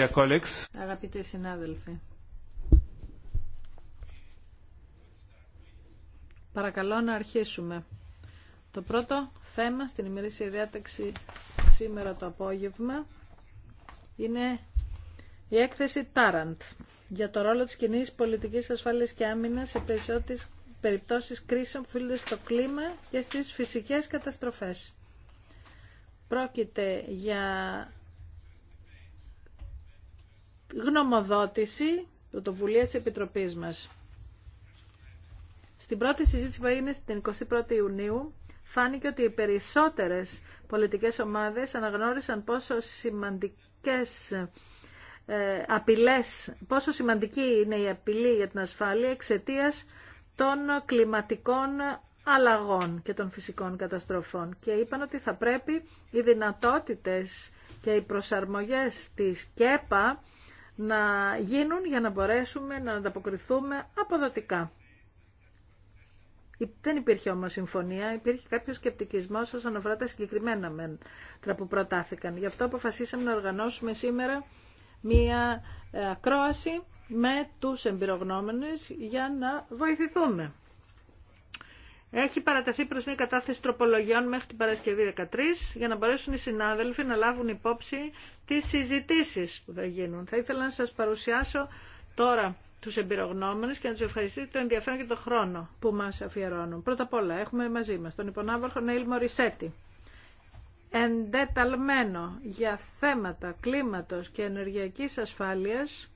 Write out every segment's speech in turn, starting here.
Αγαπητοί συνάδελφοι, παρακαλώ να αρχίσουμε. Το πρώτο θέμα στην ημερήσια διάταξη σήμερα το απόγευμα είναι η έκθεση Τάραντ για το ρόλο της κοινή πολιτικής ασφάλειας και άμυνας σε περισσότερες περιπτώσεις κρίσεων που φύλλονται στο κλίμα και στις φυσικές καταστροφές. Πρόκειται για γνωμοδότηση πρωτοβουλία της Επιτροπής μας. Στην πρώτη συζήτηση που έγινε στην 21η Ιουνίου, φάνηκε ότι οι περισσότερες πολιτικές ομάδες αναγνώρισαν πόσο σημαντικές ε, απειλές, πόσο σημαντική είναι η απειλή για την ασφάλεια εξαιτία των κλιματικών αλλαγών και των φυσικών καταστροφών και είπαν ότι θα πρέπει οι δυνατότητες και οι προσαρμογές της ΚΕΠΑ να γίνουν για να μπορέσουμε να ανταποκριθούμε αποδοτικά. Δεν υπήρχε όμως συμφωνία, υπήρχε κάποιο σκεπτικισμό όσον αφορά τα συγκεκριμένα μέτρα που προτάθηκαν. Γι' αυτό αποφασίσαμε να οργανώσουμε σήμερα μία ε, ακρόαση με τους εμπειρογνώμενες για να βοηθηθούμε. Έχει παρατεθεί προς μια κατάθεση τροπολογιών μέχρι την Παρασκευή 13 για να μπορέσουν οι συνάδελφοι να λάβουν υπόψη τις συζητήσεις που θα γίνουν. Θα ήθελα να σας παρουσιάσω τώρα τους εμπειρογνώμενους και να τους ευχαριστήσω το ενδιαφέρον και τον χρόνο που μας αφιερώνουν. Πρώτα απ' όλα έχουμε μαζί μας τον υπονάβαρχο Νέιλ Μωρισέτη, εντεταλμένο για θέματα κλίματος και ενεργειακής ασφάλειας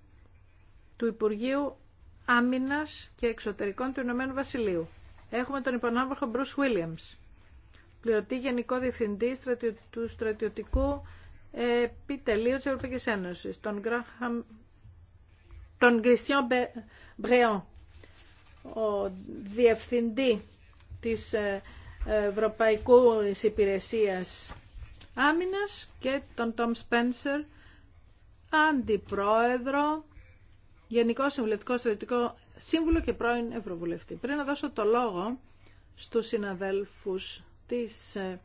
του Υπουργείου Άμυνας και Εξωτερικών του Ηνωμένου Βασιλείου έχουμε τον υπονόμορφο Bruce Williams, πληρωτή Γενικό Διευθυντή του Στρατιωτικού Επιτελείου της Ευρωπαϊκής Ένωσης, τον, Graham, τον Christian ο Διευθυντή της ε, Ευρωπαϊκού Υπηρεσίας Άμυνας και τον Τόμ Σπένσερ, Αντιπρόεδρο, Γενικό Συμβουλευτικό Στρατιωτικό σύμβουλο και πρώην Ευρωβουλευτή. Πριν να δώσω το λόγο στους συναδέλφους της ε,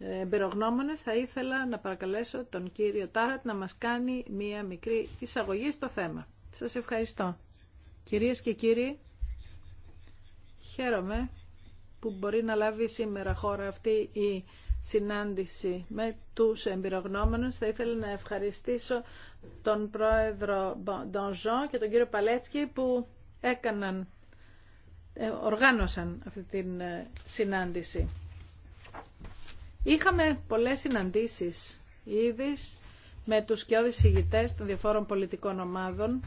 εμπειρογνώμονες θα ήθελα να παρακαλέσω τον κύριο Τάρατ να μας κάνει μία μικρή εισαγωγή στο θέμα. Σας ευχαριστώ. Κυρίες και κύριοι, χαίρομαι που μπορεί να λάβει σήμερα χώρα αυτή η συνάντηση με τους εμπειρογνώμενους. Θα ήθελα να ευχαριστήσω τον πρόεδρο Ντονζόν και τον κύριο Παλέτσκι που έκαναν, ε, οργάνωσαν αυτή την ε, συνάντηση. Είχαμε πολλές συναντήσεις ήδη με τους κοιόδης ηγητές των διαφόρων πολιτικών ομάδων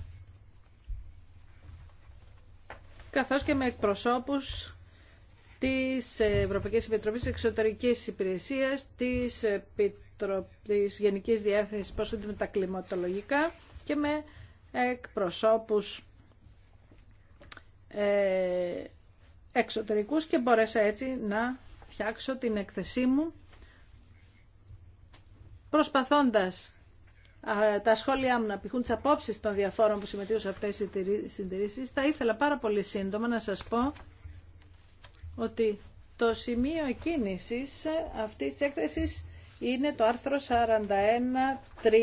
καθώς και με εκπροσώπους της Ευρωπαϊκής Επιτροπής Εξωτερικής Υπηρεσίας, της, Γενική της Γενικής Διεύθυνσης Πόσο τα Κλιματολογικά και με εκπροσώπους ε, εξωτερικούς και μπόρεσα έτσι να φτιάξω την εκθεσή μου προσπαθώντας τα σχόλιά μου να πηχούν τι απόψει των διαφόρων που συμμετείχουν σε αυτέ τι συντηρήσει, θα ήθελα πάρα πολύ σύντομα να σα πω ότι το σημείο κίνηση αυτή τη έκθεση είναι το άρθρο 41.3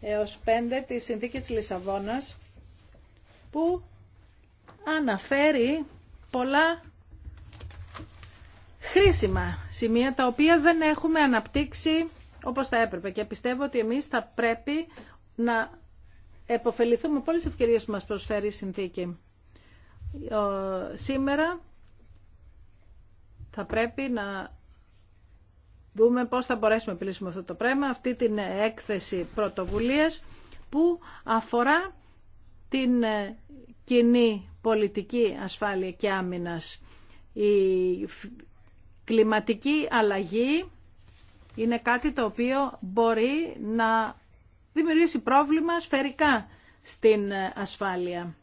έως 5 της Συνθήκης Λισαβόνας που αναφέρει πολλά χρήσιμα σημεία τα οποία δεν έχουμε αναπτύξει όπως θα έπρεπε και πιστεύω ότι εμείς θα πρέπει να επωφεληθούμε από όλες ευκαιρίες που μας προσφέρει η συνθήκη. Σήμερα θα πρέπει να δούμε πώς θα μπορέσουμε να επιλύσουμε αυτό το πράγμα, αυτή την έκθεση πρωτοβουλίας που αφορά την ε, κοινή πολιτική ασφάλεια και άμυνας. Η κλιματική αλλαγή είναι κάτι το οποίο μπορεί να δημιουργήσει πρόβλημα σφαιρικά στην ε, ασφάλεια.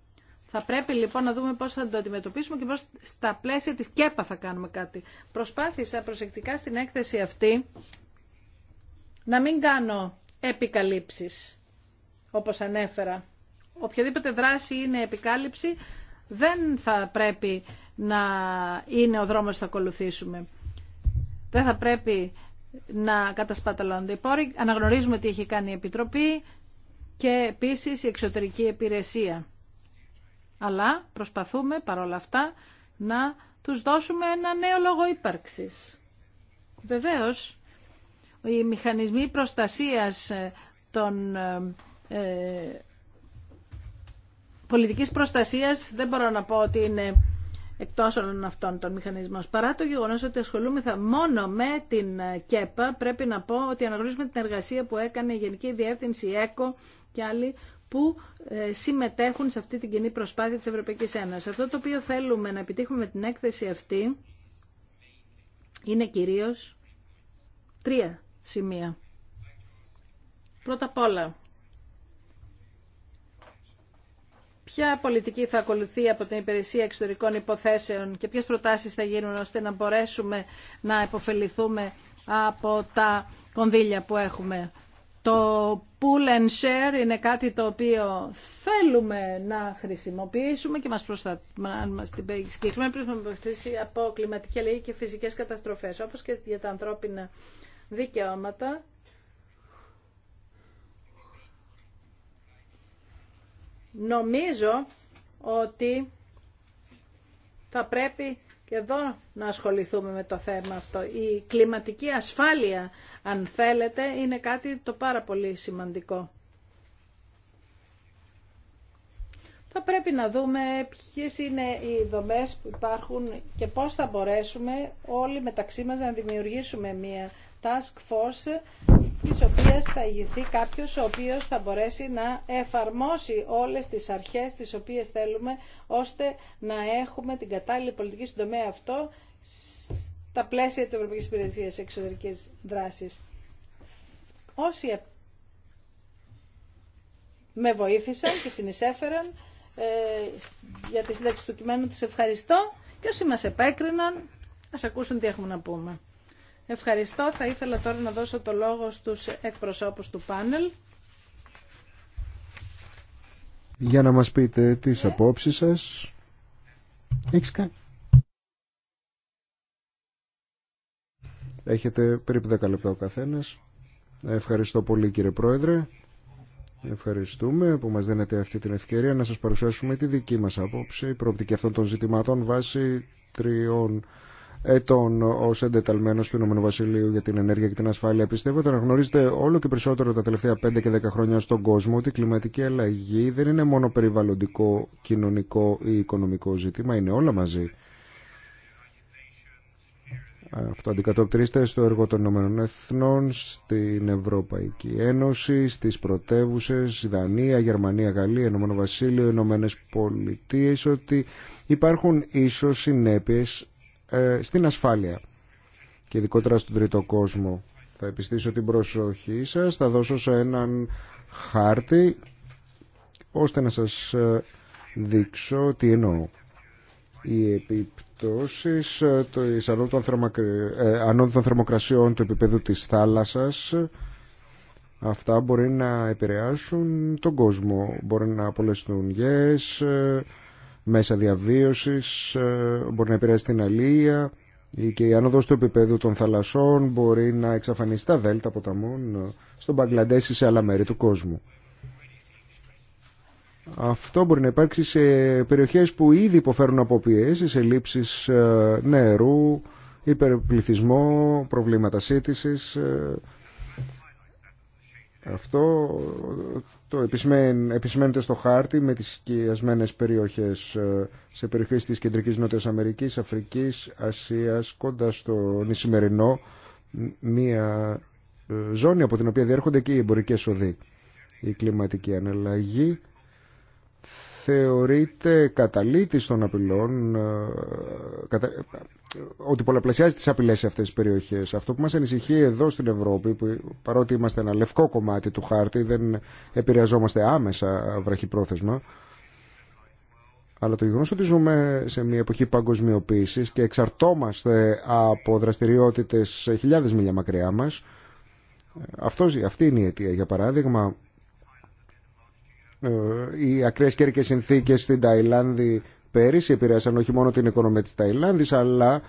Θα πρέπει λοιπόν να δούμε πώς θα το αντιμετωπίσουμε και πώς στα πλαίσια της ΚΕΠΑ θα κάνουμε κάτι. Προσπάθησα προσεκτικά στην έκθεση αυτή να μην κάνω επικαλύψεις, όπως ανέφερα οποιαδήποτε δράση είναι επικάλυψη δεν θα πρέπει να είναι ο δρόμος που θα ακολουθήσουμε. Δεν θα πρέπει να κατασπαταλώνονται οι πόροι. Αναγνωρίζουμε τι έχει κάνει η Επιτροπή και επίσης η εξωτερική υπηρεσία. Αλλά προσπαθούμε παρόλα αυτά να τους δώσουμε ένα νέο λόγο ύπαρξης. Βεβαίως, οι μηχανισμοί προστασίας των ε, πολιτικής προστασίας δεν μπορώ να πω ότι είναι εκτός όλων αυτών των μηχανισμών. Παρά το γεγονός ότι ασχολούμεθα μόνο με την ΚΕΠΑ, πρέπει να πω ότι αναγνωρίζουμε την εργασία που έκανε η Γενική Διεύθυνση ΕΚΟ και άλλοι που ε, συμμετέχουν σε αυτή την κοινή προσπάθεια της Ευρωπαϊκής Ένωσης. Αυτό το οποίο θέλουμε να επιτύχουμε με την έκθεση αυτή είναι κυρίως τρία σημεία. Πρώτα απ' όλα, ποια πολιτική θα ακολουθεί από την υπηρεσία εξωτερικών υποθέσεων και ποιες προτάσεις θα γίνουν ώστε να μπορέσουμε να υποφεληθούμε από τα κονδύλια που έχουμε. Το pull and share είναι κάτι το οποίο θέλουμε να χρησιμοποιήσουμε και μας, προστατεύει μας την να από κλιματική αλλαγή και φυσικές καταστροφές, όπως και για τα ανθρώπινα δικαιώματα. Νομίζω ότι θα πρέπει και εδώ να ασχοληθούμε με το θέμα αυτό. Η κλιματική ασφάλεια, αν θέλετε, είναι κάτι το πάρα πολύ σημαντικό. Θα πρέπει να δούμε ποιες είναι οι δομές που υπάρχουν και πώς θα μπορέσουμε όλοι μεταξύ μας να δημιουργήσουμε μία task force της οποίας θα ηγηθεί κάποιος ο οποίος θα μπορέσει να εφαρμόσει όλες τις αρχές τις οποίες θέλουμε ώστε να έχουμε την κατάλληλη πολιτική στον τομέα αυτό στα πλαίσια της Ευρωπαϊκής Υπηρεσίας Εξωτερικής Δράσης. Όσοι με βοήθησαν και συνεισέφεραν ε, για τη σύνταξη του κειμένου τους ευχαριστώ και όσοι μας επέκριναν ας ακούσουν τι έχουμε να πούμε. Ευχαριστώ. Θα ήθελα τώρα να δώσω το λόγο στους εκπροσώπους του πάνελ. Για να μας πείτε τις απόψεις σας. Έχετε περίπου 10 λεπτά ο καθένας. Ευχαριστώ πολύ κύριε Πρόεδρε. Ευχαριστούμε που μας δίνετε αυτή την ευκαιρία να σας παρουσιάσουμε τη δική μας απόψη, η προοπτική αυτών των ζητημάτων βάσει τριών ετών ω εντεταλμένο του Ηνωμένου Βασιλείου για την ενέργεια και την ασφάλεια. Πιστεύω ότι αναγνωρίζετε όλο και περισσότερο τα τελευταία 5 και 10 χρόνια στον κόσμο ότι η κλιματική αλλαγή δεν είναι μόνο περιβαλλοντικό, κοινωνικό ή οικονομικό ζήτημα, είναι όλα μαζί. Αυτό αντικατοπτρίζεται στο έργο των Ηνωμένων Εθνών, στην Ευρωπαϊκή Ένωση, στι πρωτεύουσε, Δανία, Γερμανία, Γαλλία, Ηνωμένο Βασίλειο, Ηνωμένε Πολιτείε, ότι υπάρχουν ίσω συνέπειε. Ε, στην ασφάλεια και ειδικότερα στον τρίτο κόσμο. Θα επιστήσω την προσοχή σας, θα δώσω σε έναν χάρτη ώστε να σας ε, δείξω τι εννοώ. Οι επιπτώσεις ε, ανώδων των, ε, θερμοκρασιών του επίπεδου της θάλασσας αυτά μπορεί να επηρεάσουν τον κόσμο. Μπορεί να απολεστούν γιές, μέσα διαβίωσης, ε, μπορεί να επηρεάσει την ή και η άνοδος του επίπεδου των θαλασσών μπορεί να εξαφανίσει τα δέλτα ποταμών ε, στον Μπαγκλαντές ή σε άλλα μέρη του κόσμου. Αυτό μπορεί να υπάρξει σε περιοχές που ήδη υποφέρουν από πιέσεις, ελλείψεις ε, νερού, υπερπληθισμό, προβλήματα σύντησης, αυτό το επισημαίνεται στο χάρτη με τις σκιασμένες περιοχές ε, σε περιοχές της Κεντρικής Νότιας Αμερικής, Αφρικής, Ασίας, κοντά στο νησιμερινό, μια ε, ζώνη από την οποία διέρχονται και οι εμπορικέ οδοί. Η κλιματική αναλλαγή θεωρείται καταλήτης των απειλών, ε, ότι πολλαπλασιάζει τι απειλέ σε αυτές τι περιοχές. Αυτό που μας ανησυχεί εδώ στην Ευρώπη, που παρότι είμαστε ένα λευκό κομμάτι του χάρτη, δεν επηρεαζόμαστε άμεσα βραχυπρόθεσμα, αλλά το γεγονό ότι ζούμε σε μια εποχή παγκοσμιοποίησης και εξαρτόμαστε από δραστηριότητες χιλιάδε μίλια μακριά μας, αυτή είναι η αιτία. Για παράδειγμα, ε, οι ακραίε καιρικέ συνθήκε στην Ταϊλάνδη πέρυσι επηρέασαν όχι μόνο την οικονομία της Ταϊλάνδης αλλά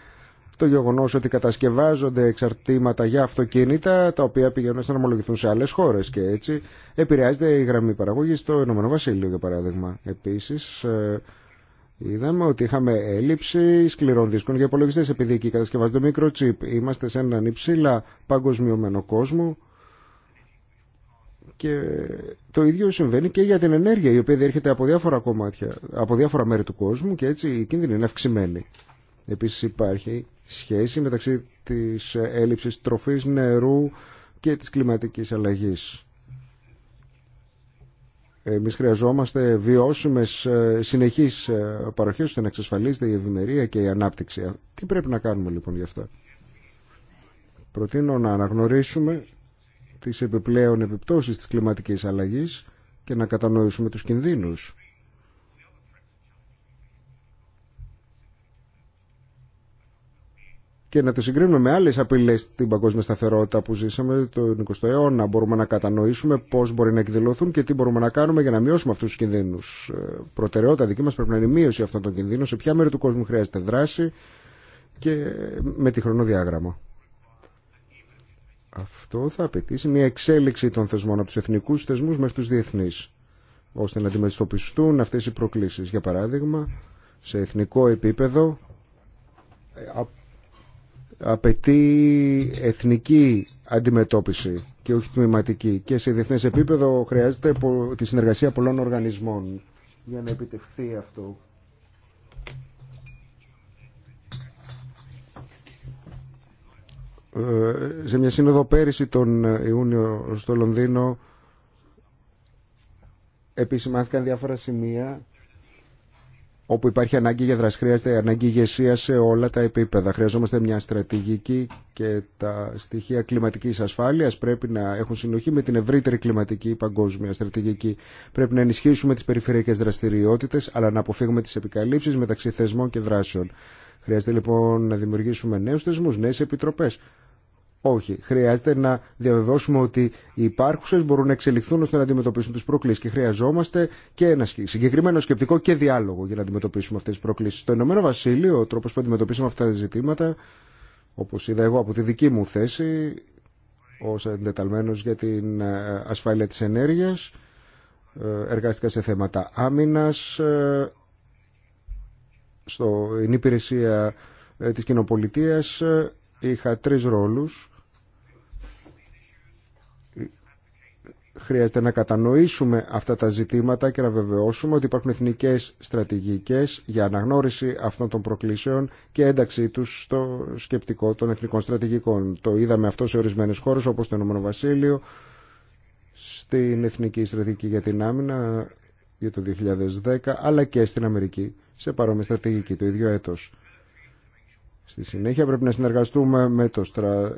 το γεγονός ότι κατασκευάζονται εξαρτήματα για αυτοκίνητα τα οποία πηγαίνουν να ομολογηθούν σε άλλες χώρες και έτσι επηρεάζεται η γραμμή παραγωγής στο Ηνωμένο Βασίλειο για παράδειγμα. Επίσης ε, είδαμε ότι είχαμε έλλειψη σκληρών δίσκων για υπολογιστές επειδή εκεί κατασκευάζονται μικροτσίπ. Είμαστε σε έναν υψηλά παγκοσμιωμένο κόσμο και το ίδιο συμβαίνει και για την ενέργεια, η οποία διέρχεται από διάφορα κομμάτια, από διάφορα μέρη του κόσμου και έτσι η κίνδυνη είναι αυξημένη. Επίσης υπάρχει σχέση μεταξύ της έλλειψης τροφής, νερού και της κλιματικής αλλαγή. Εμείς χρειαζόμαστε βιώσιμες ε, συνεχείς ε, παροχές ώστε να εξασφαλίζεται η ευημερία και η ανάπτυξη. Τι πρέπει να κάνουμε λοιπόν γι' αυτό. Προτείνω να αναγνωρίσουμε τις επιπλέον επιπτώσεις της κλιματικής αλλαγής και να κατανοήσουμε τους κινδύνους. Και να το συγκρίνουμε με άλλες απειλές στην παγκόσμια σταθερότητα που ζήσαμε τον 20ο αιώνα. Μπορούμε να κατανοήσουμε πώς μπορεί να εκδηλωθούν και τι μπορούμε να κάνουμε για να μειώσουμε αυτούς τους κινδύνους. Ε, προτεραιότητα δική μας πρέπει να είναι η μείωση αυτών των κινδύνων, σε ποια μέρη του κόσμου χρειάζεται δράση και με τη χρονοδιάγραμμα. Αυτό θα απαιτήσει μια εξέλιξη των θεσμών από του εθνικού θεσμούς μέχρι τους διεθνείς, ώστε να αντιμετωπιστούν αυτές οι προκλήσεις. Για παράδειγμα, σε εθνικό επίπεδο ε, απαιτεί εθνική αντιμετώπιση και όχι τμηματική. Και σε διεθνές επίπεδο χρειάζεται τη συνεργασία πολλών οργανισμών για να επιτευχθεί αυτό. Ε, σε μια σύνοδο πέρυσι τον Ιούνιο στο Λονδίνο επισημάθηκαν διάφορα σημεία όπου υπάρχει ανάγκη για δράση, χρειάζεται ανάγκη ηγεσία σε όλα τα επίπεδα. Χρειαζόμαστε μια στρατηγική και τα στοιχεία κλιματική ασφάλεια πρέπει να έχουν συνοχή με την ευρύτερη κλιματική παγκόσμια στρατηγική. Πρέπει να ενισχύσουμε τι περιφερειακέ δραστηριότητε, αλλά να αποφύγουμε τι επικαλύψει μεταξύ θεσμών και δράσεων. Χρειάζεται λοιπόν να δημιουργήσουμε νέου θεσμού, νέε επιτροπέ. Όχι. Χρειάζεται να διαβεβαιώσουμε ότι οι υπάρχουσε μπορούν να εξελιχθούν ώστε να αντιμετωπίσουν τι προκλήσει. Και χρειαζόμαστε και ένα συγκεκριμένο σκεπτικό και διάλογο για να αντιμετωπίσουμε αυτέ τι προκλήσει. Στο Ηνωμένο Βασίλειο, ο τρόπο που αντιμετωπίσαμε αυτά τα ζητήματα, όπω είδα εγώ από τη δική μου θέση, ω εντεταλμένο για την ε, ασφάλεια τη ενέργεια, ε, εργάστηκα σε θέματα άμυνα, ε, στην υπηρεσία της κοινοπολιτείας είχα τρεις ρόλους χρειάζεται να κατανοήσουμε αυτά τα ζητήματα και να βεβαιώσουμε ότι υπάρχουν εθνικές στρατηγικές για αναγνώριση αυτών των προκλήσεων και ένταξή τους στο σκεπτικό των εθνικών στρατηγικών. Το είδαμε αυτό σε ορισμένες χώρες όπως το ΕΒ, Βασίλειο, στην Εθνική Στρατηγική για την Άμυνα για το 2010, αλλά και στην Αμερική σε παρόμοια στρατηγική το ίδιο έτος. Στη συνέχεια πρέπει να συνεργαστούμε με το, στρα...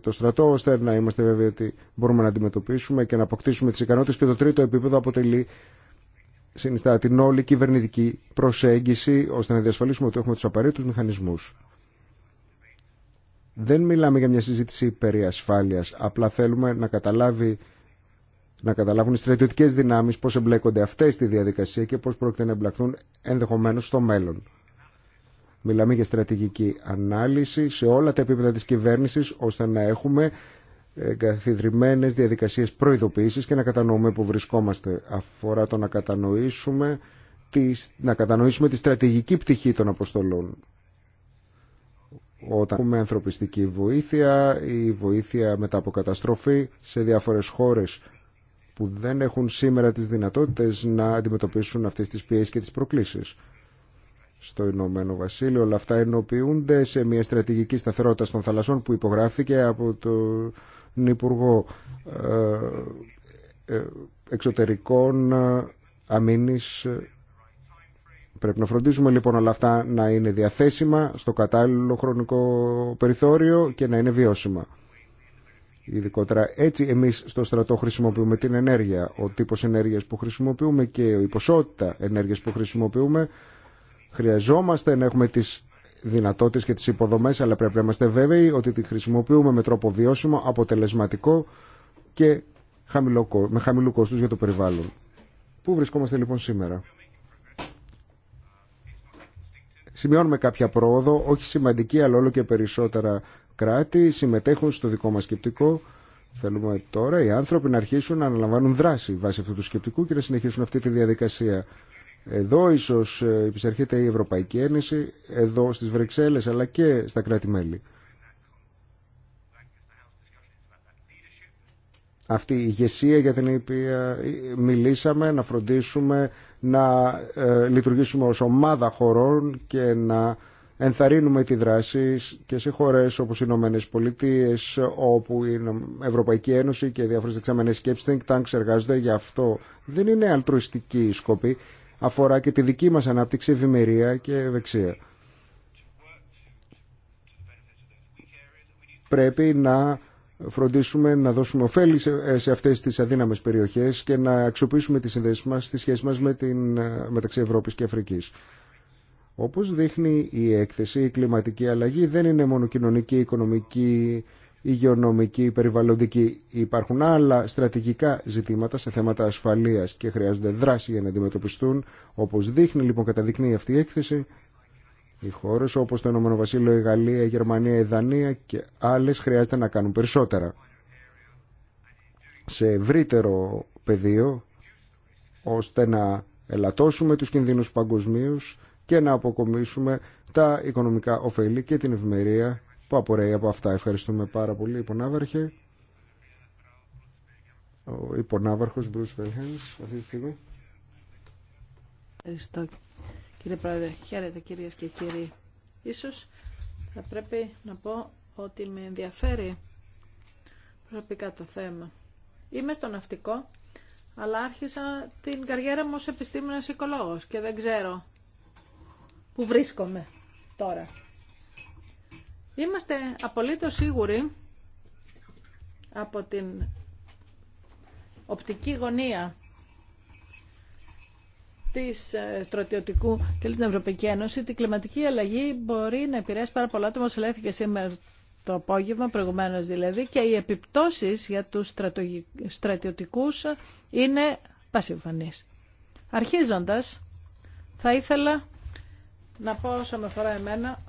το στρατό ώστε να είμαστε βέβαιοι ότι μπορούμε να αντιμετωπίσουμε και να αποκτήσουμε τις ικανότητες και το τρίτο επίπεδο αποτελεί συνιστά την όλη κυβερνητική προσέγγιση ώστε να διασφαλίσουμε ότι έχουμε τους απαραίτητους μηχανισμούς. Δεν μιλάμε για μια συζήτηση περί ασφάλειας, απλά θέλουμε να, καταλάβει, να καταλάβουν οι στρατιωτικές δυνάμεις πώς εμπλέκονται αυτές στη διαδικασία και πώς πρόκειται να εμπλακθούν ενδεχομένως στο μέλλον. Μιλάμε για στρατηγική ανάλυση σε όλα τα επίπεδα της κυβέρνησης ώστε να έχουμε καθιδρυμένες διαδικασίες προειδοποίησης και να κατανοούμε που βρισκόμαστε. Αφορά το να κατανοήσουμε, τις, να κατανοήσουμε τη στρατηγική πτυχή των αποστολών. Όταν έχουμε ανθρωπιστική βοήθεια ή βοήθεια μετά από καταστροφή σε διάφορες χώρες που δεν έχουν σήμερα τις δυνατότητες να αντιμετωπίσουν αυτές τις πιέσεις και τις προκλήσεις στο Ηνωμένο Βασίλειο. Όλα αυτά ενοποιούνται σε μια στρατηγική σταθερότητα των θαλασσών που υπογράφηκε από τον Υπουργό ε, ε, Εξωτερικών ε, Αμήνης. Πρέπει να φροντίζουμε λοιπόν όλα αυτά να είναι διαθέσιμα στο κατάλληλο χρονικό περιθώριο και να είναι βιώσιμα. Ειδικότερα έτσι εμείς στο στρατό χρησιμοποιούμε την ενέργεια, ο τύπος ενέργειας που χρησιμοποιούμε και η ποσότητα ενέργειας που χρησιμοποιούμε Χρειαζόμαστε να έχουμε τις δυνατότητες και τις υποδομές, αλλά πρέπει να είμαστε βέβαιοι ότι τη χρησιμοποιούμε με τρόπο βιώσιμο, αποτελεσματικό και χαμηλό, με χαμηλού κόστους για το περιβάλλον. Πού βρισκόμαστε λοιπόν σήμερα. Σημειώνουμε κάποια πρόοδο, όχι σημαντική, αλλά όλο και περισσότερα κράτη συμμετέχουν στο δικό μας σκεπτικό. Θέλουμε τώρα οι άνθρωποι να αρχίσουν να αναλαμβάνουν δράση βάσει αυτού του σκεπτικού και να συνεχίσουν αυτή τη διαδικασία. Εδώ ίσως ε, επισερχείται η Ευρωπαϊκή Ένωση, εδώ στις Βρυξέλλες αλλά και στα κράτη-μέλη. Αυτή η ηγεσία για την οποία ε, μιλήσαμε, να φροντίσουμε, να ε, λειτουργήσουμε ως ομάδα χωρών και να ενθαρρύνουμε τη δράση και σε χώρες όπως οι Ηνωμένε Πολιτείε, όπου η Ευρωπαϊκή Ένωση και διάφορες δεξαμενές σκέψεις think tanks εργάζονται για αυτό. Δεν είναι αλτρουιστική σκοπή, αφορά και τη δική μας ανάπτυξη, ευημερία και ευεξία. Πρέπει να φροντίσουμε να δώσουμε ωφέλη σε αυτές τις αδύναμες περιοχές και να αξιοποιήσουμε τις συνδέσεις μας, τις σχέσεις μας με την, μεταξύ Ευρώπης και Αφρικής. Όπως δείχνει η έκθεση, η κλιματική αλλαγή δεν είναι μόνο κοινωνική, οικονομική, υγειονομική, περιβαλλοντική. Υπάρχουν άλλα στρατηγικά ζητήματα σε θέματα ασφαλείας και χρειάζονται δράση για να αντιμετωπιστούν. Όπως δείχνει λοιπόν καταδεικνύει αυτή η έκθεση, οι χώρες όπως το Ηνωμένο Βασίλειο, η Γαλλία, η Γερμανία, η Δανία και άλλες χρειάζεται να κάνουν περισσότερα. Σε ευρύτερο πεδίο, ώστε να ελαττώσουμε τους κινδύνους παγκοσμίους και να αποκομίσουμε τα οικονομικά ωφέλη και την ευημερία που απορρέει από αυτά. Ευχαριστούμε πάρα πολύ, υπονάβαρχε. Ο υπονάβαρχος Μπρούς Βέλχενς αυτή τη στιγμή. Ευχαριστώ κύριε Πρόεδρε. Χαίρετε κυρίες και κύριοι. Ίσως θα πρέπει να πω ότι με ενδιαφέρει προσωπικά το θέμα. Είμαι στο ναυτικό, αλλά άρχισα την καριέρα μου ως επιστήμονας οικολόγος και δεν ξέρω που βρίσκομαι τώρα. Είμαστε απολύτως σίγουροι από την οπτική γωνία της ε, στρατιωτικού και την Ευρωπαϊκή Ένωση ότι η κλιματική αλλαγή μπορεί να επηρεάσει πάρα πολλά άτομα, όπως και σήμερα το απόγευμα, προηγουμένω δηλαδή, και οι επιπτώσεις για τους στρατιωτικούς είναι πασιφανείς. Αρχίζοντας, θα ήθελα να πω όσο με φορά εμένα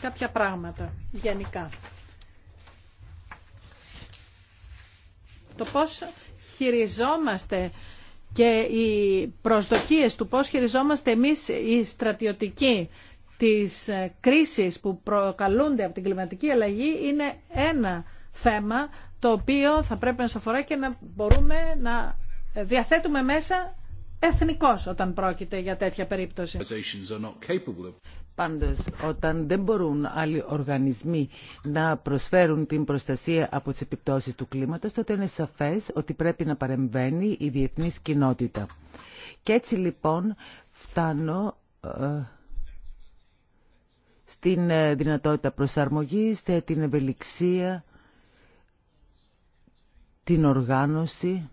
κάποια πράγματα γενικά. Το πώς χειριζόμαστε και οι προσδοκίες του πώς χειριζόμαστε εμείς οι στρατιωτικοί της ε, κρίσης που προκαλούνται από την κλιματική αλλαγή είναι ένα θέμα το οποίο θα πρέπει να σας αφορά και να μπορούμε να διαθέτουμε μέσα εθνικός όταν πρόκειται για τέτοια περίπτωση. Πάντως, όταν δεν μπορούν άλλοι οργανισμοί να προσφέρουν την προστασία από τις επιπτώσεις του κλίματος, τότε είναι σαφές ότι πρέπει να παρεμβαίνει η διεθνής κοινότητα. Και έτσι λοιπόν φτάνω ε, στην ε, δυνατότητα προσαρμογής, ε, την ευελιξία, την οργάνωση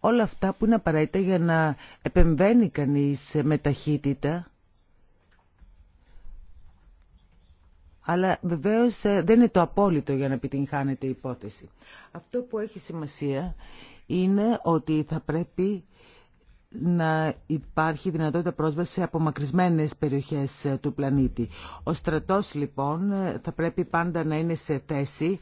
όλα αυτά που είναι απαραίτητα για να επεμβαίνει κανείς με ταχύτητα. Αλλά βεβαίως ε, δεν είναι το απόλυτο για να επιτυγχάνεται η υπόθεση. Αυτό που έχει σημασία είναι ότι θα πρέπει να υπάρχει δυνατότητα πρόσβαση σε απομακρυσμένες περιοχές ε, του πλανήτη. Ο στρατός λοιπόν ε, θα πρέπει πάντα να είναι σε θέση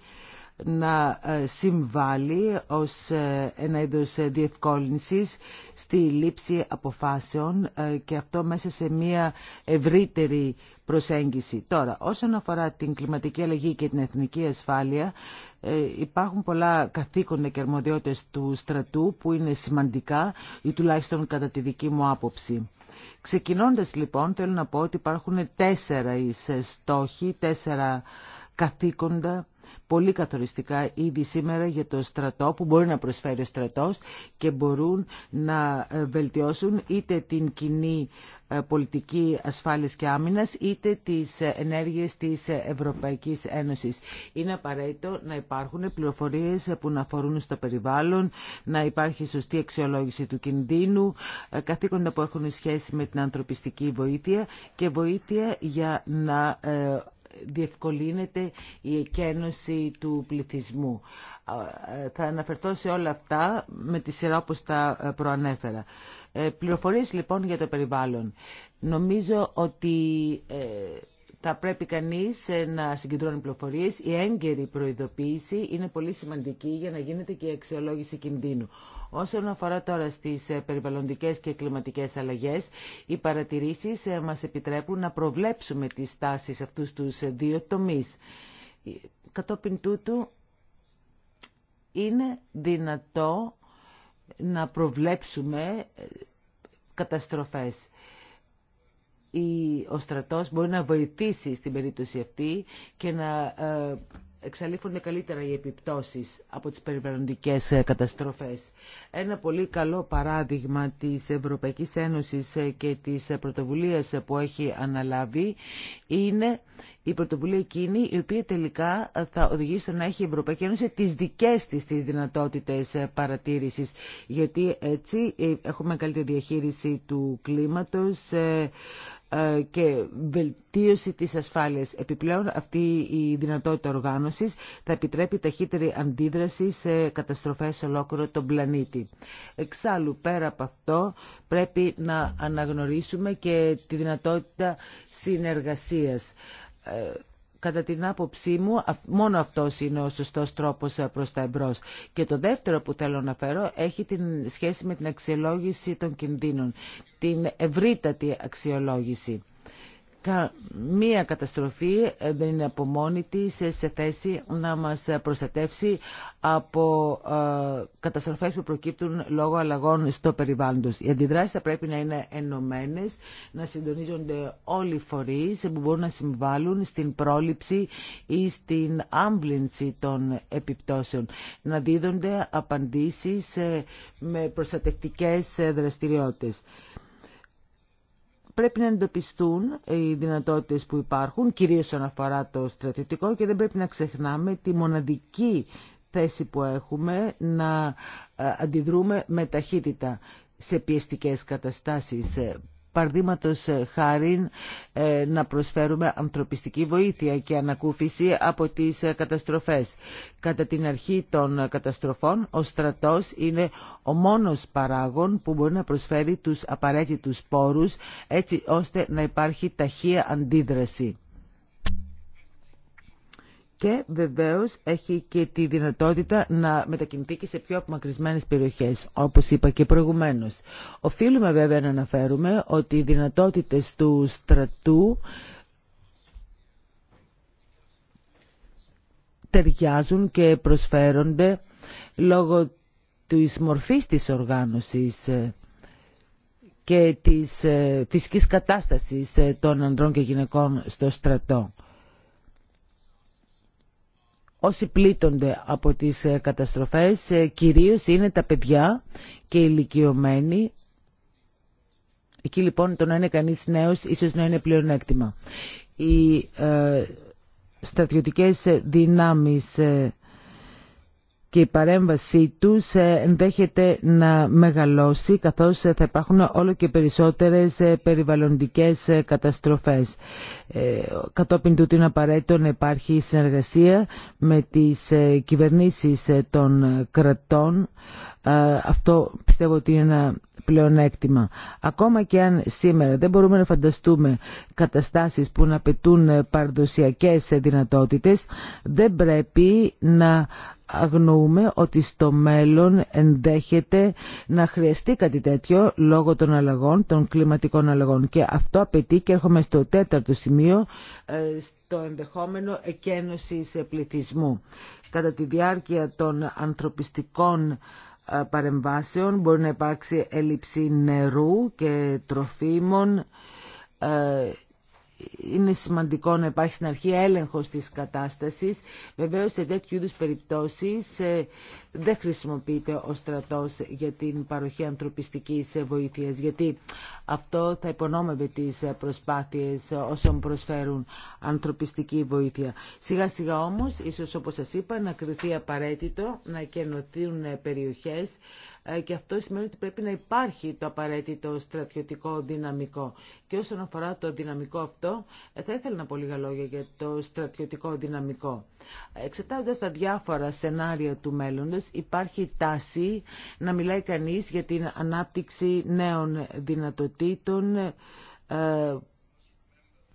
να ε, συμβάλλει ως ε, ένα είδος ε, διευκόλυνσης στη λήψη αποφάσεων και αυτό μέσα σε μια ευρύτερη προσέγγιση. Τώρα, όσον αφορά την κλιματική αλλαγή και την εθνική ασφάλεια, υπάρχουν πολλά καθήκοντα και του στρατού που είναι σημαντικά ή τουλάχιστον κατά τη δική μου άποψη. Ξεκινώντας λοιπόν, θέλω να πω ότι υπάρχουν τέσσερα στόχοι, τέσσερα καθήκοντα πολύ καθοριστικά ήδη σήμερα για το στρατό που μπορεί να προσφέρει ο στρατός και μπορούν να ε, βελτιώσουν είτε την κοινή ε, πολιτική ασφάλειας και άμυνας είτε τις ε, ενέργειες της Ευρωπαϊκής Ένωσης. Είναι απαραίτητο να υπάρχουν πληροφορίες που να αφορούν στο περιβάλλον, να υπάρχει σωστή αξιολόγηση του κινδύνου, καθήκοντα που έχουν σχέση με την ανθρωπιστική βοήθεια και βοήθεια για να διευκολύνεται η εκένωση του πληθυσμού. Θα αναφερθώ σε όλα αυτά με τη σειρά όπως τα προανέφερα. Ε, πληροφορίες λοιπόν για το περιβάλλον. Νομίζω ότι ε, θα πρέπει κανείς ε, να συγκεντρώνει πληροφορίες. Η έγκαιρη προειδοποίηση είναι πολύ σημαντική για να γίνεται και η αξιολόγηση κινδύνου. Όσον αφορά τώρα στις ε, περιβαλλοντικές και κλιματικές αλλαγές, οι παρατηρήσεις ε, μας επιτρέπουν να προβλέψουμε τις τάσεις αυτούς τους ε, δύο τομείς. Κατόπιν τούτου, είναι δυνατό να προβλέψουμε καταστροφές. Ο στρατός μπορεί να βοηθήσει στην περίπτωση αυτή και να εξαλείφουν καλύτερα οι επιπτώσεις από τις περιβαλλοντικές ε, καταστροφές. Ένα πολύ καλό παράδειγμα της Ευρωπαϊκής Ένωσης ε, και της ε, πρωτοβουλίας που έχει αναλάβει είναι η πρωτοβουλία εκείνη η οποία τελικά ε, θα οδηγήσει στο να έχει η Ευρωπαϊκή Ένωση τις δικές της τις δυνατότητες ε, παρατήρησης γιατί έτσι ε, έχουμε καλύτερη διαχείριση του κλίματος και βελτίωση της ασφάλειας. Επιπλέον αυτή η δυνατότητα οργάνωσης θα επιτρέπει ταχύτερη αντίδραση σε καταστροφές σε ολόκληρο τον πλανήτη. Εξάλλου πέρα από αυτό πρέπει να αναγνωρίσουμε και τη δυνατότητα συνεργασίας. Ε, κατά την άποψή μου μόνο αυτός είναι ο σωστός τρόπος ε, προς τα εμπρός. Και το δεύτερο που θέλω να φέρω έχει την σχέση με την αξιολόγηση των κινδύνων, την ευρύτατη αξιολόγηση. Μία καταστροφή ε, δεν είναι από μόνη ε, σε θέση να μας προστατεύσει από ε, καταστροφές που προκύπτουν λόγω αλλαγών στο περιβάλλον Οι αντιδράσεις θα πρέπει να είναι ενωμένε, να συντονίζονται όλοι οι φορείς που μπορούν να συμβάλλουν στην πρόληψη ή στην άμβλυνση των επιπτώσεων. Να δίδονται απαντήσεις με προστατευτικές δραστηριότητες πρέπει να εντοπιστούν οι δυνατότητες που υπάρχουν, κυρίως όσον αφορά το στρατητικό και δεν πρέπει να ξεχνάμε τη μοναδική θέση που έχουμε να ε, αντιδρούμε με ταχύτητα σε πιεστικές καταστάσεις ε, Παραδείγματο ε, χάρη ε, να προσφέρουμε ανθρωπιστική βοήθεια και ανακούφιση από τις ε, καταστροφές. Κατά την αρχή των καταστροφών, ο στρατός είναι ο μόνος παράγων που μπορεί να προσφέρει τους απαραίτητους πόρους έτσι ώστε να υπάρχει ταχεία αντίδραση και βεβαίως έχει και τη δυνατότητα να μετακινηθεί και σε πιο απομακρυσμένες περιοχές, όπως είπα και προηγουμένως. Οφείλουμε βέβαια να αναφέρουμε ότι οι δυνατότητες του στρατού ταιριάζουν και προσφέρονται λόγω της μορφής της οργάνωσης ε, και της ε, φυσικής κατάστασης ε, των ανδρών και γυναικών στο στρατό όσοι πλήττονται από τις ε, καταστροφές ε, κυρίως είναι τα παιδιά και οι ηλικιωμένοι. Εκεί λοιπόν το να είναι κανείς νέος ίσως να είναι πλεονέκτημα. Οι ε, στρατιωτικές δυνάμεις ε, και η παρέμβασή τους ε, ενδέχεται να μεγαλώσει καθώς ε, θα υπάρχουν όλο και περισσότερες ε, περιβαλλοντικές καταστροφές. Κατόπιν τούτου είναι απαραίτητο να υπάρχει συνεργασία με τις κυβερνήσεις των κρατών. Αυτό πιστεύω ότι είναι ένα πλεονέκτημα. Ακόμα και αν σήμερα δεν μπορούμε να φανταστούμε καταστάσεις που να απαιτούν παραδοσιακές δυνατότητες, δεν πρέπει να αγνοούμε ότι στο μέλλον ενδέχεται να χρειαστεί κάτι τέτοιο λόγω των αλλαγών, των κλιματικών αλλαγών. Και αυτό απαιτεί και έρχομαι στο τέταρτο σημείο, ε, στο ενδεχόμενο εκένωσης πληθυσμού. Κατά τη διάρκεια των ανθρωπιστικών ε, παρεμβάσεων μπορεί να υπάρξει έλλειψη νερού και τροφίμων, ε, είναι σημαντικό να υπάρχει στην αρχή έλεγχος της κατάστασης. Βεβαίως σε τέτοιου είδους περιπτώσεις ε, δεν χρησιμοποιείται ο στρατός για την παροχή ανθρωπιστικής βοήθειας, γιατί αυτό θα υπονόμευε τις προσπάθειες όσων προσφέρουν ανθρωπιστική βοήθεια. Σιγά σιγά όμως, ίσως όπως σας είπα, να κρυθεί απαραίτητο να κενωθούν περιοχές ε, και αυτό σημαίνει ότι πρέπει να υπάρχει το απαραίτητο στρατιωτικό δυναμικό. Και όσον αφορά το δυναμικό αυτό, ε, θα ήθελα να πω λίγα λόγια για το στρατιωτικό δυναμικό. Εξετάζοντας τα διάφορα σενάρια του μέλλοντος, υπάρχει τάση να μιλάει κανείς για την ανάπτυξη νέων δυνατοτήτων. Ε,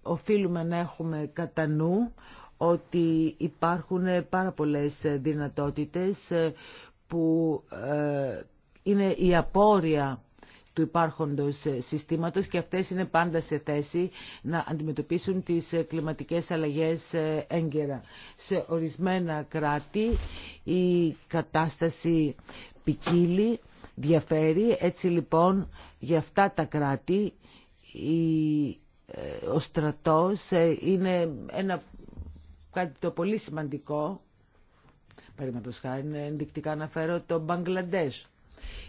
οφείλουμε να έχουμε κατά νου ότι υπάρχουν πάρα πολλές δυνατότητες που είναι η απόρρια του υπάρχοντος ε, συστήματος και αυτές είναι πάντα σε θέση να αντιμετωπίσουν τις ε, κλιματικές αλλαγές ε, έγκαιρα. Σε ορισμένα κράτη η κατάσταση ποικίλει, διαφέρει. Έτσι λοιπόν για αυτά τα κράτη ο στρατός είναι ένα, κάτι το πολύ σημαντικό. Παραδείγματος χάρη ενδεικτικά αναφέρω το Μπαγκλαντές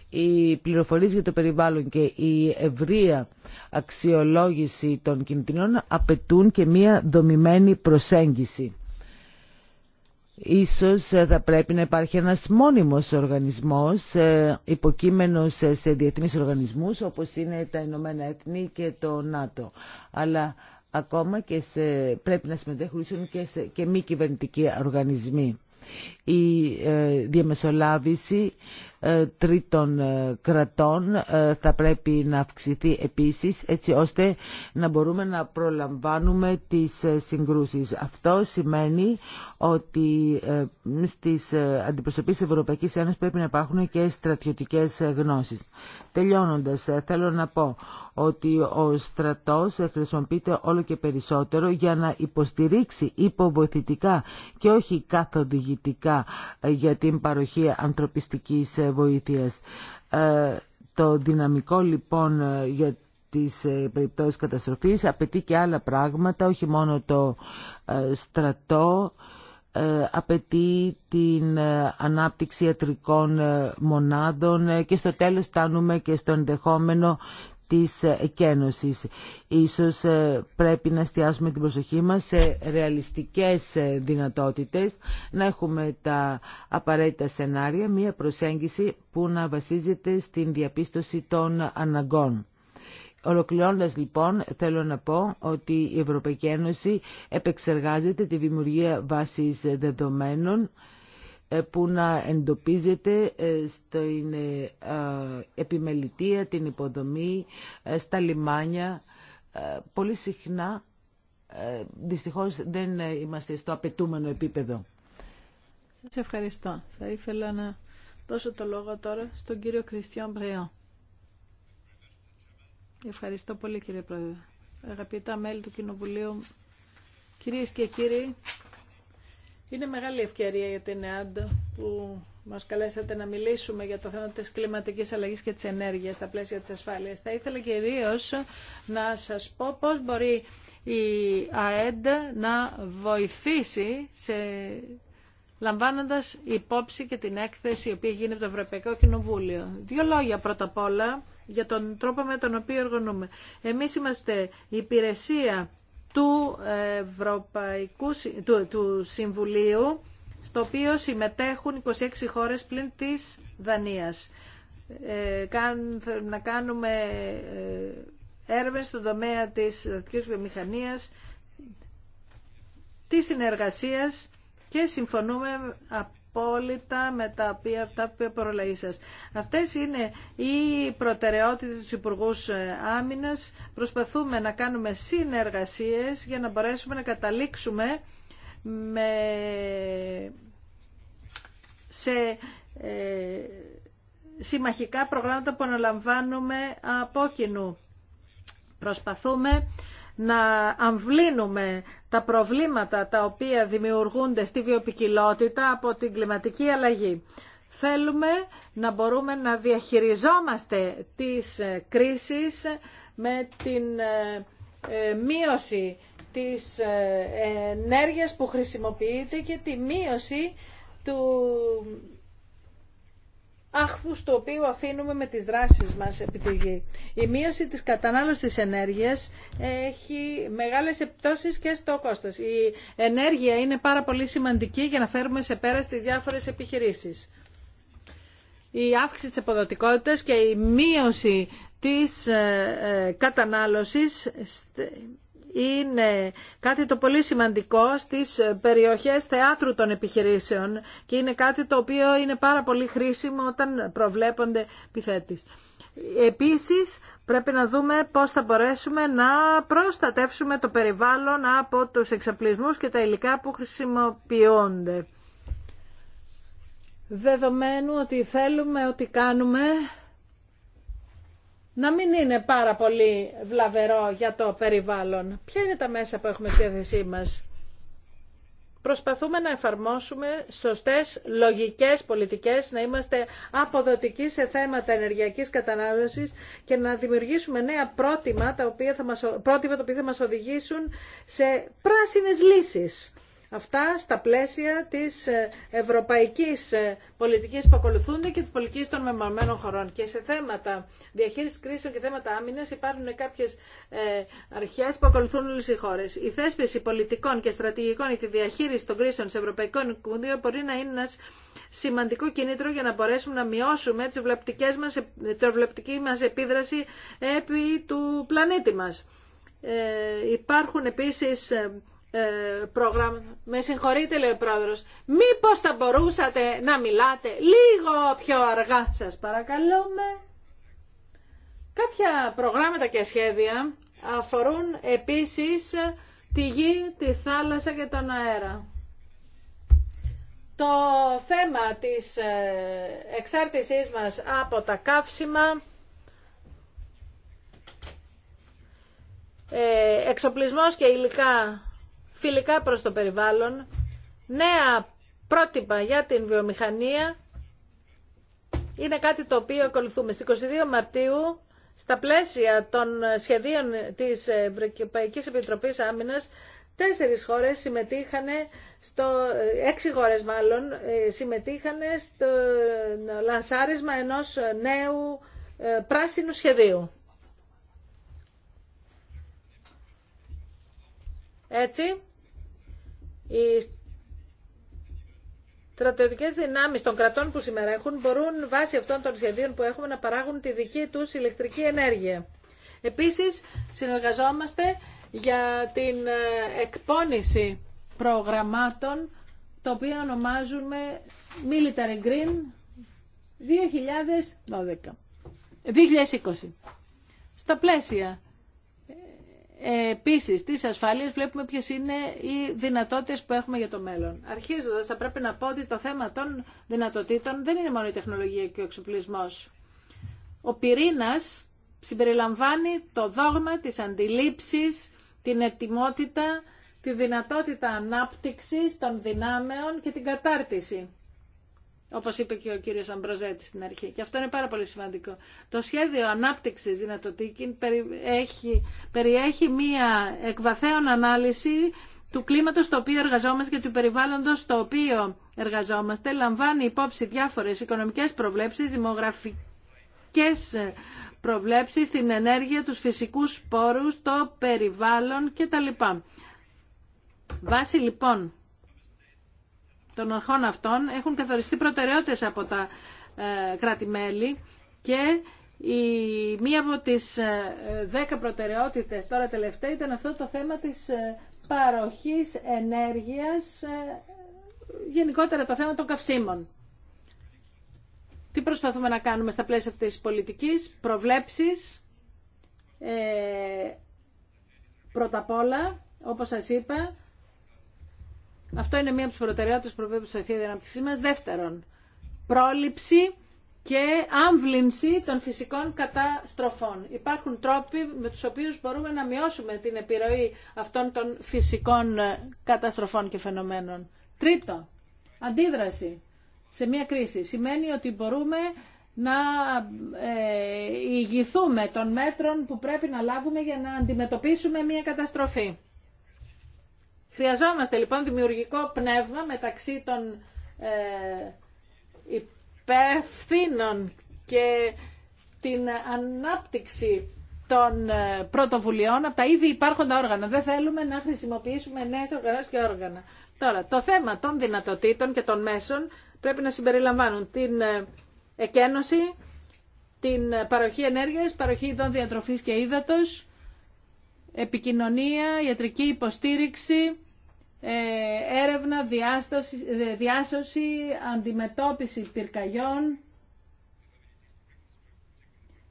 οι πληροφορίες για το περιβάλλον και η ευρεία αξιολόγηση των κινητήρων απαιτούν και μία δομημένη προσέγγιση. Ίσως ε, θα πρέπει να υπάρχει ένας μόνιμος οργανισμός ε, υποκείμενος ε, σε διεθνείς οργανισμούς όπως είναι τα Ηνωμένα Έθνη και το ΝΑΤΟ. Αλλά ακόμα και σε, πρέπει να συμμετέχουν και, και μη κυβερνητικοί οργανισμοί. Η διαμεσολάβηση ε, τρίτων ε, κρατών ε, θα πρέπει να αυξηθεί επίσης έτσι ώστε να μπορούμε να προλαμβάνουμε τις συγκρούσεις. Αυτό σημαίνει ότι στις αντιπροσωπείς Ευρωπαϊκής Ένωσης πρέπει να υπάρχουν και στρατιωτικές γνώσεις. Τελειώνοντας, θέλω να πω ότι ο στρατός χρησιμοποιείται όλο και περισσότερο για να υποστηρίξει υποβοηθητικά και όχι καθοδηγητικά για την παροχή ανθρωπιστικής βοήθειας. Ε, το δυναμικό λοιπόν για τις ε, περιπτώσεις καταστροφής απαιτεί και άλλα πράγματα, όχι μόνο το ε, στρατό, απαιτεί την ανάπτυξη ιατρικών μονάδων και στο τέλος φτάνουμε και στο ενδεχόμενο της εκένωσης. Ίσως ε, πρέπει να εστιάσουμε την προσοχή μας σε ρεαλιστικές ε, δυνατότητες, να έχουμε τα απαραίτητα σενάρια, μία προσέγγιση που να βασίζεται στην διαπίστωση των αναγκών. Ολοκληρώνοντας λοιπόν θέλω να πω ότι η Ευρωπαϊκή Ένωση επεξεργάζεται τη δημιουργία βάσης δεδομένων ε, που να εντοπίζεται ε, στην ε, επιμελητεία, την υποδομή, στα λιμάνια. Πολύ συχνά, δυστυχώς, δεν είμαστε στο απαιτούμενο επίπεδο. Σας ευχαριστώ. Θα ήθελα να δώσω το λόγο τώρα στον κύριο Κριστιαν Μπρεό. Ευχαριστώ πολύ κύριε Πρόεδρε. Αγαπητά μέλη του Κοινοβουλίου, κυρίες και κύριοι, είναι μεγάλη ευκαιρία για την ΕΑΝΤ που μας καλέσατε να μιλήσουμε για το θέμα της κλιματικής αλλαγής και της ενέργειας στα πλαίσια της ασφάλειας. Θα ήθελα κυρίω να σας πω πώς μπορεί η ΑΕΝΤ να βοηθήσει σε... λαμβάνοντας υπόψη και την έκθεση η οποία γίνεται από το Ευρωπαϊκό Κοινοβούλιο. Δύο λόγια πρώτα απ' όλα για τον τρόπο με τον οποίο οργανούμε. Εμείς είμαστε η υπηρεσία του, Ευρωπαϊκού, του, Συμβουλίου, στο οποίο συμμετέχουν 26 χώρες πλην της Δανίας. Ε, να κάνουμε ε, έρευνες στον τομέα της δατικής βιομηχανίας, της συνεργασίας και συμφωνούμε απόλυτα με τα οποία, αυτά που προλαεί σα. Αυτέ είναι οι προτεραιότητε του Υπουργού ε, Άμυνα. Προσπαθούμε να κάνουμε συνεργασίε για να μπορέσουμε να καταλήξουμε με... σε ε, συμμαχικά προγράμματα που αναλαμβάνουμε από κοινού. Προσπαθούμε να αμβλύνουμε τα προβλήματα τα οποία δημιουργούνται στη βιοπικιλότητα από την κλιματική αλλαγή. Θέλουμε να μπορούμε να διαχειριζόμαστε τις ε, κρίσεις με την ε, ε, μείωση της ενέργειας που χρησιμοποιείται και τη μείωση του άχθους το οποίο αφήνουμε με τις δράσεις μας επί τη Η μείωση της κατανάλωσης της ενέργειας έχει μεγάλες επιπτώσεις και στο κόστος. Η ενέργεια είναι πάρα πολύ σημαντική για να φέρουμε σε πέρα στις διάφορες επιχειρήσεις. Η αύξηση της αποδοτικότητας και η μείωση της ε, ε, κατανάλωσης είναι κάτι το πολύ σημαντικό στις περιοχές θεάτρου των επιχειρήσεων και είναι κάτι το οποίο είναι πάρα πολύ χρήσιμο όταν προβλέπονται επιθέτης. Επίσης πρέπει να δούμε πώς θα μπορέσουμε να προστατεύσουμε το περιβάλλον από τους εξαπλισμούς και τα υλικά που χρησιμοποιούνται. Δεδομένου ότι θέλουμε ότι κάνουμε να μην είναι πάρα πολύ βλαβερό για το περιβάλλον. Ποια είναι τα μέσα που έχουμε στη διάθεσή μας. Προσπαθούμε να εφαρμόσουμε σωστές λογικές πολιτικές, να είμαστε αποδοτικοί σε θέματα ενεργειακής κατανάλωσης και να δημιουργήσουμε νέα πρότυπα τα οποία θα μας, πρότυπα τα οποία θα μας οδηγήσουν σε πράσινες λύσεις. Αυτά στα πλαίσια της ε, ευρωπαϊκής ε, πολιτικής που ακολουθούνται και της πολιτικής των μεμονωμένων χωρών. Και σε θέματα διαχείρισης κρίσεων και θέματα άμυνας υπάρχουν κάποιες ε, αρχές που ακολουθούν όλες οι χώρες. Η θέσπιση πολιτικών και στρατηγικών για τη διαχείριση των κρίσεων σε ευρωπαϊκό κουνδύο μπορεί να είναι ένας σημαντικό κινήτρο για να μπορέσουμε να μειώσουμε τις βλεπτικές μας, την βλεπτική μας επίδραση επί του πλανήτη μας. Ε, υπάρχουν επίσης ε, πρόγραμμα. Με συγχωρείτε, λέει ο πρόεδρο. Μήπω θα μπορούσατε να μιλάτε λίγο πιο αργά, σας παρακαλούμε. Κάποια προγράμματα και σχέδια αφορούν επίσης τη γη, τη θάλασσα και τον αέρα. Το θέμα της ε, εξάρτησής μας από τα καύσιμα, ε, εξοπλισμός και υλικά φιλικά προς το περιβάλλον, νέα πρότυπα για την βιομηχανία, είναι κάτι το οποίο ακολουθούμε. Στις 22 Μαρτίου, στα πλαίσια των σχεδίων της Ευρωπαϊκής Επιτροπής Άμυνας, τέσσερις χώρες συμμετείχανε στο, έξι χώρες μάλλον, ε, συμμετείχαν στο λανσάρισμα ενός νέου ε, πράσινου σχεδίου. Έτσι, οι στρατιωτικές δυνάμεις των κρατών που έχουν μπορούν βάσει αυτών των σχεδίων που έχουμε να παράγουν τη δική τους ηλεκτρική ενέργεια. Επίσης, συνεργαζόμαστε για την ε, εκπόνηση προγραμμάτων το οποίο ονομάζουμε Military Green 2012. 2020. Στα πλαίσια Επίση, τι ασφάλειες βλέπουμε ποιε είναι οι δυνατότητε που έχουμε για το μέλλον. Αρχίζοντα, θα πρέπει να πω ότι το θέμα των δυνατοτήτων δεν είναι μόνο η τεχνολογία και ο εξοπλισμός. Ο πυρήνα συμπεριλαμβάνει το δόγμα της αντιλήψης, την ετοιμότητα, τη δυνατότητα ανάπτυξης των δυνάμεων και την κατάρτιση όπως είπε και ο κύριος Αμπροζέτη στην αρχή. Και αυτό είναι πάρα πολύ σημαντικό. Το σχέδιο ανάπτυξη δυνατοτήκη περιέχει, περιέχει μία εκβαθέων ανάλυση του κλίματος στο οποίο εργαζόμαστε και του περιβάλλοντος στο οποίο εργαζόμαστε, λαμβάνει υπόψη διάφορες οικονομικές προβλέψεις, δημογραφικές προβλέψει την ενέργεια, του φυσικού πόρου, το περιβάλλον κτλ. Βάσει λοιπόν των αρχών αυτών έχουν καθοριστεί προτεραιότητες από τα ε, κράτη-μέλη και η, μία από τις ε, δέκα προτεραιότητες τώρα τελευταία ήταν αυτό το θέμα της ε, παροχής ενέργειας, γενικότερα το θέμα των καυσίμων. Τι προσπαθούμε να κάνουμε στα πλαίσια αυτής της πολιτικής, προβλέψεις, ε, πρώτα απ' όλα, όπως σας είπα, αυτό είναι μία από τι προτεραιότητε που προβλέπει στο τη ανάπτυξή μα. Δεύτερον, πρόληψη και άμβλυνση των φυσικών καταστροφών. Υπάρχουν τρόποι με τους οποίους μπορούμε να μειώσουμε την επιρροή αυτών των φυσικών ε, καταστροφών και φαινομένων. Τρίτο, αντίδραση σε μια κρίση. Σημαίνει ότι μπορούμε να ε, ηγηθούμε των μέτρων που πρέπει να λάβουμε για να αντιμετωπίσουμε μια καταστροφή. Χρειαζόμαστε λοιπόν δημιουργικό πνεύμα μεταξύ των ε, υπευθύνων και την ανάπτυξη των ε, πρωτοβουλειών από τα ήδη υπάρχοντα όργανα. Δεν θέλουμε να χρησιμοποιήσουμε νέες οργανώσεις και όργανα. Τώρα, το θέμα των δυνατοτήτων και των μέσων πρέπει να συμπεριλαμβάνουν την ε, εκένωση, την παροχή ενέργειας, παροχή ειδών διατροφής και ύδατος, επικοινωνία, ιατρική υποστήριξη, ε, έρευνα, διάσωση, αντιμετώπιση πυρκαγιών,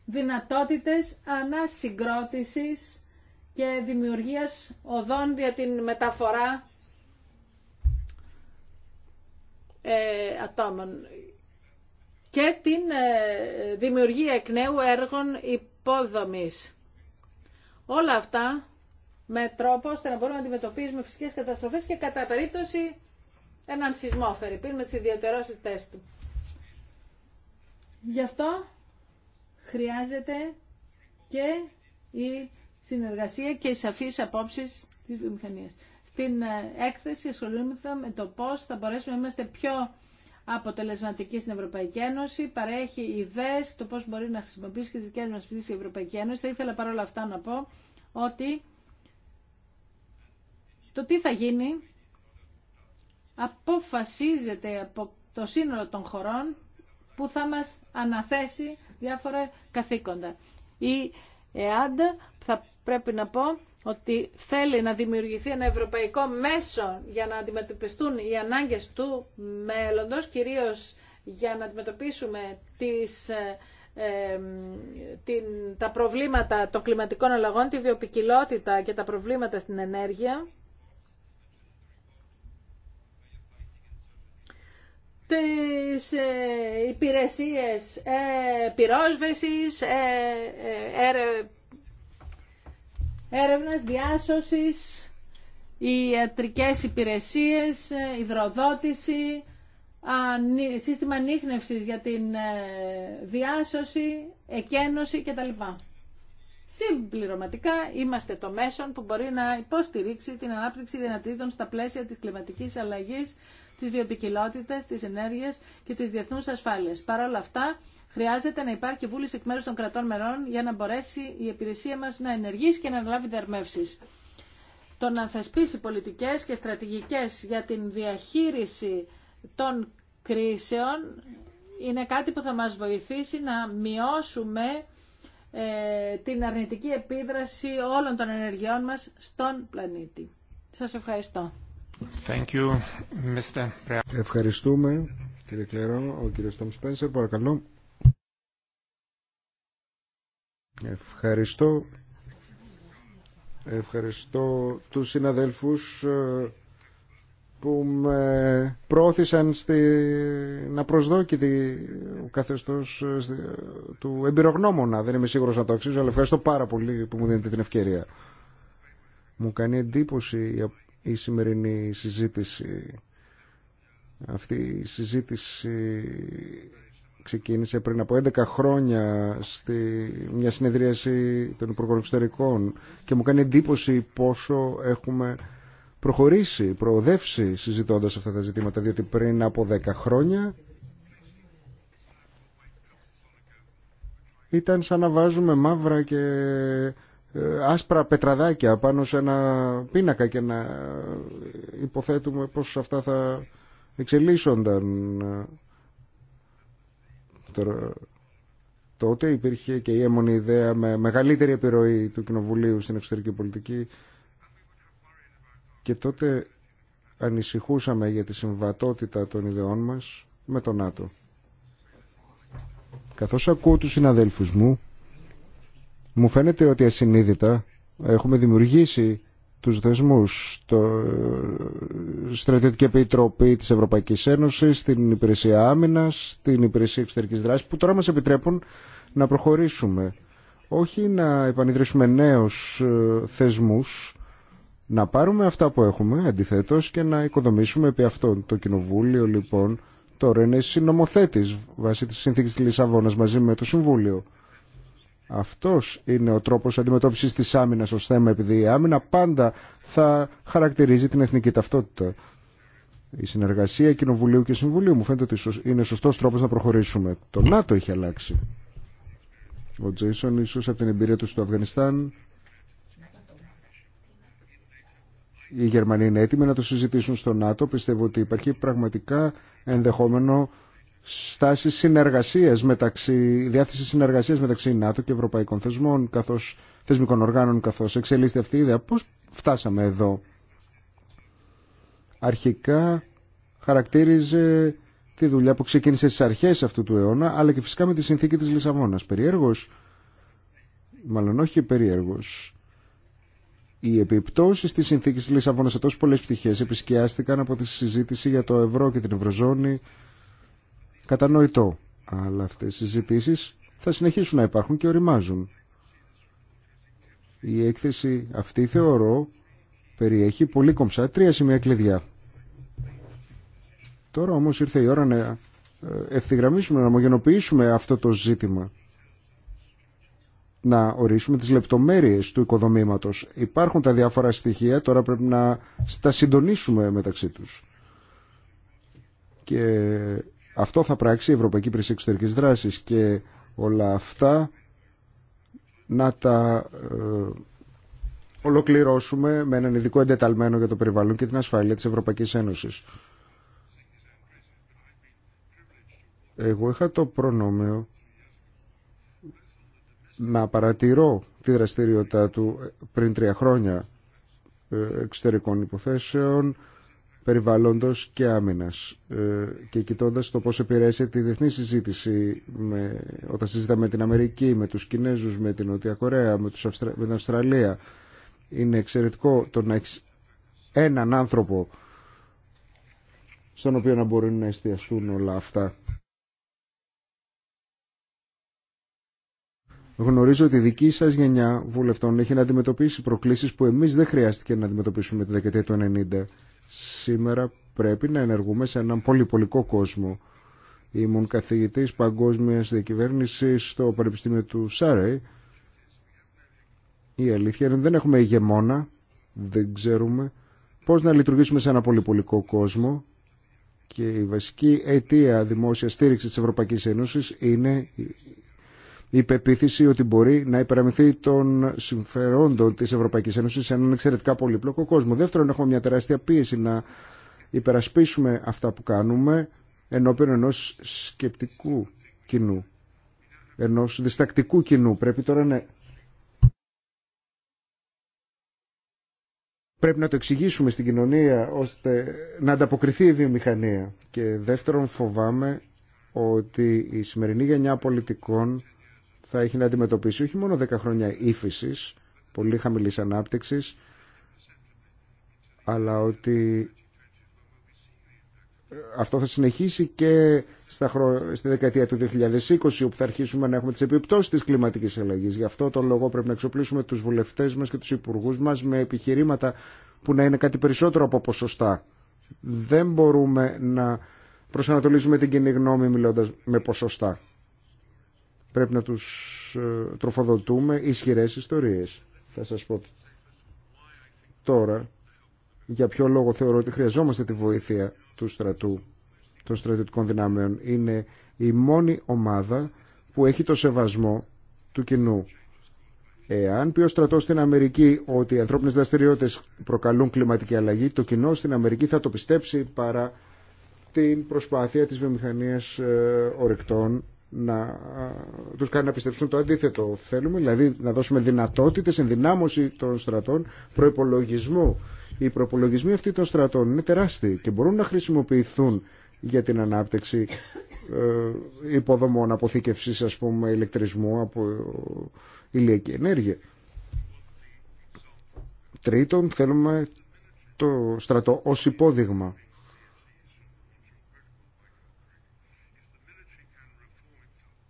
δυνατότητες ανασυγκρότησης και δημιουργίας οδών για την μεταφορά ε, ατόμων και την ε, δημιουργία εκ νέου έργων υπόδομης. Όλα αυτά με τρόπο ώστε να μπορούμε να αντιμετωπίζουμε φυσικές καταστροφές και κατά περίπτωση έναν σεισμό φερρυπίν με τις ιδιαιτερότητες του. Γι' αυτό χρειάζεται και η συνεργασία και οι σαφείς απόψεις της βιομηχανίας. Στην ε, έκθεση ασχολούμαι με το πώς θα μπορέσουμε να είμαστε πιο αποτελεσματική στην Ευρωπαϊκή Ένωση, παρέχει ιδέες το πώς μπορεί να χρησιμοποιήσει και τις δικές μας πτήσεις η Ευρωπαϊκή Ένωση. Θα ήθελα παρόλα αυτά να πω ότι το τι θα γίνει αποφασίζεται από το σύνολο των χωρών που θα μας αναθέσει διάφορα καθήκοντα. Η ΕΑΝΤ θα πρέπει να πω ότι θέλει να δημιουργηθεί ένα ευρωπαϊκό μέσο για να αντιμετωπιστούν οι ανάγκες του μέλλοντος, κυρίως για να αντιμετωπίσουμε τις, ε, ε, την, τα προβλήματα των κλιματικών αλλαγών, τη βιοπικιλότητα και τα προβλήματα στην ενέργεια. τις ε, υπηρεσίες ε, πυρόσβεσης, ε, ε, έρευνας, διάσωσης, οι ιατρικές υπηρεσίες, ε, υδροδότηση, σύστημα ανείχνευσης για την ε, διάσωση, εκένωση κτλ. Συμπληρωματικά είμαστε το μέσον που μπορεί να υποστηρίξει την ανάπτυξη δυνατήτων στα πλαίσια της κλιματικής αλλαγής τις βιοπικιλότητες, τις ενέργειες και τις διεθνούς ασφάλειες. Παρ' όλα αυτά, χρειάζεται να υπάρχει βούληση εκ μέρους των κρατών μερών για να μπορέσει η υπηρεσία μας να ενεργήσει και να αναλάβει δερμεύσεις. Το να θεσπίσει πολιτικές και στρατηγικές για την διαχείριση των κρίσεων είναι κάτι που θα μας βοηθήσει να μειώσουμε ε, την αρνητική επίδραση όλων των ενεργειών μας στον πλανήτη. Σας ευχαριστώ. Ευχαριστούμε κύριε Κλερό. Ο κύριος Τόμ Σπένσερ, παρακαλώ. Ευχαριστώ. Ευχαριστώ τους συναδέλφους ε, που με να προσδόκηται ο καθεστώς ε, του εμπειρογνώμονα. Δεν είμαι σίγουρος να το αξίζω, αλλά ευχαριστώ πάρα πολύ που μου δίνετε την ευκαιρία. Μου κάνει εντύπωση η σημερινή συζήτηση. Αυτή η συζήτηση ξεκίνησε πριν από 11 χρόνια στη μια συνεδρίαση των Υπουργών Εξωτερικών και μου κάνει εντύπωση πόσο έχουμε προχωρήσει, προοδεύσει συζητώντας αυτά τα ζητήματα διότι πριν από 10 χρόνια ήταν σαν να βάζουμε μαύρα και ε, άσπρα πετραδάκια πάνω σε ένα πίνακα και να υποθέτουμε πως αυτά θα εξελίσσονταν. Τότε υπήρχε και η έμονη ιδέα με μεγαλύτερη επιρροή του Κοινοβουλίου στην εξωτερική πολιτική και τότε ανησυχούσαμε για τη συμβατότητα των ιδεών μας με τον ΝΑΤΟ. Καθώς ακούω τους συναδέλφους μου μου φαίνεται ότι ασυνείδητα έχουμε δημιουργήσει τους δεσμούς το ε, Στρατιωτική Επιτροπή της Ευρωπαϊκής Ένωσης, την Υπηρεσία Άμυνας, την Υπηρεσία Εξωτερικής Δράσης που τώρα μας επιτρέπουν να προχωρήσουμε. Όχι να επανειδρύσουμε νέους ε, θεσμούς, να πάρουμε αυτά που έχουμε αντιθέτως και να οικοδομήσουμε επί αυτών. Το Κοινοβούλιο λοιπόν τώρα είναι συνομοθέτης βάσει της Σύνθηκης Λισαβόνας μαζί με το Συμβούλιο. Αυτός είναι ο τρόπος αντιμετώπιση της άμυνας ω θέμα, επειδή η άμυνα πάντα θα χαρακτηρίζει την εθνική ταυτότητα. Η συνεργασία Κοινοβουλίου και Συμβουλίου μου φαίνεται ότι είναι σωστός τρόπος να προχωρήσουμε. Το ΝΑΤΟ έχει αλλάξει. Ο Τζέισον ίσως από την εμπειρία του στο Αφγανιστάν οι Γερμανοί είναι έτοιμοι να το συζητήσουν στο ΝΑΤΟ. Πιστεύω ότι υπάρχει πραγματικά ενδεχόμενο στάσει συνεργασία μεταξύ, διάθεση συνεργασία μεταξύ ΝΑΤΟ και ευρωπαϊκών θεσμών, καθώς θεσμικών οργάνων, καθώ εξελίσσεται αυτή η ιδέα. Πώ φτάσαμε εδώ. Αρχικά χαρακτήριζε τη δουλειά που ξεκίνησε στι αρχέ αυτού του αιώνα, αλλά και φυσικά με τη συνθήκη τη Λισαβόνα. Περιέργω, μάλλον όχι περίεργος, οι επιπτώσει τη συνθήκη τη Λισαβόνας σε τόσε πολλέ πτυχές επισκιάστηκαν από τη συζήτηση για το ευρώ και την ευρωζώνη, κατανοητό. Αλλά αυτές οι συζητήσεις θα συνεχίσουν να υπάρχουν και οριμάζουν. Η έκθεση αυτή θεωρώ περιέχει πολύ κομψά τρία σημεία κλειδιά. Τώρα όμως ήρθε η ώρα να ε, ευθυγραμμίσουμε, να ομογενοποιήσουμε αυτό το ζήτημα. Να ορίσουμε τις λεπτομέρειες του οικοδομήματος. Υπάρχουν τα διάφορα στοιχεία, τώρα πρέπει να τα συντονίσουμε μεταξύ τους. Και αυτό θα πράξει η Ευρωπαϊκή Πρίση Εξωτερικής Δράσης και όλα αυτά να τα ε, ολοκληρώσουμε με έναν ειδικό εντεταλμένο για το περιβάλλον και την ασφάλεια της Ευρωπαϊκής Ένωσης. Εγώ είχα το προνόμιο να παρατηρώ τη δραστηριότητα του πριν τρία χρόνια ε, εξωτερικών υποθέσεων περιβάλλοντος και άμυνας ε, και κοιτώντας το πώς επηρέασε τη διεθνή συζήτηση με, όταν συζητάμε την Αμερική, με τους Κινέζους, με την Νότια Κορέα, με, τους Αυστρα... την Αυστραλία. Είναι εξαιρετικό το να έχει έναν άνθρωπο στον οποίο να μπορούν να εστιαστούν όλα αυτά. Γνωρίζω ότι η δική σα γενιά βουλευτών έχει να αντιμετωπίσει προκλήσει που εμεί δεν χρειάστηκε να αντιμετωπίσουμε τη δεκαετία του 90. Σήμερα πρέπει να ενεργούμε σε έναν πολυπολικό κόσμο. Ήμουν καθηγητής παγκόσμιας διακυβέρνησης στο Πανεπιστήμιο του Σάρεϊ. Η αλήθεια είναι δεν έχουμε ηγεμόνα, δεν ξέρουμε πώς να λειτουργήσουμε σε ένα πολυπολικό κόσμο και η βασική αιτία δημόσια στήριξη της Ευρωπαϊκής Ένωσης είναι η πεποίθηση ότι μπορεί να υπεραμεθεί των συμφερόντων της Ευρωπαϊκής Ένωσης σε έναν εξαιρετικά πολύπλοκο κόσμο. Δεύτερον, έχουμε μια τεράστια πίεση να υπερασπίσουμε αυτά που κάνουμε ενώπιον ενός σκεπτικού κοινού, ενός διστακτικού κοινού. Πρέπει τώρα να... Πρέπει να το εξηγήσουμε στην κοινωνία ώστε να ανταποκριθεί η βιομηχανία. Και δεύτερον φοβάμαι ότι η σημερινή γενιά πολιτικών θα έχει να αντιμετωπίσει όχι μόνο 10 χρόνια ύφεση, πολύ χαμηλή ανάπτυξη, αλλά ότι αυτό θα συνεχίσει και στα στη δεκαετία του 2020 όπου θα αρχίσουμε να έχουμε τις επιπτώσεις της κλιματικής αλλαγής. Γι' αυτό τον λόγο πρέπει να εξοπλίσουμε τους βουλευτές μας και τους υπουργούς μας με επιχειρήματα που να είναι κάτι περισσότερο από ποσοστά. Δεν μπορούμε να προσανατολίζουμε την κοινή γνώμη μιλώντας με ποσοστά. Πρέπει να τους ε, τροφοδοτούμε ισχυρές ιστορίες. Θα σας πω τώρα για ποιο λόγο θεωρώ ότι χρειαζόμαστε τη βοήθεια του στρατού, των στρατιωτικών δυνάμεων. Είναι η μόνη ομάδα που έχει το σεβασμό του κοινού. Εάν πει ο στρατό στην Αμερική ότι οι ανθρώπινε δραστηριότητε προκαλούν κλιματική αλλαγή, το κοινό στην Αμερική θα το πιστέψει παρά την προσπάθεια της βιομηχανίας ε, ορεκτών να τους κάνει να πιστέψουν το αντίθετο. Θέλουμε δηλαδή να δώσουμε δυνατότητες, ενδυνάμωση των στρατών, προπολογισμού. Οι προπολογισμοί αυτοί των στρατών είναι τεράστιοι και μπορούν να χρησιμοποιηθούν για την ανάπτυξη ε, υποδομών αποθήκευσης ας πούμε ηλεκτρισμού από ηλιακή ενέργεια. Τρίτον, θέλουμε το στρατό ως υπόδειγμα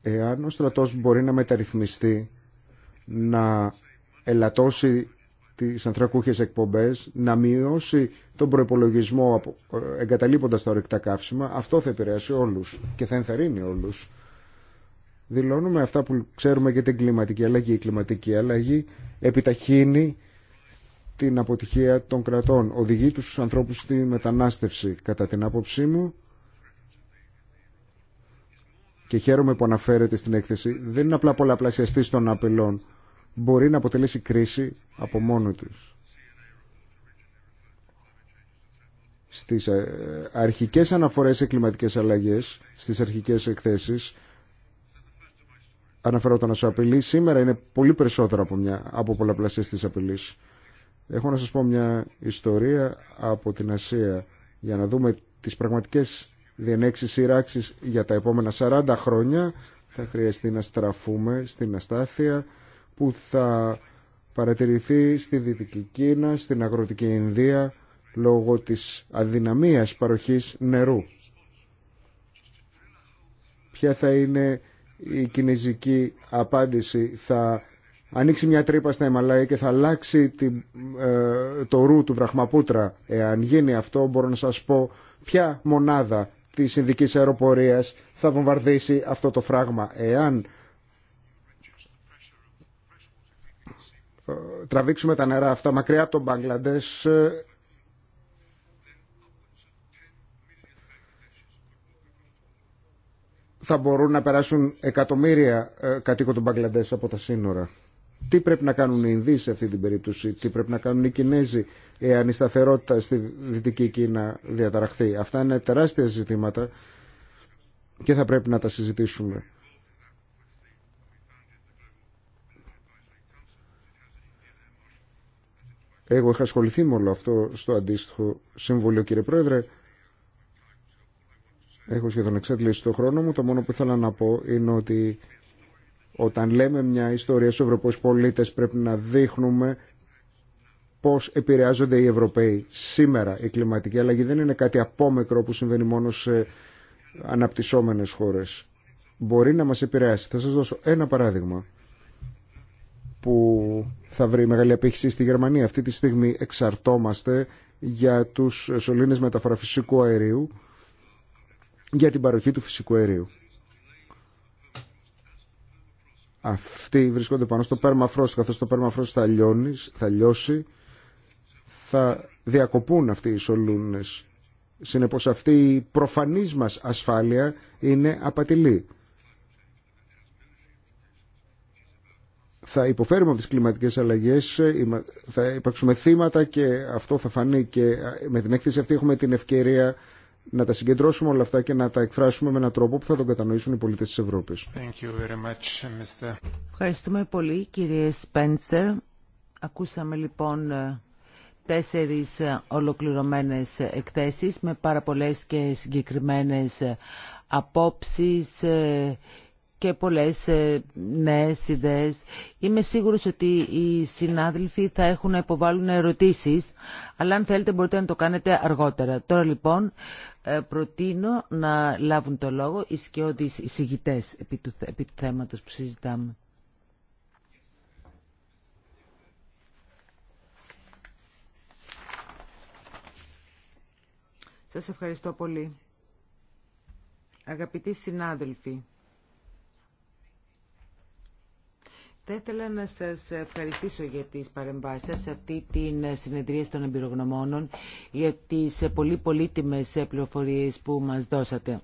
εάν ο στρατός μπορεί να μεταρρυθμιστεί, να ελαττώσει τις ανθρακούχες εκπομπές, να μειώσει τον προϋπολογισμό ε, εγκαταλείποντας τα ορεικτά καύσιμα, αυτό θα επηρεάσει όλους και θα ενθαρρύνει όλους. Δηλώνουμε αυτά που ξέρουμε για την κλιματική αλλαγή. Η κλιματική αλλαγή επιταχύνει την αποτυχία των κρατών, οδηγεί τους ανθρώπους στη μετανάστευση. Κατά την άποψή μου, και χαίρομαι που αναφέρεται στην έκθεση, δεν είναι απλά πολλαπλασιαστή των απειλών. Μπορεί να αποτελέσει κρίση από μόνο του. Στις ε, αρχικές αναφορές σε κλιματικές αλλαγές, στις αρχικές εκθέσεις, αναφερόταν ως απειλή. Σήμερα είναι πολύ περισσότερο από, μια, από πολλαπλασιαστής απειλής. Έχω να σας πω μια ιστορία από την Ασία για να δούμε τις πραγματικές διενέξεις σειράξεις για τα επόμενα 40 χρόνια θα χρειαστεί να στραφούμε στην αστάθεια που θα παρατηρηθεί στη Δυτική Κίνα, στην Αγροτική Ινδία λόγω της αδυναμίας παροχής νερού. Ποια θα είναι η κινέζικη απάντηση θα ανοίξει μια τρύπα στα Ιμαλάια και θα αλλάξει ε, το ρου του Βραχμαπούτρα. Εάν γίνει αυτό μπορώ να σας πω ποια μονάδα τη Ινδικής αεροπορίας θα βομβαρδίσει αυτό το φράγμα. Εάν ε, τραβήξουμε τα νερά αυτά μακριά από τον Μπαγκλαντές ε, θα μπορούν να περάσουν εκατομμύρια ε, κατοίκων του Μπαγκλαντές από τα σύνορα τι πρέπει να κάνουν οι Ινδοί σε αυτή την περίπτωση, τι πρέπει να κάνουν οι Κινέζοι εάν η σταθερότητα στη Δυτική Κίνα διαταραχθεί. Αυτά είναι τεράστια ζητήματα και θα πρέπει να τα συζητήσουμε. Εγώ είχα ασχοληθεί με όλο αυτό στο αντίστοιχο συμβούλιο, κύριε Πρόεδρε. Έχω σχεδόν εξαντλήσει το χρόνο μου. Το μόνο που ήθελα να πω είναι ότι όταν λέμε μια ιστορία στους Ευρωπαίους πολίτες πρέπει να δείχνουμε πώς επηρεάζονται οι Ευρωπαίοι σήμερα. Η κλιματική αλλαγή δεν είναι κάτι απόμεκρο που συμβαίνει μόνο σε αναπτυσσόμενες χώρες. Μπορεί να μας επηρεάσει. Θα σας δώσω ένα παράδειγμα που θα βρει μεγάλη απίχυση στη Γερμανία. Αυτή τη στιγμή εξαρτόμαστε για τους σωλήνες μεταφορά φυσικού αερίου για την παροχή του φυσικού αερίου. Αυτοί βρίσκονται πάνω στο πέρμαφρος, καθώς το πέρμαφρος θα, λιώνει, θα λιώσει, θα διακοπούν αυτοί οι σωλούνες. Συνεπώς αυτή η προφανής μας ασφάλεια είναι απατηλή. θα υποφέρουμε από τις κλιματικές αλλαγές, θα υπάρξουμε θύματα και αυτό θα φανεί και με την έκθεση αυτή έχουμε την ευκαιρία να τα συγκεντρώσουμε όλα αυτά και να τα εκφράσουμε με έναν τρόπο που θα τον κατανοήσουν οι πολίτες της Ευρώπης. much, Ευχαριστούμε πολύ κύριε Σπένσερ. Ακούσαμε λοιπόν ε, τέσσερις ε, ολοκληρωμένες εκθέσεις με πάρα πολλές και συγκεκριμένες ε, απόψεις και πολλές νέες ιδέες. Είμαι σίγουρος ότι οι συνάδελφοι θα έχουν να υποβάλουν ερωτήσεις, αλλά αν θέλετε μπορείτε να το κάνετε αργότερα. Τώρα λοιπόν ε, προτείνω να λάβουν το λόγο οι σκιώδεις εισηγητές επί του, επί του θέματος που συζητάμε. Σας ευχαριστώ πολύ. Αγαπητοί συνάδελφοι, Θα ήθελα να σας ευχαριστήσω για τις παρεμβάσεις σας σε αυτή την συνεδρία των εμπειρογνωμόνων για τις πολύ πολύτιμες πληροφορίες που μας δώσατε.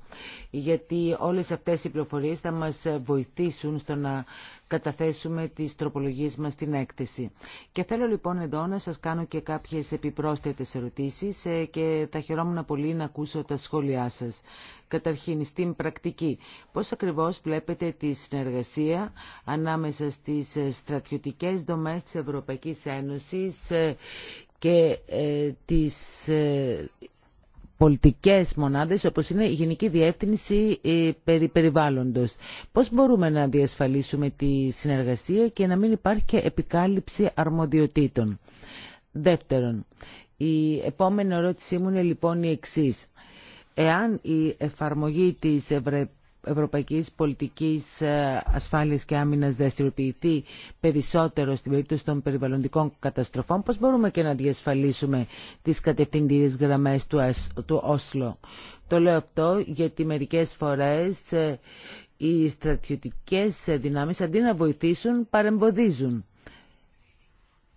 Γιατί όλες αυτές οι πληροφορίες θα μας βοηθήσουν στο να καταθέσουμε τις τροπολογίες μας στην έκθεση. Και θέλω λοιπόν εδώ να σας κάνω και κάποιες επιπρόσθετες ερωτήσεις ε, και θα χαιρόμουν πολύ να ακούσω τα σχόλιά σας. Καταρχήν, στην πρακτική, πώς ακριβώς βλέπετε τη συνεργασία ανάμεσα στις ε, στρατιωτικές δομές της Ευρωπαϊκής Ένωσης ε, και τις πολιτικές μονάδες όπως είναι η Γενική Διεύθυνση ε, περι Περιβάλλοντος. Πώς μπορούμε να διασφαλίσουμε τη συνεργασία και να μην υπάρχει και επικάλυψη αρμοδιοτήτων. Δεύτερον, η επόμενη ερώτησή μου είναι λοιπόν η εξής. Εάν η εφαρμογή της ευρωπαϊκής πολιτικής ε, ασφάλειας και άμυνας δραστηριοποιηθεί περισσότερο στην περίπτωση των περιβαλλοντικών καταστροφών, πώς μπορούμε και να διασφαλίσουμε τις κατευθυντήριες γραμμές του Όσλο. Το λέω αυτό γιατί μερικές φορές ε, οι στρατιωτικές δυνάμεις αντί να βοηθήσουν παρεμποδίζουν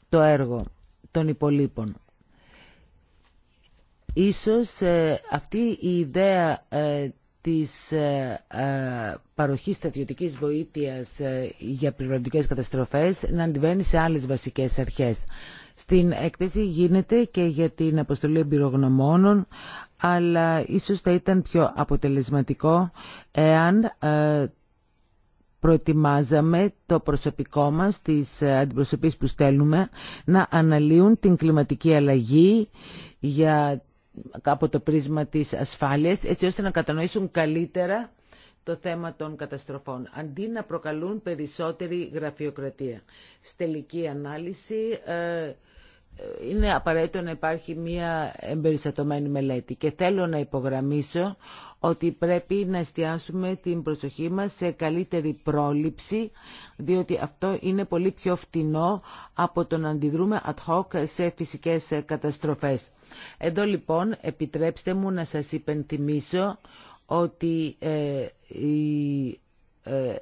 το έργο των υπολείπων. Ίσως ε, αυτή η ιδέα της ε, ε, παροχής στρατιωτικής βοήθειας ε, για περιβαλλοντικές καταστροφές να αντιβαίνει σε άλλες βασικές αρχές. Στην έκθεση γίνεται και για την αποστολή εμπειρογνωμόνων, αλλά ίσως θα ήταν πιο αποτελεσματικό εάν προετοιμάζαμε το προσωπικό μας, τις αντιπροσωπείς που στέλνουμε, να αναλύουν την κλιματική αλλαγή για από το πρίσμα της ασφάλειας, έτσι ώστε να κατανοήσουν καλύτερα το θέμα των καταστροφών, αντί να προκαλούν περισσότερη γραφειοκρατία. Στη τελική ανάλυση ε, ε, είναι απαραίτητο να υπάρχει μία εμπεριστατωμένη μελέτη και θέλω να υπογραμμίσω ότι πρέπει να εστιάσουμε την προσοχή μας σε καλύτερη πρόληψη, διότι αυτό είναι πολύ πιο φτηνό από το να αντιδρούμε ad hoc σε φυσικές καταστροφές. Εδώ λοιπόν επιτρέψτε μου να σας υπενθυμίσω ότι ε, η ε,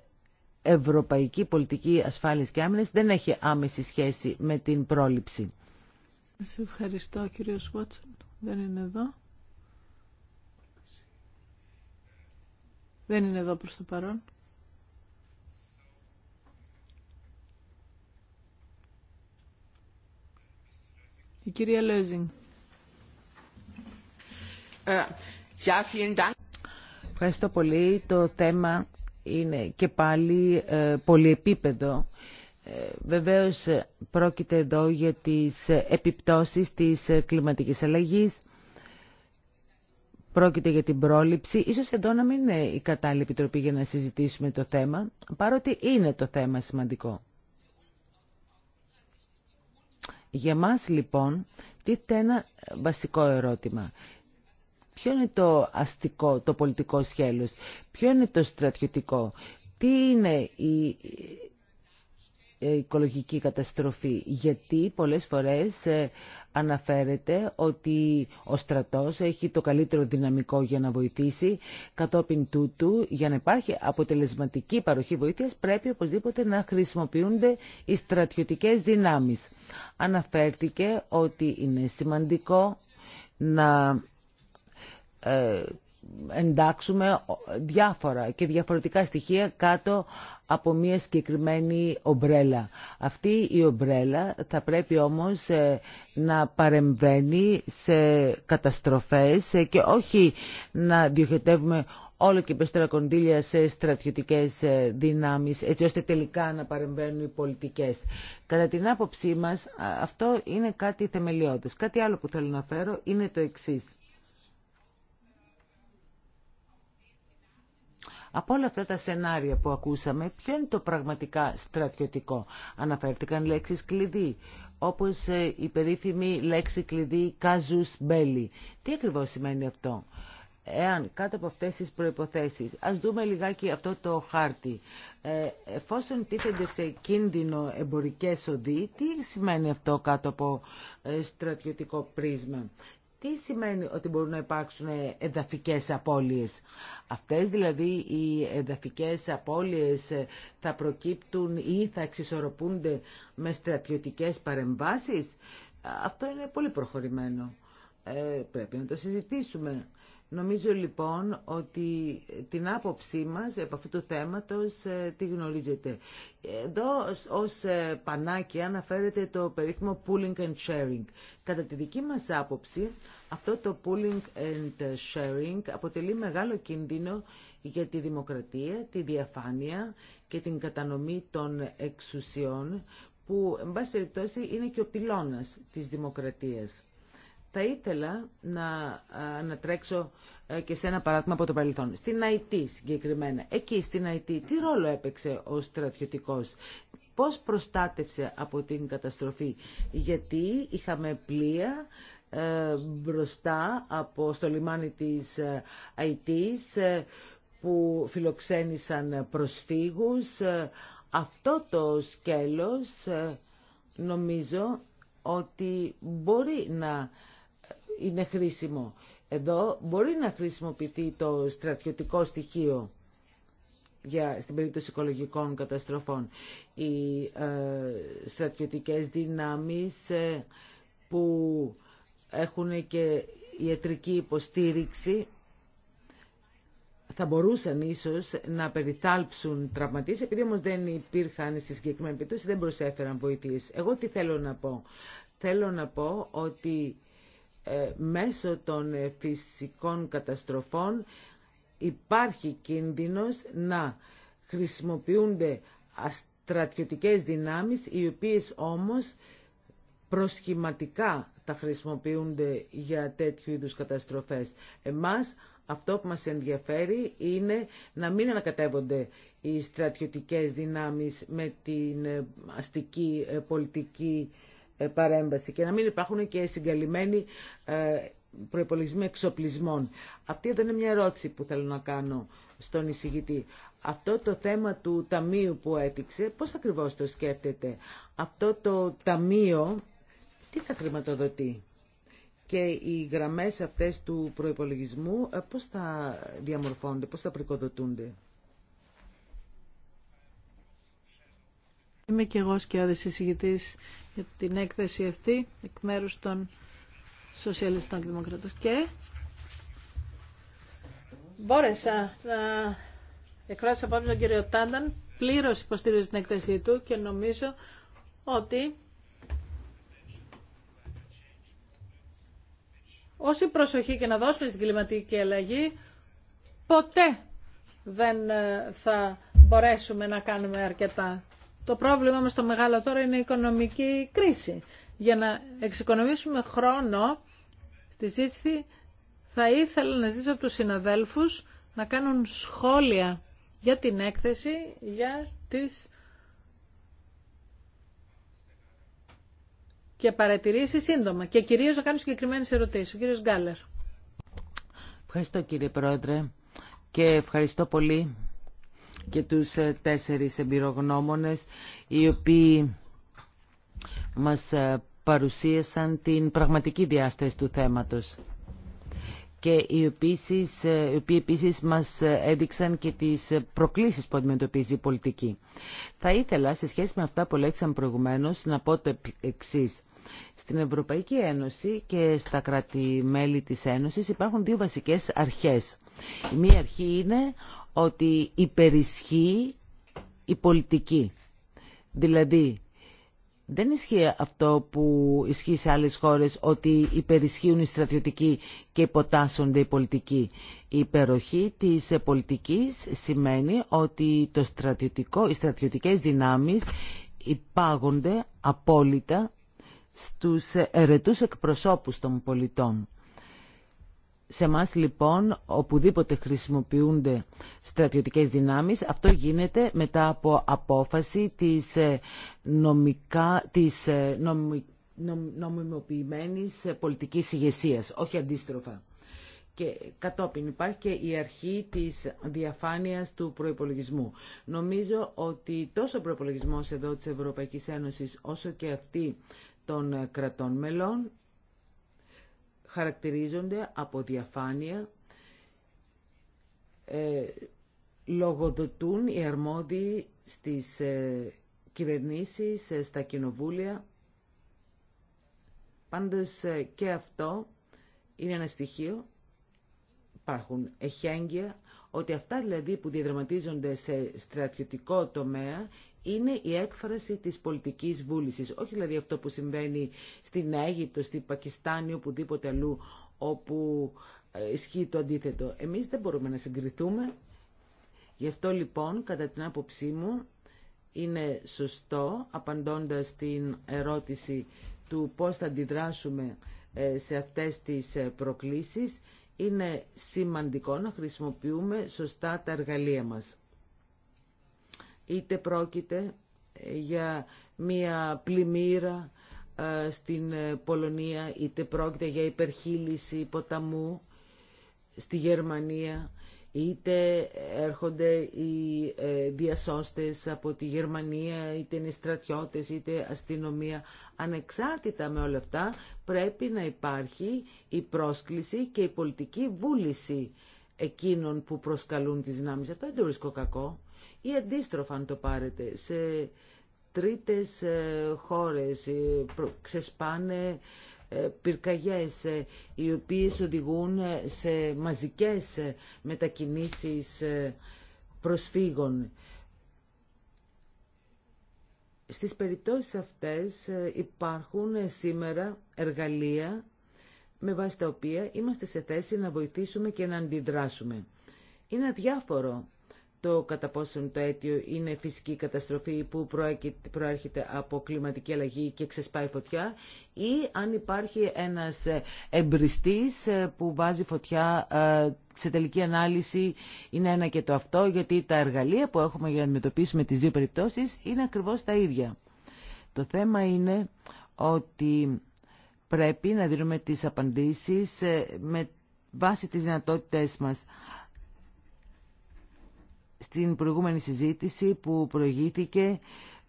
ευρωπαϊκή πολιτική ασφάλειας και άμυνας δεν έχει άμεση σχέση με την πρόληψη. Σε ευχαριστώ κύριος Βότσον. Δεν είναι εδώ. Δεν είναι εδώ προς το παρόν. Η κυρία Λέζινγκ. Äh, Ευχαριστώ πολύ. Το θέμα είναι και πάλι ε, πολυεπίπεδο. Ε, βεβαίως ε, πρόκειται εδώ για τις επιπτώσεις της κλιματικής αλλαγής. Πρόκειται για την πρόληψη. Ίσως εδώ να μην είναι η κατάλληλη επιτροπή για να συζητήσουμε το θέμα, παρότι είναι το θέμα σημαντικό. Για μας λοιπόν τι ένα βασικό ερώτημα. Ποιο είναι το αστικό, το πολιτικό σχέλος, ποιο είναι το στρατιωτικό, τι είναι η οικολογική καταστροφή, γιατί πολλές φορές ε, αναφέρεται ότι ο στρατός έχει το καλύτερο δυναμικό για να βοηθήσει. Κατόπιν τούτου, για να υπάρχει αποτελεσματική παροχή βοήθειας, πρέπει οπωσδήποτε να χρησιμοποιούνται οι στρατιωτικές δυνάμεις. Αναφέρθηκε ότι είναι σημαντικό να ε, εντάξουμε διάφορα και διαφορετικά στοιχεία κάτω από μια συγκεκριμένη ομπρέλα. Αυτή η ομπρέλα θα πρέπει όμως ε, να παρεμβαίνει σε καταστροφές ε, και όχι να διοχετεύουμε όλο και περισσότερα κονδύλια σε στρατιωτικές δυνάμεις, έτσι ώστε τελικά να παρεμβαίνουν οι πολιτικές. Κατά την άποψή μας, αυτό είναι κάτι θεμελιώδες. Κάτι άλλο που θέλω να φέρω είναι το εξής. Από όλα αυτά τα σενάρια που ακούσαμε, ποιο είναι το πραγματικά στρατιωτικό. Αναφέρθηκαν λέξεις κλειδί, όπως ε, η περίφημη λέξη κλειδί «καζούς μπέλι». Τι ακριβώς σημαίνει αυτό. Εάν κάτω από αυτές τις προϋποθέσεις, ας δούμε λιγάκι αυτό το χάρτη. Ε, εφόσον τίθενται σε κίνδυνο εμπορικές οδοί, τι σημαίνει αυτό κάτω από ε, στρατιωτικό πρίσμα. Τι σημαίνει ότι μπορούν να υπάρξουν εδαφικές απώλειες. Αυτές δηλαδή οι εδαφικές απώλειες θα προκύπτουν ή θα εξισορροπούνται με στρατιωτικές παρεμβάσεις. Αυτό είναι πολύ προχωρημένο. Ε, πρέπει να το συζητήσουμε. Νομίζω λοιπόν ότι την άποψή μας από αυτού του θέματος ε, τη γνωρίζετε. Εδώ ως ε, πανάκια αναφέρεται το περίφημο pooling and sharing. Κατά τη δική μας άποψη αυτό το pooling and sharing αποτελεί μεγάλο κίνδυνο για τη δημοκρατία, τη διαφάνεια και την κατανομή των εξουσιών που, εν πάση περιπτώσει, είναι και ο πυλώνας της δημοκρατίας. Θα ήθελα να τρέξω ε, και σε ένα παράδειγμα από το παρελθόν. Στην Αιτή συγκεκριμένα. Εκεί στην Αιτή τι ρόλο έπαιξε ο στρατιωτικός. Πώς προστάτευσε από την καταστροφή. Γιατί είχαμε πλοία ε, μπροστά από, στο λιμάνι της ε, ΑΕΤ που φιλοξένησαν προσφύγους. αυτό το σκέλος νομίζω ότι μπορεί να είναι χρήσιμο. Εδώ μπορεί να χρησιμοποιηθεί το στρατιωτικό στοιχείο για, στην περίπτωση οικολογικών καταστροφών. Οι ε, στρατιωτικές δυνάμεις ε, που έχουν και ιατρική υποστήριξη θα μπορούσαν ίσως να περιθάλψουν τραυματίες, επειδή όμως δεν υπήρχαν στη συγκεκριμένη περίπτωση, δεν προσέφεραν βοηθείς. Εγώ τι θέλω να πω. Θέλω να πω ότι ε, μέσω των ε, φυσικών καταστροφών υπάρχει κίνδυνος να χρησιμοποιούνται στρατιωτικές δυνάμεις οι οποίες όμως προσχηματικά τα χρησιμοποιούνται για τέτοιου είδους καταστροφές. Εμάς αυτό που μας ενδιαφέρει είναι να μην ανακατεύονται οι στρατιωτικές δυνάμεις με την ε, αστική πολιτική ε, παρέμβαση και να μην υπάρχουν και συγκαλυμμένοι ε, προπολογισμοί εξοπλισμών. Αυτή είναι μια ερώτηση που θέλω να κάνω στον εισηγητή. Αυτό το θέμα του ταμείου που έδειξε, πώς ακριβώς το σκέφτεται. Αυτό το ταμείο, τι θα χρηματοδοτεί. Και οι γραμμές αυτές του προϋπολογισμού, ε, πώς θα διαμορφώνονται, πώς θα πρικοδοτούνται. Είμαι και εγώ σκιώδης εισηγητής για την έκθεση αυτή εκ μέρους των Σοσιαλιστών και Δημοκρατών. Και μπόρεσα να εκφράσω απόψε τον κύριο Τάνταν, πλήρως υποστήριζε την έκθεσή του και νομίζω ότι όση προσοχή και να δώσουμε στην κλιματική αλλαγή, ποτέ δεν ε, θα μπορέσουμε να κάνουμε αρκετά. Το πρόβλημα μας το μεγάλο τώρα είναι η οικονομική κρίση. Για να εξοικονομήσουμε χρόνο στη σύστη θα ήθελα να ζητήσω από τους συναδέλφους να κάνουν σχόλια για την έκθεση, για τις και παρατηρήσεις σύντομα και κυρίως να κάνουν συγκεκριμένες ερωτήσεις. Ο κύριος Γκάλερ. Ευχαριστώ κύριε Πρόεδρε και ευχαριστώ πολύ και τους ε, τέσσερις εμπειρογνώμονες οι οποίοι μας ε, παρουσίασαν την πραγματική διάσταση του θέματος και οι ε, οποίοι, οι επίσης μας έδειξαν και τις προκλήσεις που αντιμετωπίζει η πολιτική. Θα ήθελα, σε σχέση με αυτά που λέξαμε προηγουμένως, να πω το εξή. Στην Ευρωπαϊκή Ένωση και στα κράτη-μέλη της Ένωσης υπάρχουν δύο βασικές αρχές. Η μία αρχή είναι ότι υπερισχύει η πολιτική. Δηλαδή, δεν ισχύει αυτό που ισχύει σε άλλες χώρες ότι υπερισχύουν οι στρατιωτικοί και υποτάσσονται οι πολιτικοί. Η υπεροχή της πολιτικής σημαίνει ότι το στρατιωτικό, οι στρατιωτικές δυνάμεις υπάγονται απόλυτα στους ερετούς εκπροσώπους των πολιτών. Σε εμά λοιπόν, οπουδήποτε χρησιμοποιούνται στρατιωτικές δυνάμεις, αυτό γίνεται μετά από απόφαση της, ε, νομικά, της ε, νομιμοποιημένης πολιτικής ηγεσία, όχι αντίστροφα. Και κατόπιν υπάρχει και η αρχή της διαφάνειας του προϋπολογισμού. Νομίζω ότι τόσο ο προϋπολογισμός εδώ της Ευρωπαϊκής Ένωσης όσο και αυτή των ε, κρατών μελών χαρακτηρίζονται από διαφάνεια, ε, λογοδοτούν οι αρμόδιοι στις ε, κυβερνήσεις, ε, στα κοινοβούλια. Πάντως ε, και αυτό είναι ένα στοιχείο, υπάρχουν εχέγγυα, ότι αυτά δηλαδή που διαδραματίζονται σε στρατιωτικό τομέα είναι η έκφραση της πολιτικής βούλησης. Όχι δηλαδή αυτό που συμβαίνει στην Αίγυπτο, στη Πακιστάνη, οπουδήποτε αλλού, όπου ε, ισχύει το αντίθετο. Εμείς δεν μπορούμε να συγκριθούμε. Γι' αυτό λοιπόν, κατά την άποψή μου, είναι σωστό, απαντώντας την ερώτηση του πώς θα αντιδράσουμε ε, σε αυτές τις ε, προκλήσεις, είναι σημαντικό να χρησιμοποιούμε σωστά τα εργαλεία μας είτε πρόκειται ε, για μία πλημμύρα ε, στην ε, Πολωνία, είτε πρόκειται για υπερχείληση ποταμού στη Γερμανία, είτε έρχονται οι διασώστες από τη Γερμανία, είτε είναι στρατιώτες, είτε αστυνομία. Ανεξάρτητα με όλα αυτά πρέπει να υπάρχει η πρόσκληση και η πολιτική βούληση εκείνων που προσκαλούν τις δυνάμεις. Αυτό δεν το βρίσκω κακό ή αντίστροφα αν το πάρετε σε τρίτες ε, χώρες ε, ξεσπάνε ε, πυρκαγιές οι οποίες οδηγούν σε μαζικές μετακινήσεις προσφύγων. Στις περιπτώσεις αυτές υπάρχουν σήμερα εργαλεία με βάση τα οποία είμαστε σε θέση να βοηθήσουμε και να αντιδράσουμε. Είναι αδιάφορο το κατά πόσον το αίτιο είναι φυσική καταστροφή που προέρχεται από κλιματική αλλαγή και ξεσπάει φωτιά ή αν υπάρχει ένας εμπριστής ε, που βάζει φωτιά ε, σε τελική ανάλυση είναι ένα και το αυτό γιατί τα εργαλεία που έχουμε για να αντιμετωπίσουμε τις δύο περιπτώσεις είναι ακριβώς τα ίδια. Το θέμα είναι ότι πρέπει να δίνουμε τις απαντήσεις ε, με βάση τις δυνατότητες μας. Στην προηγούμενη συζήτηση που προηγήθηκε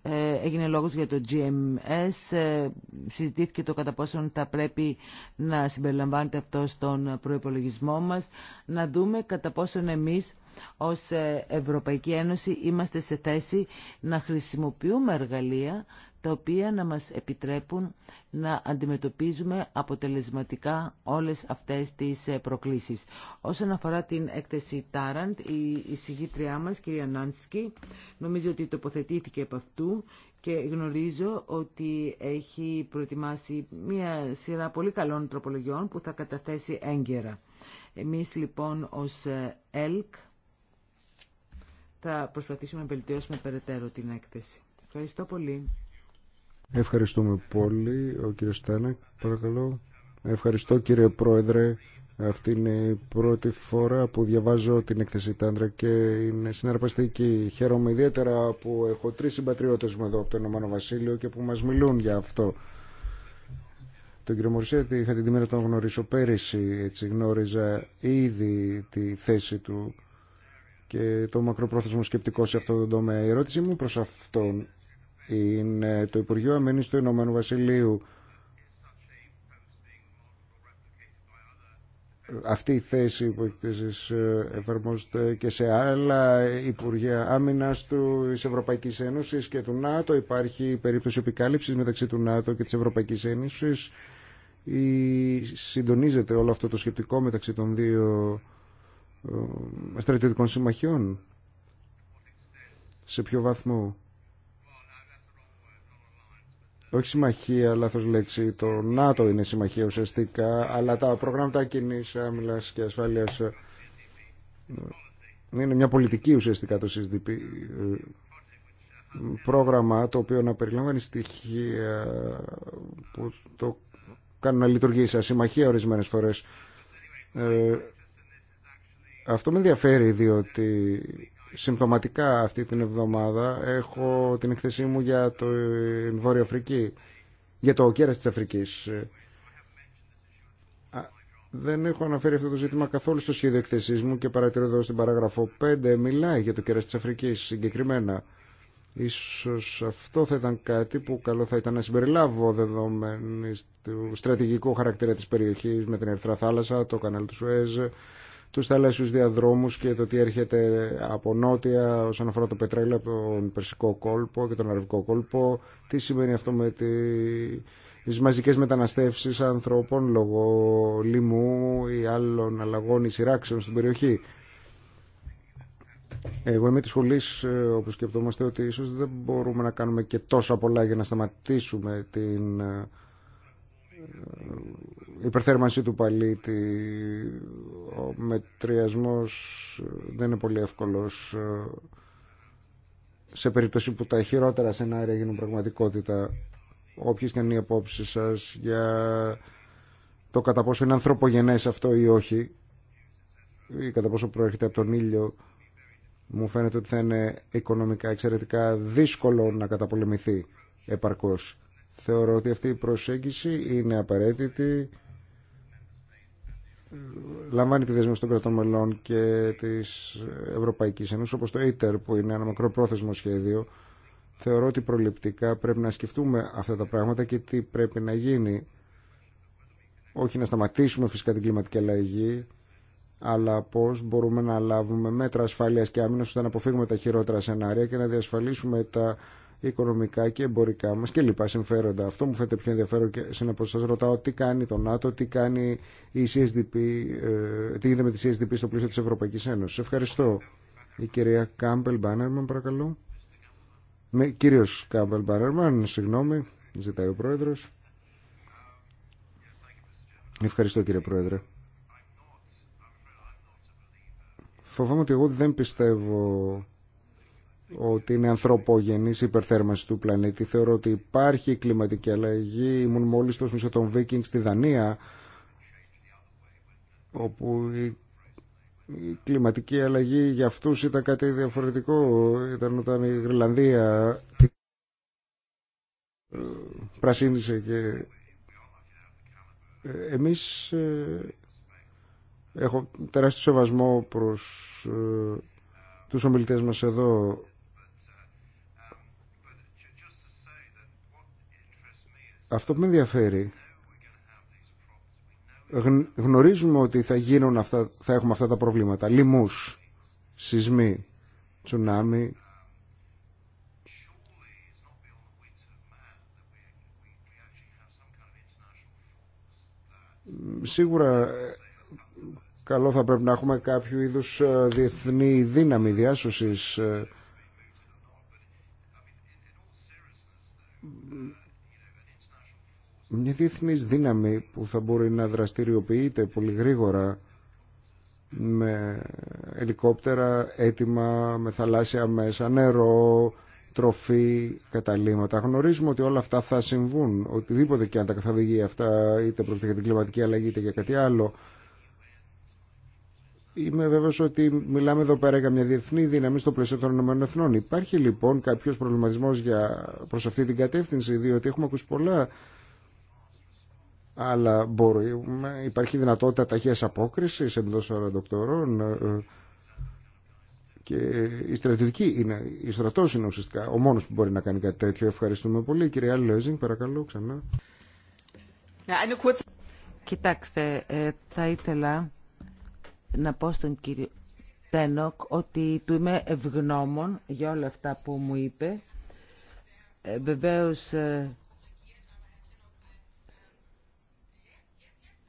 ε, έγινε λόγος για το GMS, ε, συζητήθηκε το κατά πόσον θα πρέπει να συμπεριλαμβάνεται αυτό στον προϋπολογισμό μας, να δούμε κατά πόσον εμείς ως ε, Ευρωπαϊκή Ένωση είμαστε σε θέση να χρησιμοποιούμε εργαλεία τα οποία να μας επιτρέπουν να αντιμετωπίζουμε αποτελεσματικά όλες αυτές τις ε, προκλήσεις. Όσον αφορά την έκθεση Τάραντ, η εισηγήτριά μας, κυρία Νάνσκι, νομίζω ότι τοποθετήθηκε από αυτού και γνωρίζω ότι έχει προετοιμάσει μια σειρά πολύ καλών τροπολογιών που θα καταθέσει έγκαιρα. Εμείς λοιπόν ως ε, ΕΛΚ θα προσπαθήσουμε να βελτιώσουμε περαιτέρω την έκθεση. Ευχαριστώ πολύ. Ευχαριστούμε πολύ. Ο κύριος Στάνα, παρακαλώ. Ευχαριστώ κύριε Πρόεδρε. Αυτή είναι η πρώτη φορά που διαβάζω την έκθεση Τάντρα και είναι συναρπαστική. Χαίρομαι ιδιαίτερα που έχω τρεις συμπατριώτες μου εδώ από το Ηνωμένο Βασίλειο και που μας μιλούν για αυτό. Τον κύριο Μορσέτη είχα την τιμή να τον γνωρίσω πέρυσι, έτσι γνώριζα ήδη τη θέση του και το μακροπρόθεσμο σκεπτικό σε αυτό το τομέα. Η ερώτησή μου προς αυτόν είναι το Υπουργείο Αμήνης του Ηνωμένου Βασιλείου. Αυτή η θέση που ε, εφαρμόζεται και σε άλλα Υπουργεία Άμυνα της Ευρωπαϊκής Ένωσης και του ΝΑΤΟ. Υπάρχει περίπτωση επικάλυψης μεταξύ του ΝΑΤΟ και ευρωπαϊκής ένωσης η Συντονίζεται όλο αυτό το σκεπτικό μεταξύ των δύο ε, στρατιωτικών συμμαχιών. Σε ποιο βαθμό όχι συμμαχία, λάθος λέξη, το ΝΑΤΟ είναι συμμαχία ουσιαστικά, αλλά τα προγράμματα κοινή άμυλα και ασφάλεια ε, είναι μια πολιτική ουσιαστικά το CSDP ε, πρόγραμμα το οποίο να περιλαμβάνει στοιχεία που το κάνουν να λειτουργεί σαν συμμαχία ορισμένες φορές. Ε, αυτό με ενδιαφέρει διότι Συμπτωματικά αυτή την εβδομάδα έχω την εκθεσή μου για το ε, Βόρειο Αφρική, για το κέρας της Αφρικής. Δεν έχω αναφέρει αυτό το ζήτημα καθόλου στο σχέδιο εκθεσή μου και παρατηρώ εδώ στην παράγραφο 5 μιλάει για το κέρας της Αφρικής συγκεκριμένα. Ίσως αυτό θα ήταν κάτι που καλό θα ήταν να συμπεριλάβω δεδομένη του στρατηγικού χαρακτήρα της περιοχής με την Ερθρά Θάλασσα, το κανάλι του Σουέζ, τους θαλάσσιους διαδρόμους και το τι έρχεται από νότια όσον αφορά το πετρέλαιο από τον Περσικό κόλπο και τον Αραβικό κόλπο. Τι σημαίνει αυτό με τις μαζικές μεταναστεύσεις ανθρώπων λόγω λοιμού ή άλλων αλλαγών ή σειράξεων στην περιοχή. Εγώ είμαι τη σχολή ε, όπως σκεπτόμαστε ότι ίσω δεν μπορούμε να κάνουμε και τόσο πολλά για να σταματήσουμε την ε, υπερθέρμανση του παλίτη, ο μετριασμός δεν είναι πολύ εύκολος σε περίπτωση που τα χειρότερα σενάρια γίνουν πραγματικότητα όποιες και είναι οι απόψεις σας για το κατά πόσο είναι ανθρωπογενές αυτό ή όχι ή κατά πόσο προέρχεται από τον ήλιο μου φαίνεται ότι θα είναι οικονομικά εξαιρετικά δύσκολο να καταπολεμηθεί επαρκώς. Θεωρώ ότι αυτή η προσέγγιση είναι απαραίτητη λαμβάνει τη δέσμευση των κρατών μελών και τη Ευρωπαϊκή Ένωση, όπω το ITER που είναι ένα μακροπρόθεσμο σχέδιο θεωρώ ότι προληπτικά πρέπει να σκεφτούμε αυτά τα πράγματα και τι πρέπει να γίνει όχι να σταματήσουμε φυσικά την κλιματική αλλαγή αλλά πώ μπορούμε να λάβουμε μέτρα ασφαλεία και άμυνα ώστε να αποφύγουμε τα χειρότερα σενάρια και να διασφαλίσουμε τα οικονομικά και εμπορικά μας και λοιπά συμφέροντα. Αυτό μου φαίνεται πιο ενδιαφέρον και ένα σας ρωτάω τι κάνει το ΝΑΤΟ, τι κάνει η CSDP, ε, τι γίνεται με τη CSDP στο πλαίσιο της Ευρωπαϊκής Ένωσης. Ευχαριστώ. Η κυρία Κάμπελ Μπάνερμαν παρακαλώ. Με, ναι, κύριος Κάμπελ Μπάνερμαν, συγγνώμη, ζητάει ο Πρόεδρος. Ευχαριστώ κύριε Πρόεδρε. Φοβάμαι ότι εγώ δεν πιστεύω ότι είναι ανθρωπογενής υπερθέρμανση του πλανήτη. Θεωρώ ότι υπάρχει κλιματική αλλαγή. Ήμουν μόλις τόσο σε τον Βίκινγκ στη Δανία, όπου η, κλιματική αλλαγή για αυτούς ήταν κάτι διαφορετικό. Ήταν όταν η Γρυλανδία πρασίνησε και ε, εμείς ε, έχω τεράστιο σεβασμό προς ε, τους ομιλητές μας εδώ Αυτό που με ενδιαφέρει γνωρίζουμε ότι θα γίνουν αυτά, θα έχουμε αυτά τα προβλήματα. Λοιμούς, σεισμοί, τσουνάμι. Σίγουρα καλό θα πρέπει να έχουμε κάποιο είδους ε, διεθνή δύναμη διάσωσης ε, μια διεθνής δύναμη που θα μπορεί να δραστηριοποιείται πολύ γρήγορα με ελικόπτερα έτοιμα, με θαλάσσια μέσα, νερό, τροφή, καταλήματα. Γνωρίζουμε ότι όλα αυτά θα συμβούν, οτιδήποτε και αν τα καθοδηγεί αυτά, είτε πρόκειται για την κλιματική αλλαγή είτε για κάτι άλλο. Είμαι βέβαιος ότι μιλάμε εδώ πέρα για μια διεθνή δύναμη στο πλαίσιο των ΗΠΑ. Υπάρχει λοιπόν κάποιος προβληματισμός για... προς αυτή την κατεύθυνση, διότι έχουμε ακούσει πολλά αλλά μπορούμε, υπάρχει δυνατότητα ταχείας απόκρισης εντός αεροδοκτορών ε, ε, και η στρατιωτική είναι, η στρατό είναι ουσιαστικά ο μόνο που μπορεί να κάνει κάτι τέτοιο. Ευχαριστούμε πολύ. Κυρία Λέζινγκ, παρακαλώ ξανά. Ναι, Κοιτάξτε, ε, θα ήθελα να πω στον κύριο Τένοκ ότι του είμαι ευγνώμων για όλα αυτά που μου είπε.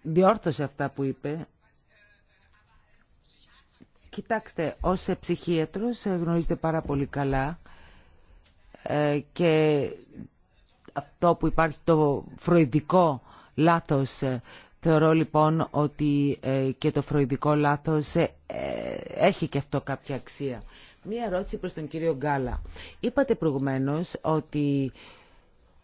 διόρθωσε αυτά που είπε. Κοιτάξτε, ως ψυχίατρος ε, γνωρίζετε πάρα πολύ καλά ε, και αυτό που υπάρχει το φροηδικό λάθος ε, Θεωρώ λοιπόν ότι και το φροηδικό λάθος έχει και αυτό κάποια αξία. Μία ερώτηση προς τον κύριο Γκάλα. Είπατε προηγουμένως ότι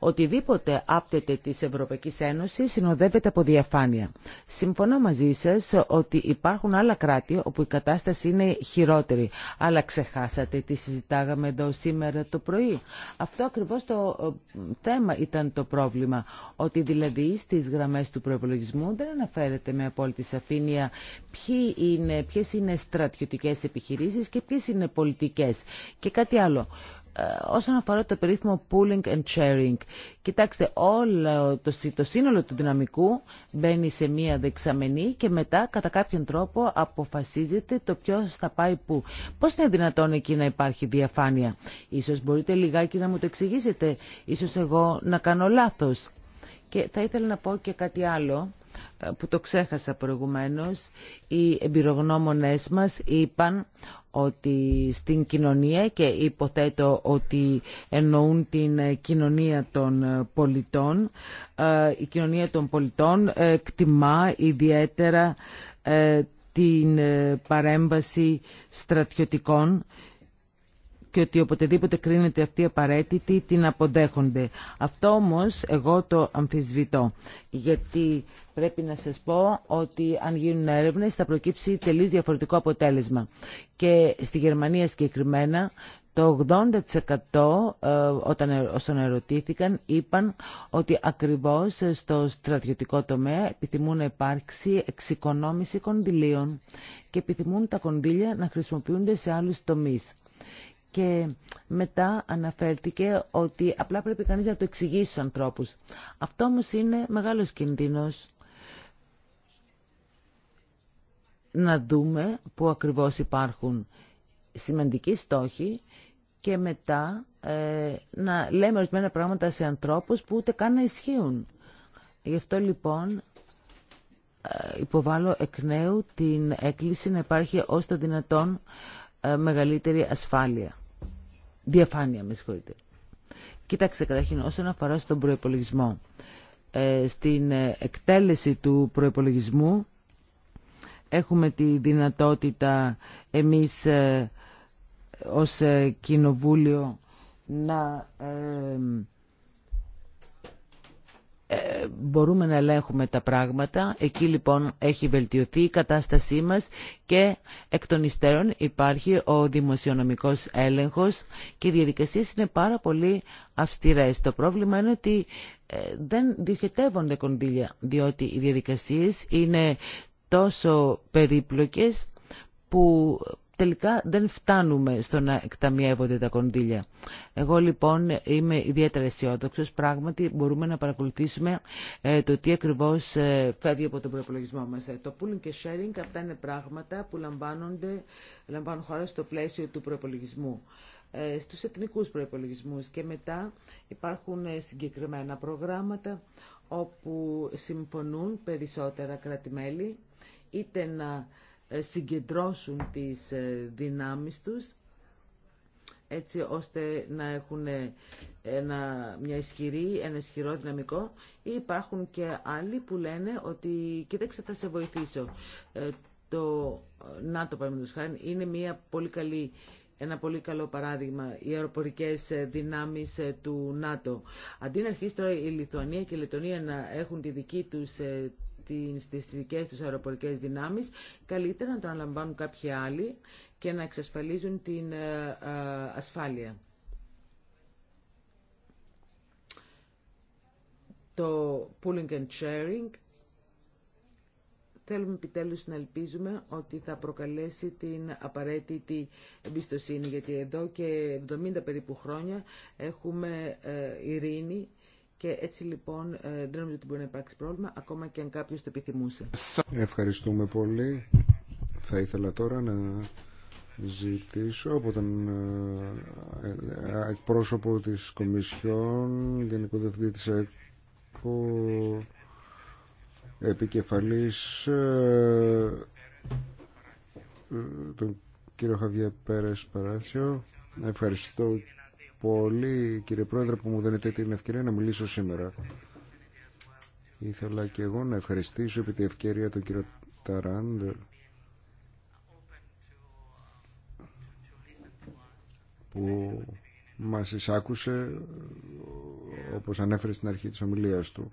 Οτιδήποτε άπτεται της Ευρωπαϊκής Ένωσης συνοδεύεται από διαφάνεια. Συμφωνώ μαζί σας ότι υπάρχουν άλλα κράτη όπου η κατάσταση είναι χειρότερη. Αλλά ξεχάσατε τι συζητάγαμε εδώ σήμερα το πρωί. Αυτό ακριβώς το ε, θέμα ήταν το πρόβλημα. Ότι δηλαδή στις γραμμές του προπολογισμού δεν αναφέρεται με απόλυτη σαφήνεια ποιε είναι, ποιες είναι στρατιωτικές επιχειρήσεις και ποιες είναι πολιτικές. Και κάτι άλλο. Ε, όσον αφορά το περίφημο pooling and sharing. Κοιτάξτε, όλο το, σύνολο του δυναμικού μπαίνει σε μία δεξαμενή και μετά κατά κάποιον τρόπο αποφασίζεται το ποιο θα πάει πού. Πώς είναι δυνατόν εκεί να υπάρχει διαφάνεια. Ίσως μπορείτε λιγάκι να μου το εξηγήσετε. Ίσως εγώ να κάνω λάθος. Και θα ήθελα να πω και κάτι άλλο ε, που το ξέχασα προηγουμένως, οι εμπειρογνώμονές μας είπαν ότι στην κοινωνία και υποθέτω ότι εννοούν την ε, κοινωνία των ε, πολιτών. Ε, η κοινωνία των πολιτών κτιμά ιδιαίτερα την παρέμβαση στρατιωτικών και ότι οποτεδήποτε κρίνεται αυτή απαραίτητη την αποδέχονται. Αυτό όμως εγώ το αμφισβητώ γιατί πρέπει να σας πω ότι αν γίνουν έρευνες θα προκύψει τελείως διαφορετικό αποτέλεσμα. Και στη Γερμανία συγκεκριμένα το 80% ε, όταν, ε, όσων ερωτήθηκαν είπαν ότι ακριβώς στο στρατιωτικό τομέα επιθυμούν να υπάρξει εξοικονόμηση κονδυλίων και επιθυμούν τα κονδύλια να χρησιμοποιούνται σε άλλους τομείς και μετά αναφέρθηκε ότι απλά πρέπει κανείς να το εξηγήσει στους ανθρώπους. Αυτό όμω είναι μεγάλος κινδύνος να δούμε που ακριβώς υπάρχουν σημαντικοί στόχοι και μετά ε, να λέμε ορισμένα πράγματα σε ανθρώπους που ούτε καν να ισχύουν. Γι' αυτό λοιπόν ε, υποβάλλω εκ νέου την έκκληση να υπάρχει ως το δυνατόν ε, μεγαλύτερη ασφάλεια. Διαφάνεια, με συγχωρείτε. Κοιτάξτε, καταρχήν, όσον αφορά στον προϋπολογισμό, ε, στην ε, εκτέλεση του προϋπολογισμού έχουμε τη δυνατότητα εμείς ε, ως ε, κοινοβούλιο να ε, μπορούμε να ελέγχουμε τα πράγματα. Εκεί λοιπόν έχει βελτιωθεί η κατάστασή μας και εκ των υστέρων υπάρχει ο δημοσιονομικός έλεγχος και οι διαδικασίες είναι πάρα πολύ αυστηρές. Το πρόβλημα είναι ότι ε, δεν διοχετεύονται κονδύλια διότι οι διαδικασίες είναι τόσο περίπλοκες που τελικά δεν φτάνουμε στο να εκταμιεύονται τα κονδύλια. Εγώ λοιπόν είμαι ιδιαίτερα αισιόδοξο. Πράγματι μπορούμε να παρακολουθήσουμε ε, το τι ακριβώς ε, φεύγει από τον προπολογισμό μας. Ε, το pooling και sharing αυτά είναι πράγματα που λαμβάνονται, λαμβάνουν χώρα στο πλαίσιο του προπολογισμού στους εθνικούς προϋπολογισμούς και μετά υπάρχουν συγκεκριμένα προγράμματα όπου συμφωνούν περισσότερα κράτη-μέλη είτε να συγκεντρώσουν τις ε, δυνάμεις τους έτσι ώστε να έχουν ε, ένα, μια ισχυρή, ένα ισχυρό δυναμικό ή υπάρχουν και άλλοι που λένε ότι κοίταξε θα σε βοηθήσω. Ε, το ΝΑΤΟ παραδείγματος χάρη είναι μια πολύ καλή ένα πολύ καλό παράδειγμα, οι αεροπορικές δυνάμεις του ΝΑΤΟ. Αντί να αρχίσει τώρα η Λιθουανία και η Λετωνία να έχουν τη δική τους στις δικές τους αεροπορικές δυνάμεις, καλύτερα να το αναλαμβάνουν κάποιοι άλλοι και να εξασφαλίζουν την ε, ε, ασφάλεια. Το pooling and sharing θέλουμε επιτέλους να ελπίζουμε ότι θα προκαλέσει την απαραίτητη εμπιστοσύνη, γιατί εδώ και 70 περίπου χρόνια έχουμε ε, ειρήνη και έτσι λοιπόν ε, δεν νομίζω ότι μπορεί να υπάρξει πρόβλημα, ακόμα και αν κάποιο το επιθυμούσε. Ευχαριστούμε πολύ. Θα ήθελα τώρα να ζητήσω από τον ε, ε, εκπρόσωπο της Κομισιόν, Γενικό Διευθυντή της ΕΚΟ, επικεφαλής τον κύριο Χαβιέ Πέρες Ευχαριστώ πολύ κύριε Πρόεδρε που μου δίνετε την ευκαιρία να μιλήσω σήμερα. Ήθελα και εγώ να ευχαριστήσω επί τη ευκαιρία τον κύριο Ταράντ που μας εισάκουσε όπως ανέφερε στην αρχή της ομιλίας του.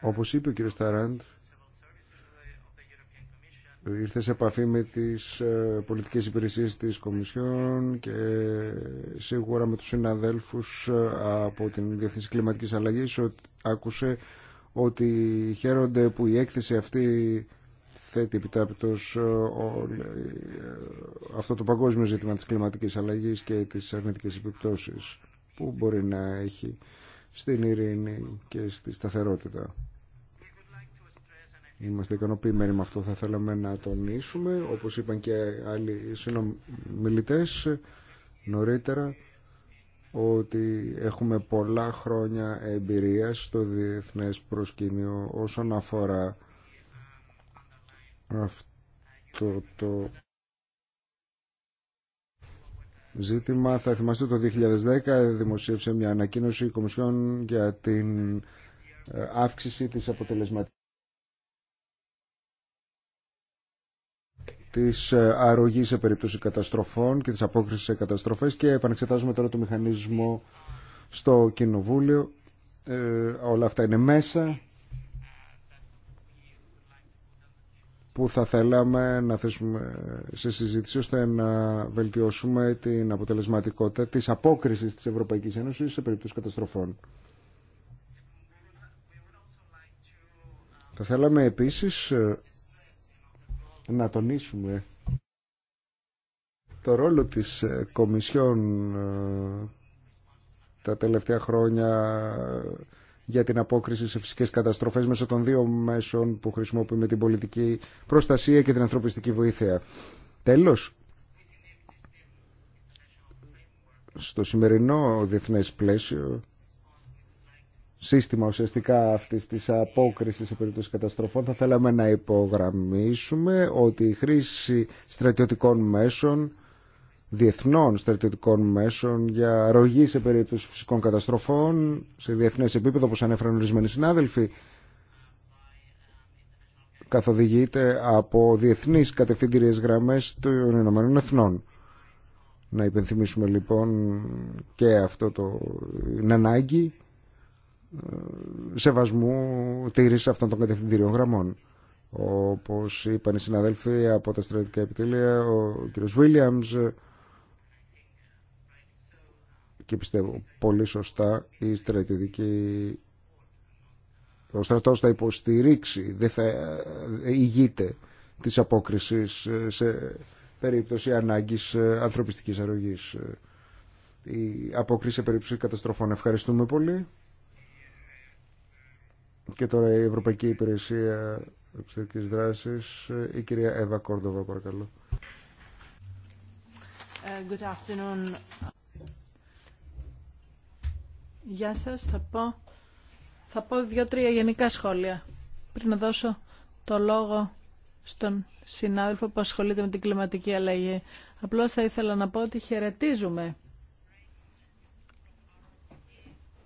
Όπως είπε ο κύριος Ταράντ, ήρθε σε επαφή με τις ε, πολιτικές υπηρεσίες της Κομισιόν και σίγουρα με τους συναδέλφους ε, από την Διευθύνση Κλιματικής Αλλαγής ότι άκουσε ότι χαίρονται που η έκθεση αυτή θέτει επιτάπητος ε, αυτό το παγκόσμιο ζήτημα της κλιματικής αλλαγής και τις αρνητικές επιπτώσεις που μπορεί να έχει στην ειρήνη και στη σταθερότητα. Είμαστε ικανοποιημένοι με αυτό, θα θέλαμε να τονίσουμε, όπως είπαν και άλλοι συνομιλητές νωρίτερα, ότι έχουμε πολλά χρόνια εμπειρίας στο διεθνές προσκήνιο όσον αφορά αυτό το ζήτημα. Θα θυμάστε το 2010 δημοσίευσε μια ανακοίνωση η Κομισιόν για την ε, αύξηση της αποτελεσματικότητας της ε, αρρωγής σε περίπτωση καταστροφών και της απόκρισης σε καταστροφές και επανεξετάζουμε τώρα το μηχανισμό στο Κοινοβούλιο. Ε, όλα αυτά είναι μέσα που θα θέλαμε να θέσουμε σε συζήτηση ώστε να βελτιώσουμε την αποτελεσματικότητα της απόκρισης της Ευρωπαϊκής Ένωσης σε περίπτωση καταστροφών. Θα θέλαμε επίσης ε, να τονίσουμε το ρόλο της ε, Κομισιόν ε, τα τελευταία χρόνια ε, για την απόκριση σε φυσικές καταστροφές μέσω των δύο μέσων που χρησιμοποιούμε την πολιτική προστασία και την ανθρωπιστική βοήθεια. Τέλος, στο σημερινό διεθνές πλαίσιο σύστημα ουσιαστικά αυτής της απόκρισης σε περίπτωση καταστροφών θα θέλαμε να υπογραμμίσουμε ότι η χρήση στρατιωτικών μέσων διεθνών στρατιωτικών μέσων για ρογή σε περίπτωση φυσικών καταστροφών σε διεθνές επίπεδο όπως ανέφεραν ορισμένοι συνάδελφοι καθοδηγείται από διεθνείς κατευθύντηριες γραμμές των Ηνωμένων Εθνών. Να υπενθυμίσουμε λοιπόν και αυτό το ανάγκη σεβασμού τήρηση αυτών των κατευθυντήριων γραμμών. Όπω είπαν οι συναδέλφοι από τα στρατιωτικά επιτελεία, ο κ. Βίλιαμ. και πιστεύω πολύ σωστά η στρατιωτική ο στρατός θα υποστηρίξει, δεν θα ε, ηγείται της απόκρισης ε, σε περίπτωση ανάγκης ε, ανθρωπιστικής αρρωγής. Η απόκριση σε περίπτωση καταστροφών. Ευχαριστούμε πολύ. Και τώρα η Ευρωπαϊκή Υπηρεσία Εξωτερικής Δράσης, η κυρία Εύα Κόρδοβα, παρακαλώ. Ε, good afternoon. Γεια σας, θα πω, θα πω δύο-τρία γενικά σχόλια πριν να δώσω το λόγο στον συνάδελφο που ασχολείται με την κλιματική αλλαγή. Απλώς θα ήθελα να πω ότι χαιρετίζουμε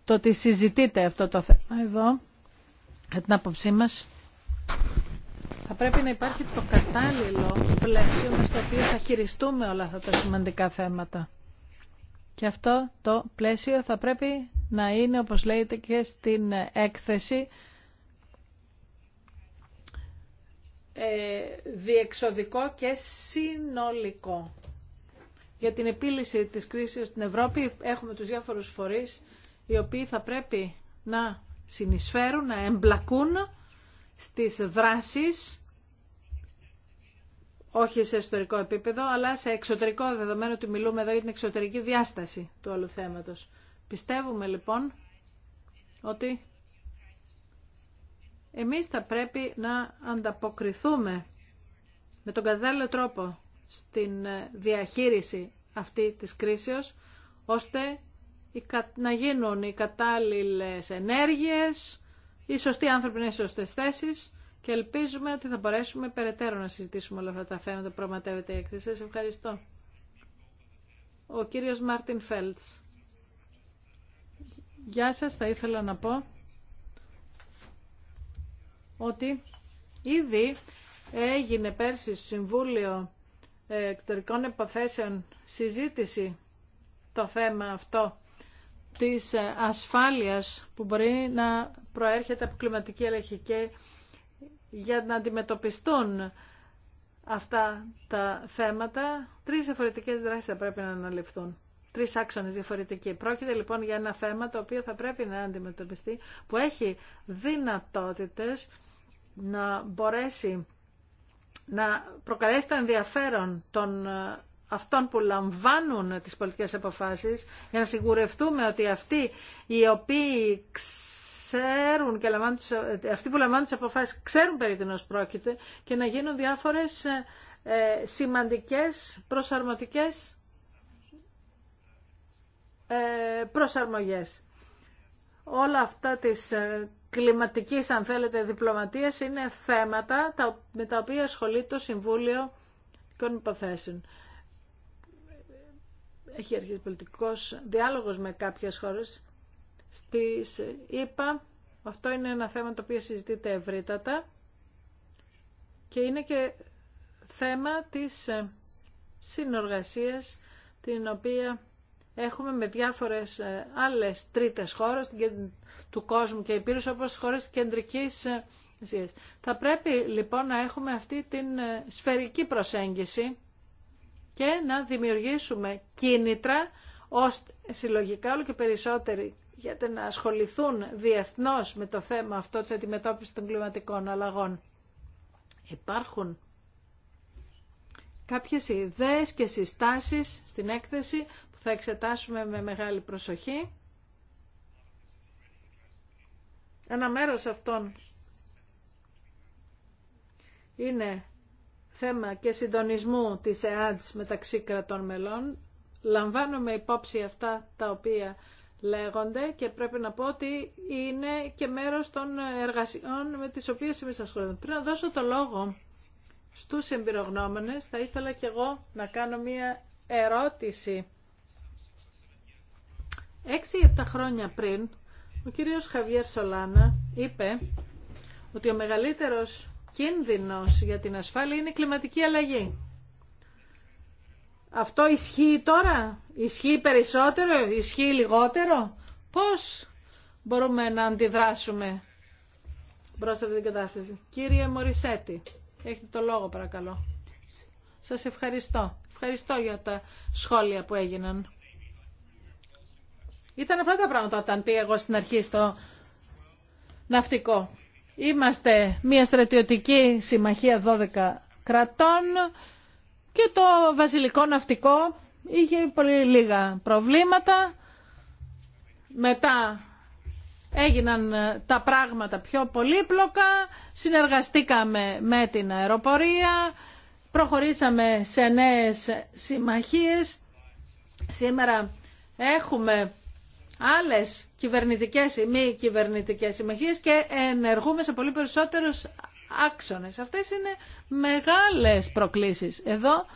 το ότι συζητείτε αυτό το θέμα εδώ για ε, την άποψή μας θα πρέπει να υπάρχει το κατάλληλο πλαίσιο με στο οποίο θα χειριστούμε όλα αυτά τα σημαντικά θέματα. Και αυτό το πλαίσιο θα πρέπει να είναι, όπως λέγεται και στην έκθεση, ε, διεξοδικό και συνολικό. Για την επίλυση της κρίσης στην Ευρώπη έχουμε τους διάφορους φορείς οι οποίοι θα πρέπει να συνεισφέρουν, να εμπλακούν στις δράσεις, όχι σε ιστορικό επίπεδο, αλλά σε εξωτερικό δεδομένο ότι μιλούμε εδώ για την εξωτερική διάσταση του όλου θέματος. Πιστεύουμε λοιπόν ότι εμείς θα πρέπει να ανταποκριθούμε με τον κατάλληλο τρόπο στην διαχείριση αυτή της κρίσεως, ώστε να γίνουν οι κατάλληλες ενέργειες, οι σωστοί άνθρωποι να είναι σωστές θέσεις και ελπίζουμε ότι θα μπορέσουμε περαιτέρω να συζητήσουμε όλα αυτά τα θέματα που πραγματεύεται η έκθεση. Σας ευχαριστώ. Ο κύριος Μάρτιν Φέλτς. Γεια σας, θα ήθελα να πω ότι ήδη έγινε πέρσι στο Συμβούλιο Εκτορικών επαθέσεων. συζήτηση το θέμα αυτό της ασφάλειας που μπορεί να προέρχεται από κλιματική αλλαγή και για να αντιμετωπιστούν αυτά τα θέματα, τρεις διαφορετικές δράσεις θα πρέπει να αναλυφθούν. τρεις άξονες διαφορετικοί. Πρόκειται λοιπόν για ένα θέμα το οποίο θα πρέπει να αντιμετωπιστεί, που έχει δυνατότητες να μπορέσει να προκαλέσει το ενδιαφέρον των αυτών που λαμβάνουν τις πολιτικές αποφάσεις για να σιγουρευτούμε ότι αυτοί οι οποίοι ξέρουν και λαμβάνουν αυτοί που λαμβάνουν τις αποφάσεις ξέρουν περί τίνος πρόκειται και να γίνουν διάφορες ε, ε, σημαντικές προσαρμοτικές ε, προσαρμογές. Όλα αυτά της κλιματικής, αν θέλετε, διπλωματίας είναι θέματα με τα οποία ασχολεί το Συμβούλιο των Υποθέσεων έχει αρχίσει πολιτικός διάλογος με κάποιες χώρες στις ΗΠΑ. Αυτό είναι ένα θέμα το οποίο συζητείται ευρύτατα και είναι και θέμα της ε, συνεργασίας την οποία έχουμε με διάφορες ε, άλλες τρίτες χώρες του κόσμου και υπήρους όπως χώρες κεντρικής ε, Θα πρέπει λοιπόν να έχουμε αυτή την σφαιρική προσέγγιση και να δημιουργήσουμε κίνητρα ώστε συλλογικά όλο και περισσότεροι γιατί να ασχοληθούν διεθνώς με το θέμα αυτό της αντιμετώπισης των κλιματικών αλλαγών. Υπάρχουν κάποιες ιδέες και συστάσεις στην έκθεση που θα εξετάσουμε με μεγάλη προσοχή. Ένα μέρος αυτών είναι θέμα και συντονισμού της ΕΑΤΣ μεταξύ κρατών μελών. Λαμβάνουμε υπόψη αυτά τα οποία λέγονται και πρέπει να πω ότι είναι και μέρος των εργασιών με τις οποίες εμείς ασχολούμαστε. Πριν να δώσω το λόγο στους εμπειρογνώμονες, θα ήθελα και εγώ να κάνω μία ερώτηση. Έξι ή επτά χρόνια πριν, ο κύριος Χαβιέρ Σολάνα είπε ότι ο μεγαλύτερος κίνδυνος για την ασφάλεια είναι η κλιματική αλλαγή. Αυτό ισχύει τώρα, ισχύει περισσότερο, ισχύει λιγότερο. Πώς μπορούμε να αντιδράσουμε μπροστά αυτή την κατάσταση. Κύριε Μωρισέτη, έχετε το λόγο παρακαλώ. Σας ευχαριστώ. Ευχαριστώ για τα σχόλια που έγιναν. Ήταν απλά τα πράγματα όταν πήγα εγώ στην αρχή στο ναυτικό. Είμαστε μια στρατιωτική συμμαχία 12 κρατών και το βασιλικό ναυτικό είχε πολύ λίγα προβλήματα. Μετά έγιναν ε, τα πράγματα πιο πολύπλοκα, συνεργαστήκαμε με την αεροπορία, προχωρήσαμε σε νέες συμμαχίες. Σήμερα έχουμε άλλες κυβερνητικές ή μη κυβερνητικές συμμαχίες και ενεργούμε σε πολύ περισσότερους άξονες. Αυτές είναι μεγάλες προκλήσεις. Εδώ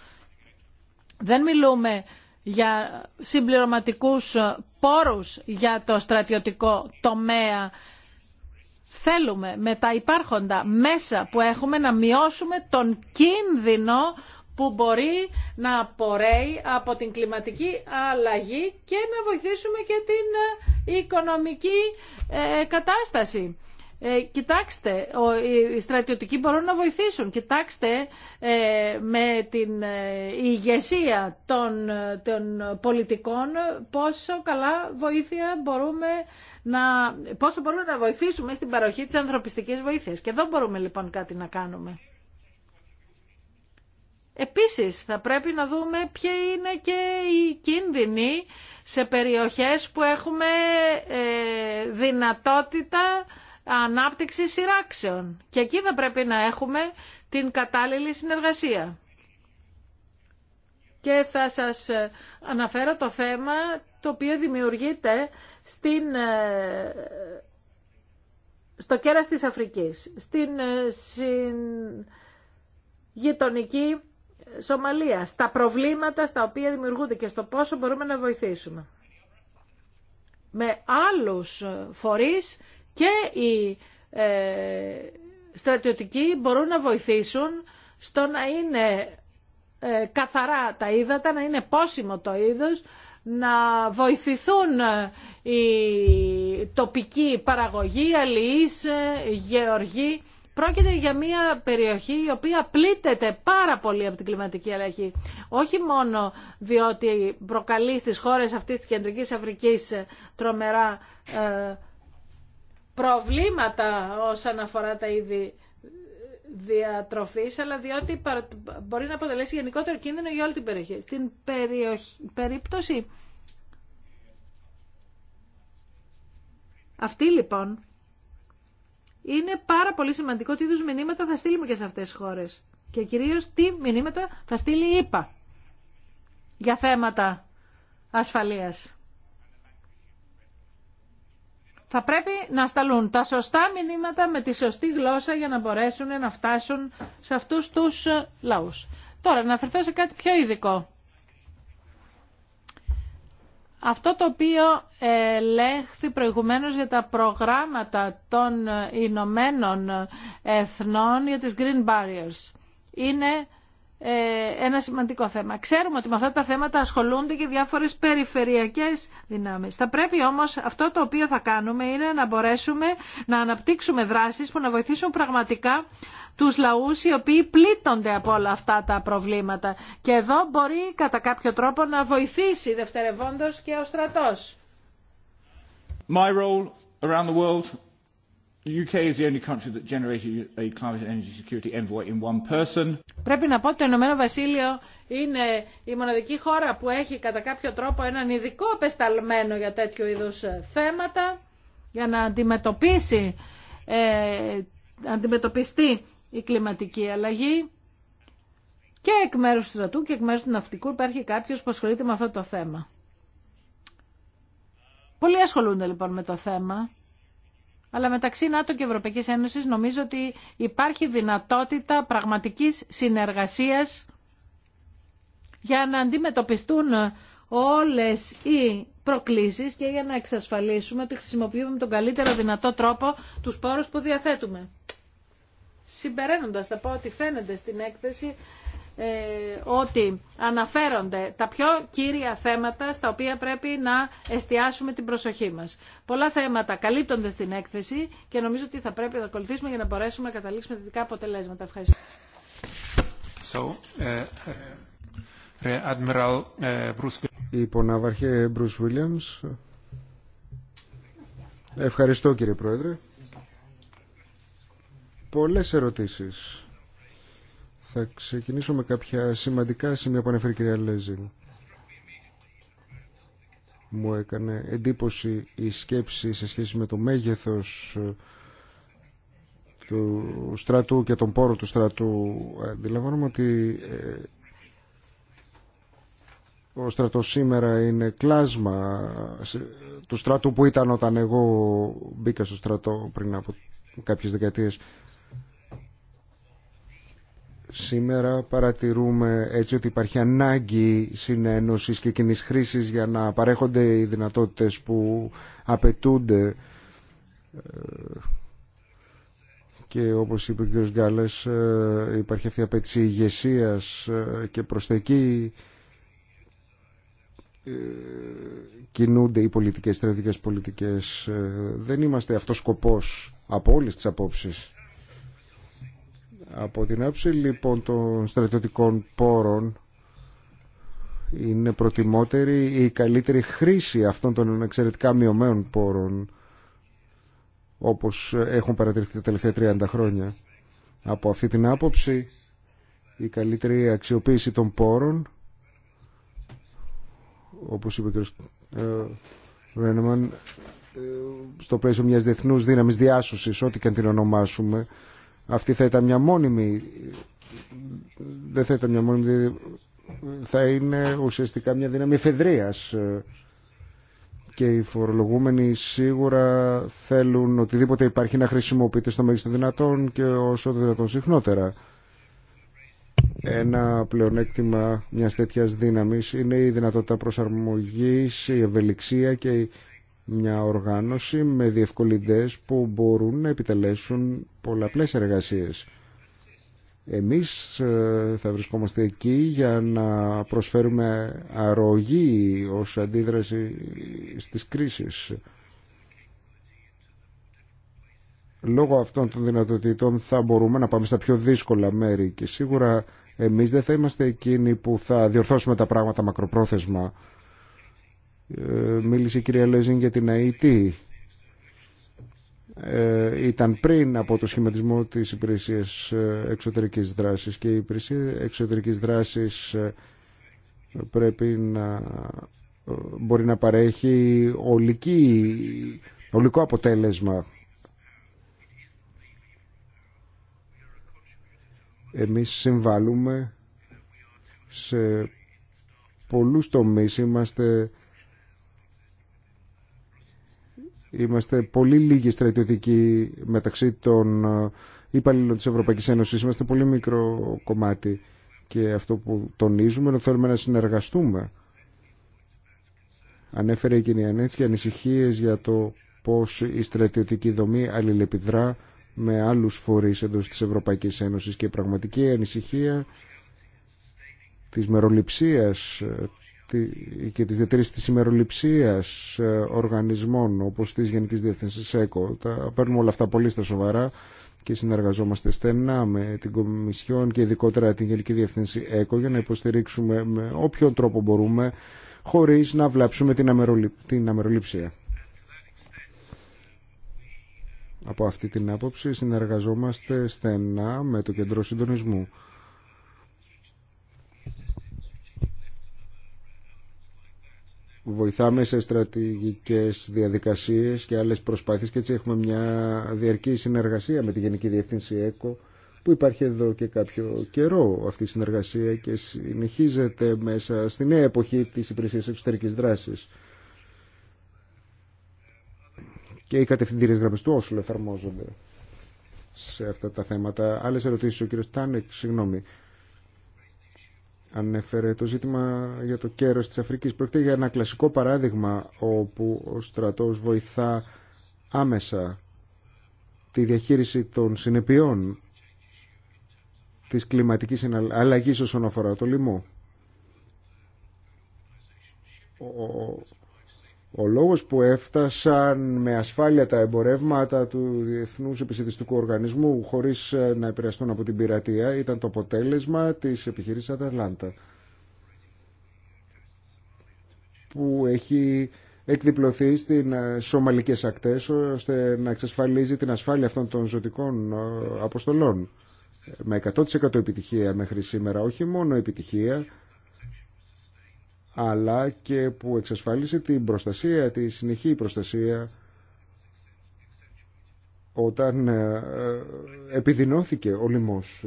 δεν μιλούμε για συμπληρωματικούς πόρους για το στρατιωτικό τομέα. Θέλουμε με τα υπάρχοντα μέσα που έχουμε να μειώσουμε τον κίνδυνο που μπορεί να απορρέει από την κλιματική αλλαγή και να βοηθήσουμε και την ε, οικονομική ε, κατάσταση. Ε, κοιτάξτε, οι στρατιωτικοί μπορούν να βοηθήσουν. Κοιτάξτε με την ηγεσία των, των πολιτικών πόσο καλά βοήθεια μπορούμε να, πόσο μπορούμε να βοηθήσουμε στην παροχή της ανθρωπιστικής βοήθειας. Και εδώ μπορούμε λοιπόν κάτι να κάνουμε. Επίσης θα πρέπει να δούμε ποια είναι και οι κίνδυνοι σε περιοχές που έχουμε ε, δυνατότητα ανάπτυξη σειράξεων. Και εκεί θα πρέπει να έχουμε την κατάλληλη συνεργασία. Και θα σας ε, αναφέρω το θέμα το οποίο δημιουργείται στην, ε, στο κέρας της Αφρικής, στην γειτονική Σομαλία, στα προβλήματα στα οποία δημιουργούνται και στο πόσο μπορούμε να βοηθήσουμε. Με άλλους φορείς και οι ε, στρατιωτικοί μπορούν να βοηθήσουν στο να είναι ε, καθαρά τα ύδατα, να είναι πόσιμο το είδος, να βοηθηθούν η ε, τοπική παραγωγή, αλληλείς, γεωργοί Πρόκειται για μια περιοχή η οποία πλήττεται πάρα πολύ από την κλιματική αλλαγή. Όχι μόνο διότι προκαλεί στις χώρες αυτής της Κεντρικής Αφρικής ε, τρομερά ε, προβλήματα όσον αφορά τα είδη ε, διατροφής, αλλά διότι μπορεί να αποτελέσει γενικότερο κίνδυνο για όλη την περιοχή. Στην περίπτωση αυτή λοιπόν είναι πάρα πολύ σημαντικό τι είδου μηνύματα θα στείλουμε και σε αυτέ τι χώρε. Και κυρίω τι μηνύματα θα στείλει η ΕΠΑ για θέματα ασφαλεία. Θα πρέπει να σταλούν τα σωστά μηνύματα με τη σωστή γλώσσα για να μπορέσουν να φτάσουν σε αυτούς τους λαούς. Τώρα, να αφαιρθώ σε κάτι πιο ειδικό. Αυτό το οποίο ελέγχθη προηγουμένως για τα προγράμματα των Ηνωμένων Εθνών για τις Green Barriers είναι ε, ένα σημαντικό θέμα. Ξέρουμε ότι με αυτά τα θέματα ασχολούνται και διάφορες περιφερειακές δυνάμεις. Θα πρέπει όμως αυτό το οποίο θα κάνουμε είναι να μπορέσουμε να αναπτύξουμε δράσεις που να βοηθήσουν πραγματικά τους λαούς οι οποίοι πλήττονται από όλα αυτά τα προβλήματα. Και εδώ μπορεί κατά κάποιο τρόπο να βοηθήσει δευτερευόντως και ο στρατός. My role around the world Πρέπει να πω ότι το Ηνωμένο Βασίλειο είναι η μοναδική χώρα που έχει κατά κάποιο τρόπο έναν ειδικό απεσταλμένο για τέτοιου είδους ε, θέματα για να αντιμετωπίσει ε, αντιμετωπιστεί η κλιματική αλλαγή και εκ μέρου του στρατού και εκ μέρου του ναυτικού υπάρχει κάποιο που ασχολείται με αυτό το θέμα. Πολλοί ασχολούνται λοιπόν με το θέμα αλλά μεταξύ ΝΑΤΟ και Ευρωπαϊκής Ένωση νομίζω ότι υπάρχει δυνατότητα πραγματικής συνεργασίας για να αντιμετωπιστούν όλες οι προκλήσεις και για να εξασφαλίσουμε ότι χρησιμοποιούμε τον καλύτερο δυνατό τρόπο τους πόρους που διαθέτουμε. Συμπεραίνοντας, θα πω ότι φαίνεται στην έκθεση ε, ότι αναφέρονται τα πιο κύρια θέματα στα οποία πρέπει να εστιάσουμε την προσοχή μας. Πολλά θέματα καλύπτονται στην έκθεση και νομίζω ότι θα πρέπει να ακολουθήσουμε για να μπορέσουμε να καταλήξουμε θετικά αποτελέσματα. Ευχαριστώ. So, uh, Admiral, uh, Bruce Williams. Ευχαριστώ κύριε Πρόεδρε. Πολλές ερωτήσεις θα ξεκινήσω με κάποια σημαντικά σημεία που ανέφερε η κυρία Λέζιν. Μου έκανε εντύπωση η σκέψη σε σχέση με το μέγεθος ε, του στρατού και τον πόρο του στρατού. Αντιλαμβάνομαι ότι ε, ο στρατός σήμερα είναι κλάσμα του στρατού που ήταν όταν εγώ μπήκα στο στρατό πριν από κάποιες δεκαετίες. Σήμερα παρατηρούμε έτσι ότι υπάρχει ανάγκη συνένωσης και κοινή χρήση για να παρέχονται οι δυνατότητες που απαιτούνται ε, και όπως είπε ο κ. Γκάλες ε, υπάρχει αυτή η απέτηση ηγεσία ε, και προς εκεί κινούνται οι πολιτικές, οι πολιτικές. Δεν είμαστε αυτός σκοπός από όλες τις απόψεις. Από την άποψη λοιπόν των στρατιωτικών πόρων είναι προτιμότερη η καλύτερη χρήση αυτών των εξαιρετικά μειωμένων πόρων όπως έχουν παρατηρηθεί τα τελευταία 30 χρόνια. Από αυτή την άποψη η καλύτερη αξιοποίηση των πόρων όπως είπε ο κ. Ε, Ρένεμαν ε, στο πλαίσιο μιας διεθνούς δύναμης διάσωσης, ό,τι και αν την ονομάσουμε, αυτή θα ήταν μια μόνιμη, δεν θα ήταν μια μόνιμη, δηλαδή θα είναι ουσιαστικά μια δύναμη εφεδρείας και οι φορολογούμενοι σίγουρα θέλουν οτιδήποτε υπάρχει να χρησιμοποιείται στο μέγιστο δυνατόν και όσο το δυνατόν συχνότερα. Ένα πλεονέκτημα μιας τέτοιας δύναμης είναι η δυνατότητα προσαρμογής, η ευελιξία και η μια οργάνωση με διευκολυντές που μπορούν να επιτελέσουν πολλαπλές εργασίες. Εμείς ε, θα βρισκόμαστε εκεί για να προσφέρουμε αρρωγή ως αντίδραση στις κρίσεις. Λόγω αυτών των δυνατοτήτων θα μπορούμε να πάμε στα πιο δύσκολα μέρη και σίγουρα εμείς δεν θα είμαστε εκείνοι που θα διορθώσουμε τα πράγματα μακροπρόθεσμα ε, μίλησε η κυρία Λέζιν για την ΑΕΤ. Ε, ήταν πριν από το σχηματισμό της υπηρεσίας ε, εξωτερικής δράσης και η υπηρεσία εξωτερικής δράσης πρέπει να μπορεί να παρέχει ολική, ολικό αποτέλεσμα. Εμείς συμβάλλουμε σε πολλούς τομείς, είμαστε Είμαστε πολύ λίγοι στρατιωτικοί μεταξύ των ε, υπαλλήλων της Ευρωπαϊκής Ένωσης. Είμαστε πολύ μικρό κομμάτι και αυτό που τονίζουμε είναι ότι θέλουμε να συνεργαστούμε. Ανέφερε η κυρία Νέτση ανησυχίες για το πώς η στρατιωτική δομή αλληλεπιδρά με άλλους φορείς εντός της Ευρωπαϊκής Ένωσης και η πραγματική ανησυχία της μεροληψίας ε, και τις διατήρησης της ημεροληψίας ε, οργανισμών όπως της Γενικής Διεύθυνσης ΕΚΟ. Τα παίρνουμε όλα αυτά πολύ στα σοβαρά και συνεργαζόμαστε στενά με την Κομισιόν και ειδικότερα την Γενική Διεύθυνση ΕΚΟ για να υποστηρίξουμε με όποιον τρόπο μπορούμε χωρίς να βλάψουμε την, την αμεροληψία. Από αυτή την άποψη συνεργαζόμαστε στενά με το Κεντρό Συντονισμού βοηθάμε σε στρατηγικές διαδικασίες και άλλες προσπάθειες και έτσι έχουμε μια διαρκή συνεργασία με τη Γενική Διευθύνση ΕΚΟ που υπάρχει εδώ και κάποιο καιρό αυτή η συνεργασία και συνεχίζεται μέσα στη νέα εποχή της υπηρεσίας εξωτερικής δράσης. Και οι κατευθυντήριες γραμμές του Όσουλ εφαρμόζονται σε αυτά τα θέματα. Άλλες ερωτήσεις ο κύριος Τάνεκ, συγγνώμη ανέφερε το ζήτημα για το κέρος της Αφρικής. Πρόκειται για ένα κλασικό παράδειγμα όπου ο στρατός βοηθά άμεσα τη διαχείριση των συνεπειών της κλιματικής αλλαγής όσον αφορά το λοιμό. Ο λόγος που έφτασαν με ασφάλεια τα εμπορεύματα του Διεθνούς Επιστημιστικού Οργανισμού χωρίς ε, να επηρεαστούν από την πειρατεία ήταν το αποτέλεσμα της επιχειρήσης Αταλάντα που έχει εκδιπλωθεί στι ε, σομαλικές ακτές ώστε να εξασφαλίζει την ασφάλεια αυτών των ζωτικών ε, αποστολών. Με 100% επιτυχία μέχρι σήμερα, όχι μόνο επιτυχία, αλλά και που εξασφάλισε την προστασία, τη συνεχή προστασία όταν ε, ε, επιδεινώθηκε ο λοιμός.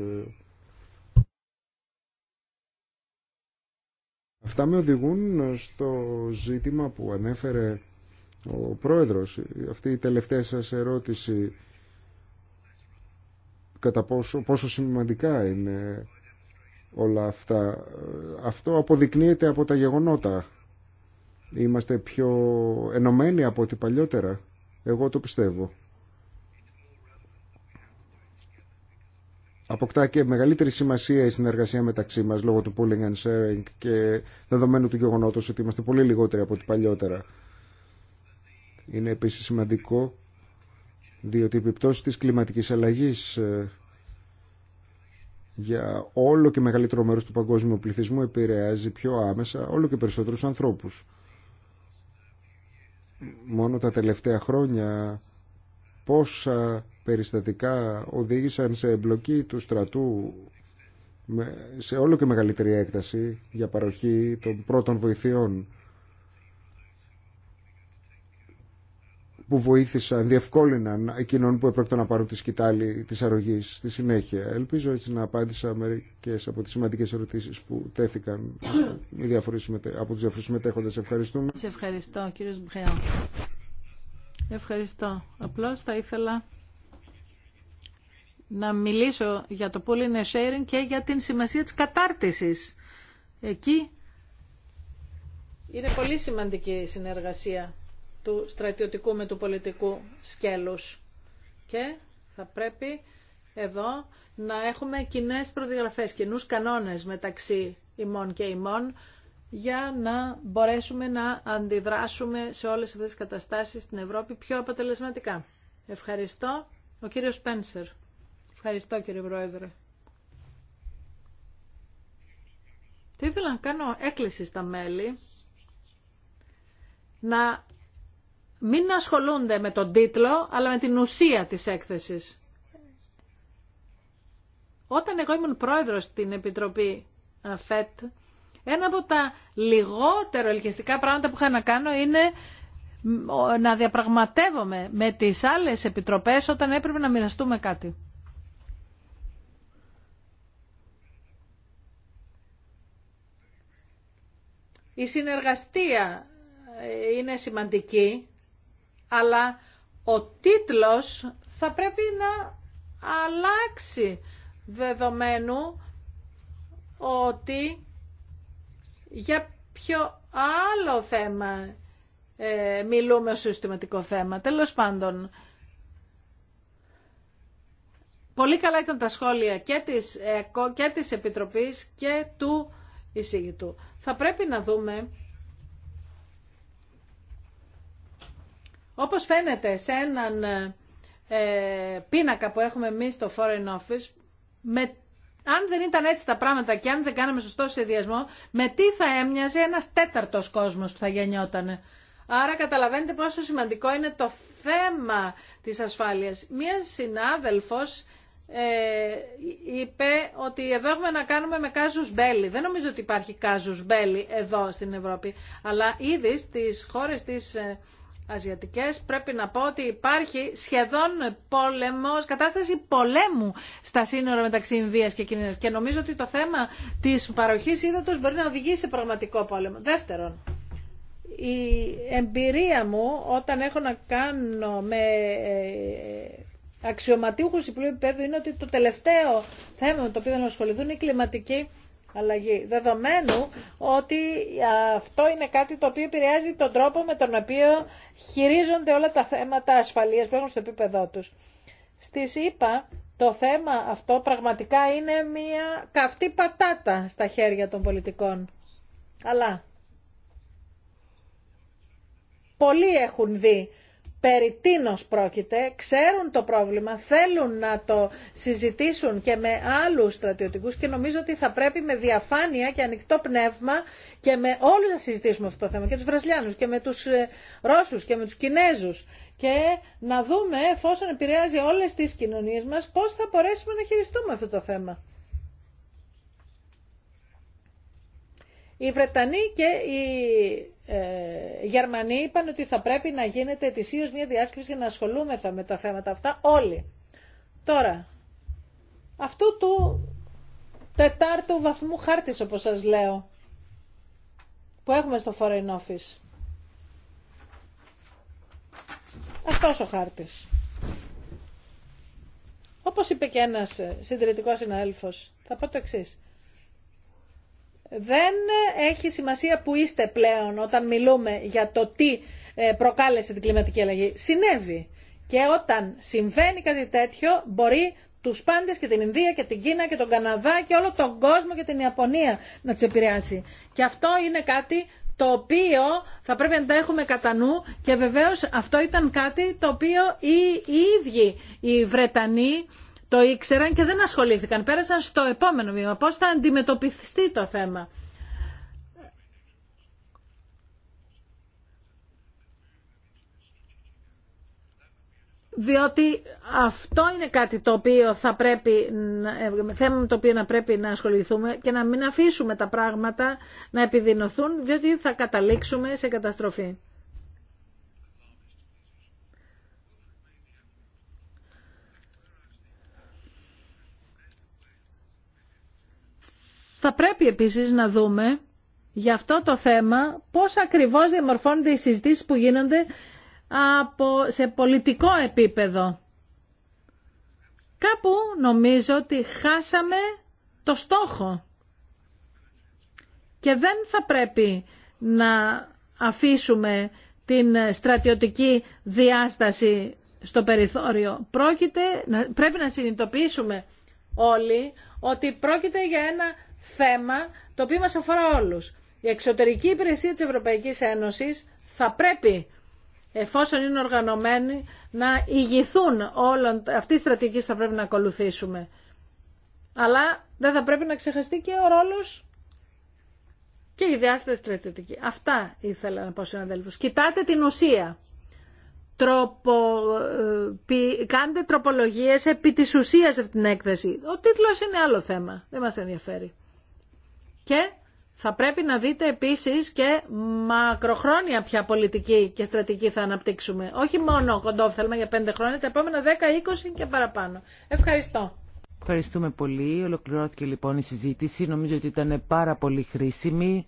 Αυτά με οδηγούν στο ζήτημα που ανέφερε ο πρόεδρος. Αυτή η τελευταία σας ερώτηση κατά πόσο, πόσο σημαντικά είναι όλα αυτά. Αυτό αποδεικνύεται από τα γεγονότα. Είμαστε πιο ενωμένοι από ό,τι παλιότερα. Εγώ το πιστεύω. Αποκτά και μεγαλύτερη σημασία η συνεργασία μεταξύ μας λόγω του pooling and sharing και δεδομένου του γεγονότος ότι είμαστε πολύ λιγότεροι από ό,τι παλιότερα. Είναι επίσης σημαντικό διότι η επιπτώση της κλιματικής αλλαγής ε, για όλο και μεγαλύτερο μέρος του παγκόσμιου πληθυσμού επηρεάζει πιο άμεσα όλο και περισσότερους ανθρώπους. Μόνο τα τελευταία χρόνια πόσα περιστατικά οδήγησαν σε εμπλοκή του στρατού σε όλο και μεγαλύτερη έκταση για παροχή των πρώτων βοηθειών που βοήθησαν, διευκόλυναν εκείνων που έπρεπε να πάρουν τη σκητάλη τη αρρωγή στη συνέχεια. Ελπίζω έτσι να απάντησα μερικέ από τι σημαντικέ ερωτήσει που τέθηκαν από του διάφορου συμμετέχοντε. Ευχαριστούμε. Σε ευχαριστώ κύριο Μπχέο. Ευχαριστώ. Απλώ θα ήθελα να μιλήσω για το πολύ είναι sharing και για την σημασία της κατάρτισης. Εκεί είναι πολύ σημαντική η συνεργασία του στρατιωτικού με του πολιτικού σκέλους. Και θα πρέπει εδώ να έχουμε κοινέ προδιαγραφές, κοινού κανόνες μεταξύ ημών και ημών, για να μπορέσουμε να αντιδράσουμε σε όλες αυτές τις καταστάσεις στην Ευρώπη πιο αποτελεσματικά. Ευχαριστώ. Ο κύριος Σπένσερ. Ευχαριστώ κύριε Πρόεδρε. Τι ήθελα να κάνω έκκληση στα μέλη να μην ασχολούνται με τον τίτλο, αλλά με την ουσία της έκθεσης. Όταν εγώ ήμουν πρόεδρος στην Επιτροπή ΦΕΤ, ένα από τα λιγότερο ελκυστικά πράγματα που είχα να κάνω είναι να διαπραγματεύομαι με τις άλλες επιτροπές όταν έπρεπε να μοιραστούμε κάτι. Η συνεργαστία είναι σημαντική αλλά ο τίτλος θα πρέπει να αλλάξει δεδομένου ότι για πιο άλλο θέμα ε, μιλούμε ως συστηματικό θέμα. Τέλος πάντων, πολύ καλά ήταν τα σχόλια και της, και της Επιτροπής και του εισηγητού. Θα πρέπει να δούμε Όπως φαίνεται σε έναν ε, ε, πίνακα που έχουμε εμείς στο Foreign Office, με, αν δεν ήταν έτσι τα πράγματα και αν δεν κάναμε σωστό σχεδιασμό, με τι θα έμοιαζε ένας τέταρτος κόσμος που θα γεννιότανε. Άρα καταλαβαίνετε πόσο σημαντικό είναι το θέμα της ασφάλειας. Μία συνάδελφος ε, είπε ότι εδώ έχουμε να κάνουμε με κάζους μπέλη. Δεν νομίζω ότι υπάρχει κάζους μπέλη εδώ στην Ευρώπη, αλλά ήδη στις χώρες της Ασιατικές, πρέπει να πω ότι υπάρχει σχεδόν πόλεμος, κατάσταση πολέμου στα σύνορα μεταξύ Ινδίας και Κινέας. και νομίζω ότι το θέμα της παροχής ύδατος μπορεί να οδηγήσει σε πραγματικό πόλεμο. Δεύτερον, η εμπειρία μου όταν έχω να κάνω με ε, αξιωματίουχους υψηλού επίπεδου είναι ότι το τελευταίο θέμα με το οποίο θα ασχοληθούν είναι η κλιματική αλλαγή. Δεδομένου ότι αυτό είναι κάτι το οποίο επηρεάζει τον τρόπο με τον οποίο χειρίζονται όλα τα θέματα ασφαλείας που έχουν στο επίπεδό τους. Στη ΣΥΠΑ το θέμα αυτό πραγματικά είναι μια καυτή πατάτα στα χέρια των πολιτικών. Αλλά πολλοί έχουν δει περί τίνος πρόκειται, ξέρουν το πρόβλημα, θέλουν να το συζητήσουν και με άλλους στρατιωτικούς και νομίζω ότι θα πρέπει με διαφάνεια και ανοιχτό πνεύμα και με όλους να συζητήσουμε αυτό το θέμα και τους Βραζιλιάνους και με τους ε, Ρώσους και με τους Κινέζους και να δούμε εφόσον επηρεάζει όλες τις κοινωνίες μας πώς θα μπορέσουμε να χειριστούμε αυτό το θέμα. Οι Βρετανοί και οι ε, οι Γερμανοί είπαν ότι θα πρέπει να γίνεται ετησίω μια διάσκεψη για να ασχολούμεθα με τα θέματα αυτά όλοι. Τώρα, αυτού του τετάρτου βαθμού χάρτης όπως σας λέω που έχουμε στο Foreign Office. Αυτός ο χάρτης. Όπως είπε και ένας ε, συντηρητικός συνάδελφος, θα πω το εξής. Δεν έχει σημασία που είστε πλέον όταν μιλούμε για το τι ε, προκάλεσε την κλιματική αλλαγή. Συνέβη. Και όταν συμβαίνει κάτι τέτοιο, μπορεί του πάντε και την Ινδία και την Κίνα και τον Καναδά και όλο τον κόσμο και την Ιαπωνία να του επηρεάσει. Και αυτό είναι κάτι το οποίο θα πρέπει να το έχουμε κατά νου και βεβαίως αυτό ήταν κάτι το οποίο οι ίδιοι οι Βρετανοί το ήξεραν και δεν ασχολήθηκαν. Πέρασαν στο επόμενο βήμα. Πώς θα αντιμετωπιστεί το θέμα. διότι αυτό είναι κάτι το οποίο θα πρέπει, ε, θέμα το οποίο να πρέπει να ασχοληθούμε και να μην αφήσουμε τα πράγματα να επιδεινωθούν, διότι θα καταλήξουμε σε καταστροφή. Θα πρέπει επίσης να δούμε για αυτό το θέμα πώς ακριβώς διαμορφώνονται οι συζητήσεις που γίνονται από, σε πολιτικό επίπεδο. Κάπου νομίζω ότι χάσαμε το στόχο και δεν θα πρέπει να αφήσουμε την στρατιωτική διάσταση στο περιθώριο. Πρόκειται, πρέπει να συνειδητοποιήσουμε όλοι ότι πρόκειται για ένα θέμα το οποίο μας αφορά όλους. Η εξωτερική υπηρεσία της Ευρωπαϊκής Ένωσης θα πρέπει εφόσον είναι οργανωμένη, να ηγηθούν όλων αυτή η στρατηγική θα πρέπει να ακολουθήσουμε. Αλλά δεν θα πρέπει να ξεχαστεί και ο ρόλος και η διάσταση στρατηγική. Αυτά ήθελα να πω στους αδέλφους. Κοιτάτε την ουσία. Τροπο, ε, πι, κάντε τροπολογίες επί της ουσίας αυτή την έκθεση. Ο τίτλος είναι άλλο θέμα. Δεν μας ενδιαφέρει. Και θα πρέπει να δείτε επίσης και μακροχρόνια ποια πολιτική και στρατηγική θα αναπτύξουμε. Όχι μόνο κοντόφθαλμα για πέντε χρόνια, τα επόμενα 10, είκοσι και παραπάνω. Ευχαριστώ. Ευχαριστούμε πολύ. Ολοκληρώθηκε λοιπόν η συζήτηση. Νομίζω ότι ήταν πάρα πολύ χρήσιμη,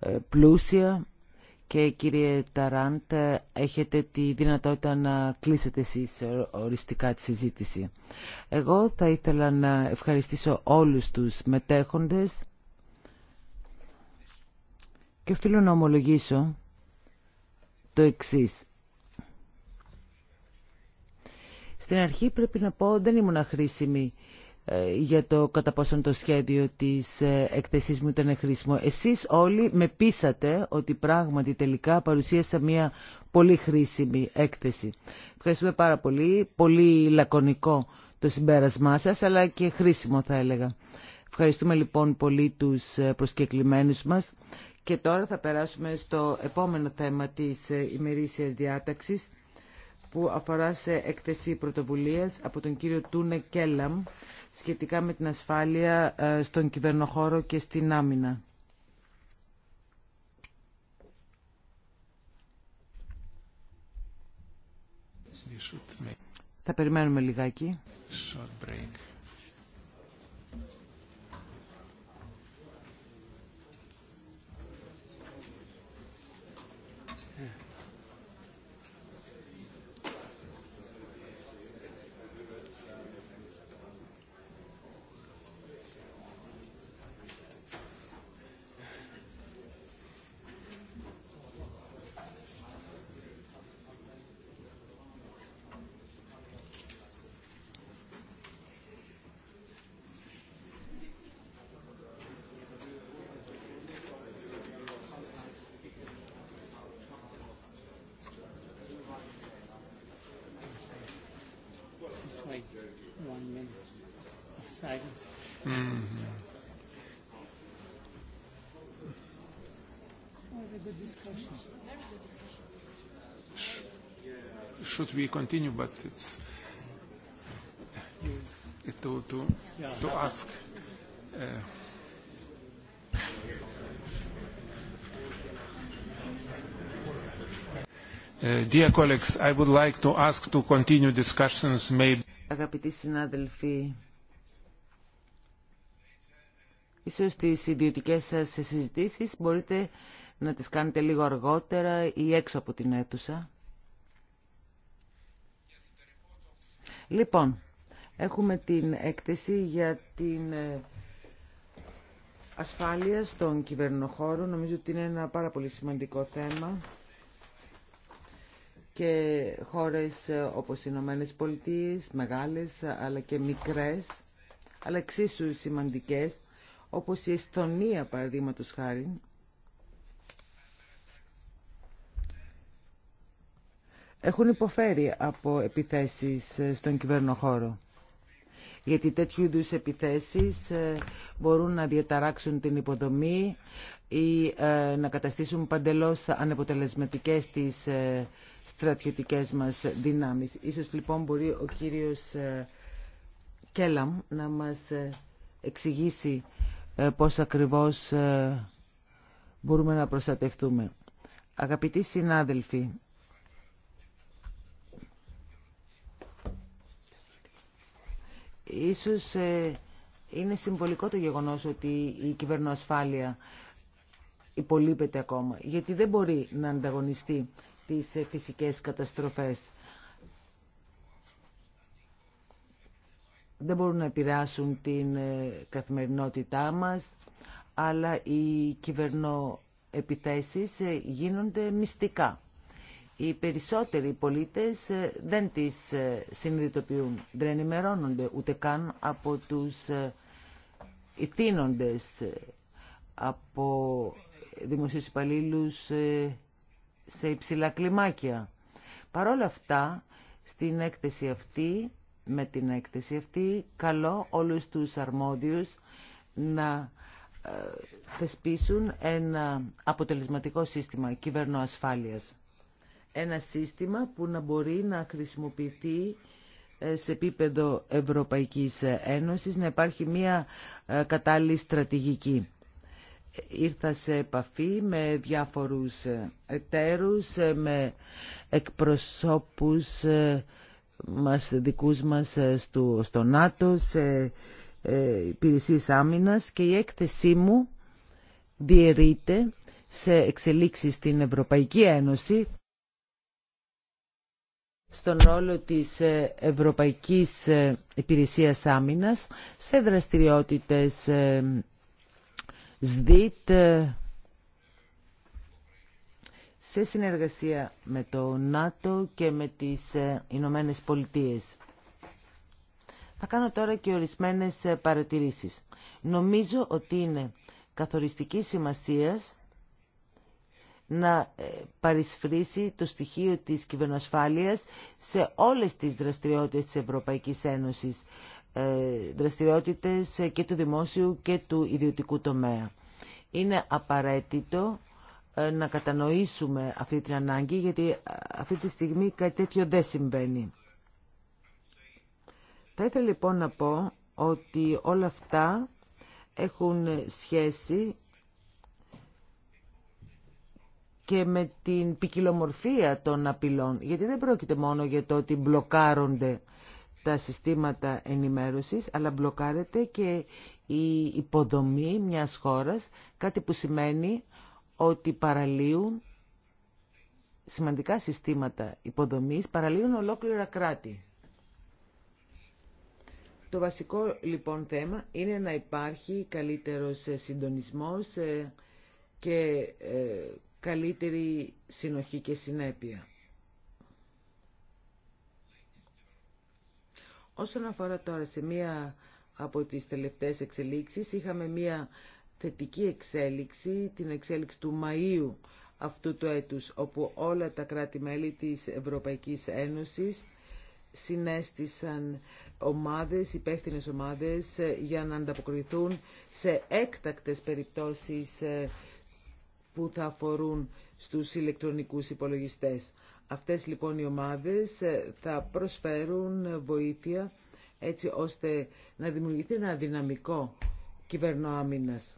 ε, πλούσια. Και κύριε Ταράντ, έχετε τη δυνατότητα να κλείσετε εσείς οριστικά τη συζήτηση. Εγώ θα ήθελα να ευχαριστήσω όλους τους μετέχοντες και οφείλω να ομολογήσω το εξής. Στην αρχή πρέπει να πω δεν ήμουν χρήσιμη ε, για το κατά πόσον το σχέδιο της εκθεσής μου ήταν χρήσιμο. Εσείς όλοι με πείσατε ότι πράγματι τελικά παρουσίασα μια πολύ χρήσιμη έκθεση. Ευχαριστούμε πάρα πολύ, πολύ λακωνικό το συμπέρασμά σας, αλλά και χρήσιμο θα έλεγα. Ευχαριστούμε λοιπόν πολύ τους ε, προσκεκλημένους μας και τώρα θα περάσουμε στο επόμενο θέμα της ε, ημερήσιας διάταξης που αφορά σε έκθεση πρωτοβουλίας από τον κύριο Τούνε Κέλαμ σχετικά με την ασφάλεια ε, στον κυβερνοχώρο και στην άμυνα. Θα περιμένουμε λιγάκι. we continue, but it's to to to ask. Uh, dear colleagues, I would like to ask to continue discussions maybe. Αγαπητοί συνάδελφοι, ίσως τις ιδιωτικές σας συζητήσεις μπορείτε να τις κάνετε λίγο αργότερα ή έξω από την αίθουσα. Λοιπόν, έχουμε την έκθεση για την ε, ασφάλεια στον κυβερνοχώρο. Νομίζω ότι είναι ένα πάρα πολύ σημαντικό θέμα και χώρες ε, όπως οι Ηνωμένε Πολιτείε, μεγάλες αλλά και μικρές, αλλά εξίσου σημαντικές, όπως η Εσθονία παραδείγματος χάρη, έχουν υποφέρει από επιθέσεις ε, στον κυβέρνοχώρο. Γιατί τέτοιου είδου επιθέσεις ε, μπορούν να διαταράξουν την υποδομή ή ε, να καταστήσουν παντελώς ανεποτελεσματικές τις στρατιωτικές μας δυνάμεις. Ίσως λοιπόν μπορεί ο κύριος Κέλαμ να μας εξηγήσει πώς ακριβώς μπορούμε να προστατευτούμε. Αγαπητοί συνάδελφοι, Ίσως ε, είναι συμβολικό το γεγονός ότι η κυβερνοασφάλεια υπολείπεται ακόμα, γιατί δεν μπορεί να ανταγωνιστεί τις ε, φυσικές καταστροφές. Δεν μπορούν να επηρεάσουν την ε, καθημερινότητά μας, αλλά οι κυβερνοεπιθέσεις γίνονται μυστικά οι περισσότεροι πολίτες ε, δεν τις ε, συνειδητοποιούν, δεν ενημερώνονται ούτε καν από τους ε, ηθήνοντες, από δημοσίους υπαλλήλου σε υψηλά κλιμάκια. Παρ' αυτά, στην έκθεση αυτή, με την έκθεση αυτή, καλό όλους τους αρμόδιους να θεσπίσουν ένα αποτελεσματικό σύστημα κυβερνοασφάλειας ένα σύστημα που να μπορεί να χρησιμοποιηθεί ε, σε επίπεδο Ευρωπαϊκής Ένωσης, να υπάρχει μια ε, κατάλληλη στρατηγική. Ήρθα σε επαφή με διάφορους ε, εταίρους, με εκπροσώπους μας, δικούς μας στο, ΝΑΤΟ, σε υπηρεσίες άμυνας και η έκθεσή μου διαιρείται σε εξελίξεις στην Ευρωπαϊκή Ένωση στον ρόλο της ε, Ευρωπαϊκής ε, Υπηρεσίας Άμυνας σε δραστηριότητες ε, ΣΔΙΤ σε συνεργασία με το ΝΑΤΟ και με τις Ηνωμένε Πολιτείες. Θα κάνω τώρα και ορισμένες παρατηρήσεις. Νομίζω ότι είναι καθοριστική σημασίας να ε, παρισφρήσει το στοιχείο της κυβερνοασφάλειας σε όλες τις δραστηριότητες της Ευρωπαϊκής Ένωσης, ε, δραστηριότητες ε, και του δημόσιου και του ιδιωτικού τομέα. Είναι απαραίτητο να κατανοήσουμε αυτή την ανάγκη, γιατί αυτή τη στιγμή κάτι τέτοιο δεν συμβαίνει. Θα ήθελα λοιπόν να πω ότι όλα αυτά έχουν σχέση και με την ποικιλομορφία των απειλών, γιατί δεν πρόκειται μόνο για το ότι μπλοκάρονται τα συστήματα ενημέρωσης, αλλά μπλοκάρεται και η υποδομή μιας χώρας, κάτι που σημαίνει ότι παραλύουν σημαντικά συστήματα υποδομής, παραλύουν ολόκληρα κράτη. Το βασικό λοιπόν θέμα είναι να υπάρχει καλύτερος συντονισμός ε, και ε, καλύτερη συνοχή και συνέπεια. Όσον αφορά τώρα σε μία από τις τελευταίες εξελίξεις, είχαμε μία θετική εξέλιξη, την εξέλιξη του Μαΐου αυτού του έτους, όπου όλα τα κράτη-μέλη της Ευρωπαϊκής Ένωσης συνέστησαν ομάδες, υπεύθυνε ομάδες, ε, για να ανταποκριθούν σε έκτακτες περιπτώσεις ε, που θα αφορούν στους ηλεκτρονικούς υπολογιστές. Αυτές λοιπόν οι ομάδες ε, θα προσφέρουν βοήθεια έτσι ώστε να δημιουργηθεί ένα δυναμικό κυβερνοάμυνας.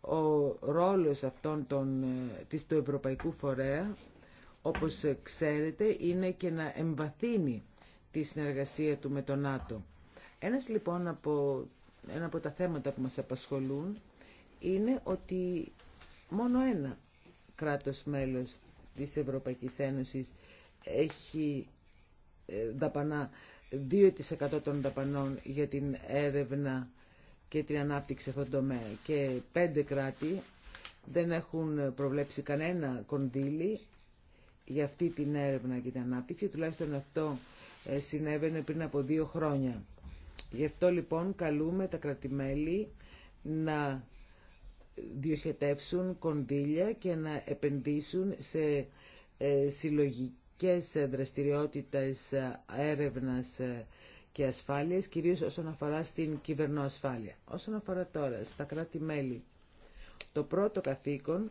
Ο ρόλος αυτών των, ε, της του Ευρωπαϊκού Φορέα, όπως ε, ξέρετε, είναι και να εμβαθύνει τη συνεργασία του με τον ΝΑΤΟ. Ένας λοιπόν από, ένα από τα θέματα που μας απασχολούν είναι ότι μόνο ένα κράτος μέλος της Ευρωπαϊκής Ένωσης έχει ε, δαπανά 2% των δαπανών για την έρευνα και την ανάπτυξη αυτό τομέα και πέντε κράτη δεν έχουν προβλέψει κανένα κονδύλι για αυτή την έρευνα και την ανάπτυξη, τουλάχιστον αυτό ε, συνέβαινε πριν από δύο χρόνια. Γι' αυτό λοιπόν καλούμε τα κρατημέλη να διοχετεύσουν κονδύλια και να επενδύσουν σε ε, συλλογικές δραστηριότητες ε, έρευνας ε, και ασφάλειας, κυρίως όσον αφορά στην κυβερνοασφάλεια. Όσον αφορά τώρα στα κράτη-μέλη, το πρώτο καθήκον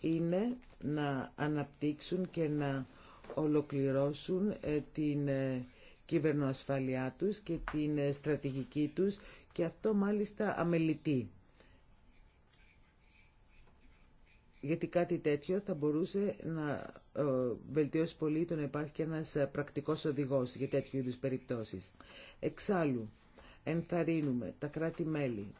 είναι να αναπτύξουν και να ολοκληρώσουν την κυβερνοασφαλειά τους και την στρατηγική τους και αυτό μάλιστα αμελητή. γιατί κάτι τέτοιο θα μπορούσε να ε, βελτιώσει πολύ το να υπάρχει και ένας ε, πρακτικός οδηγός για τέτοιου είδους περιπτώσεις. Εξάλλου, ενθαρρύνουμε τα κράτη-μέλη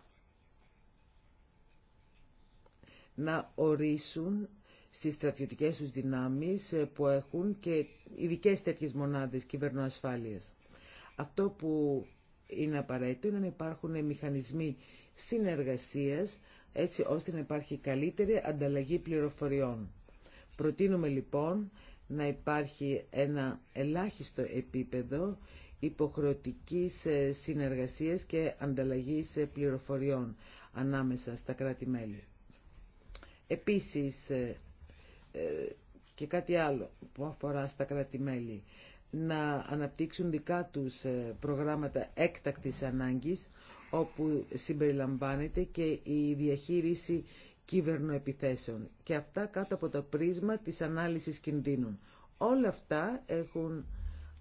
να ορίσουν στις στρατιωτικές τους δυνάμεις ε, που έχουν και ειδικέ τέτοιες μονάδες κυβερνοασφάλειας. Αυτό που είναι απαραίτητο είναι να υπάρχουν μηχανισμοί συνεργασίας έτσι ώστε να υπάρχει καλύτερη ανταλλαγή πληροφοριών. Προτείνουμε λοιπόν να υπάρχει ένα ελάχιστο επίπεδο υποχρεωτικής ε, συνεργασίας και ανταλλαγής ε, πληροφοριών ανάμεσα στα κράτη-μέλη. Επίσης, ε, και κάτι άλλο που αφορά στα κράτη-μέλη, να αναπτύξουν δικά τους προγράμματα έκτακτης ανάγκης, όπου συμπεριλαμβάνεται και η διαχείριση κυβερνοεπιθέσεων και αυτά κάτω από το πρίσμα της ανάλυσης κινδύνων. Όλα αυτά έχουν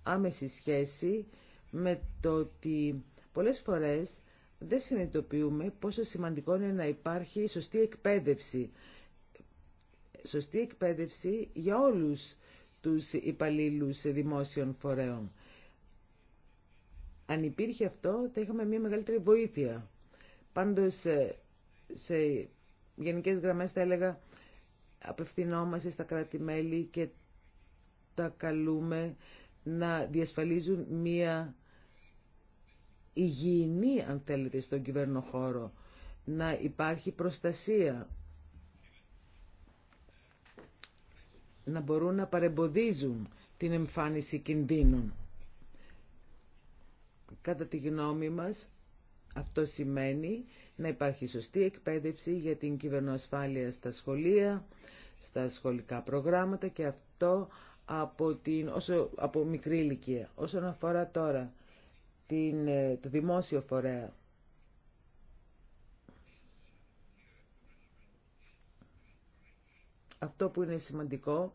άμεση σχέση με το ότι πολλές φορές δεν συνειδητοποιούμε πόσο σημαντικό είναι να υπάρχει σωστή εκπαίδευση. Σωστή εκπαίδευση για όλους τους υπαλλήλους δημόσιων φορέων. Αν υπήρχε αυτό, θα είχαμε μια μεγαλύτερη βοήθεια. Πάντω, ε, σε γενικές γραμμές θα έλεγα, απευθυνόμαστε στα κράτη-μέλη και τα καλούμε να διασφαλίζουν μια υγιεινή, αν θέλετε, στον κυβερνοχώρο, να υπάρχει προστασία, να μπορούν να παρεμποδίζουν την εμφάνιση κινδύνων. Κατά τη γνώμη μας, αυτό σημαίνει να υπάρχει σωστή εκπαίδευση για την κυβερνοασφάλεια στα σχολεία, στα σχολικά προγράμματα και αυτό από, την, όσο, από μικρή ηλικία. Όσον αφορά τώρα την, ε, το δημόσιο φορέα, αυτό που είναι σημαντικό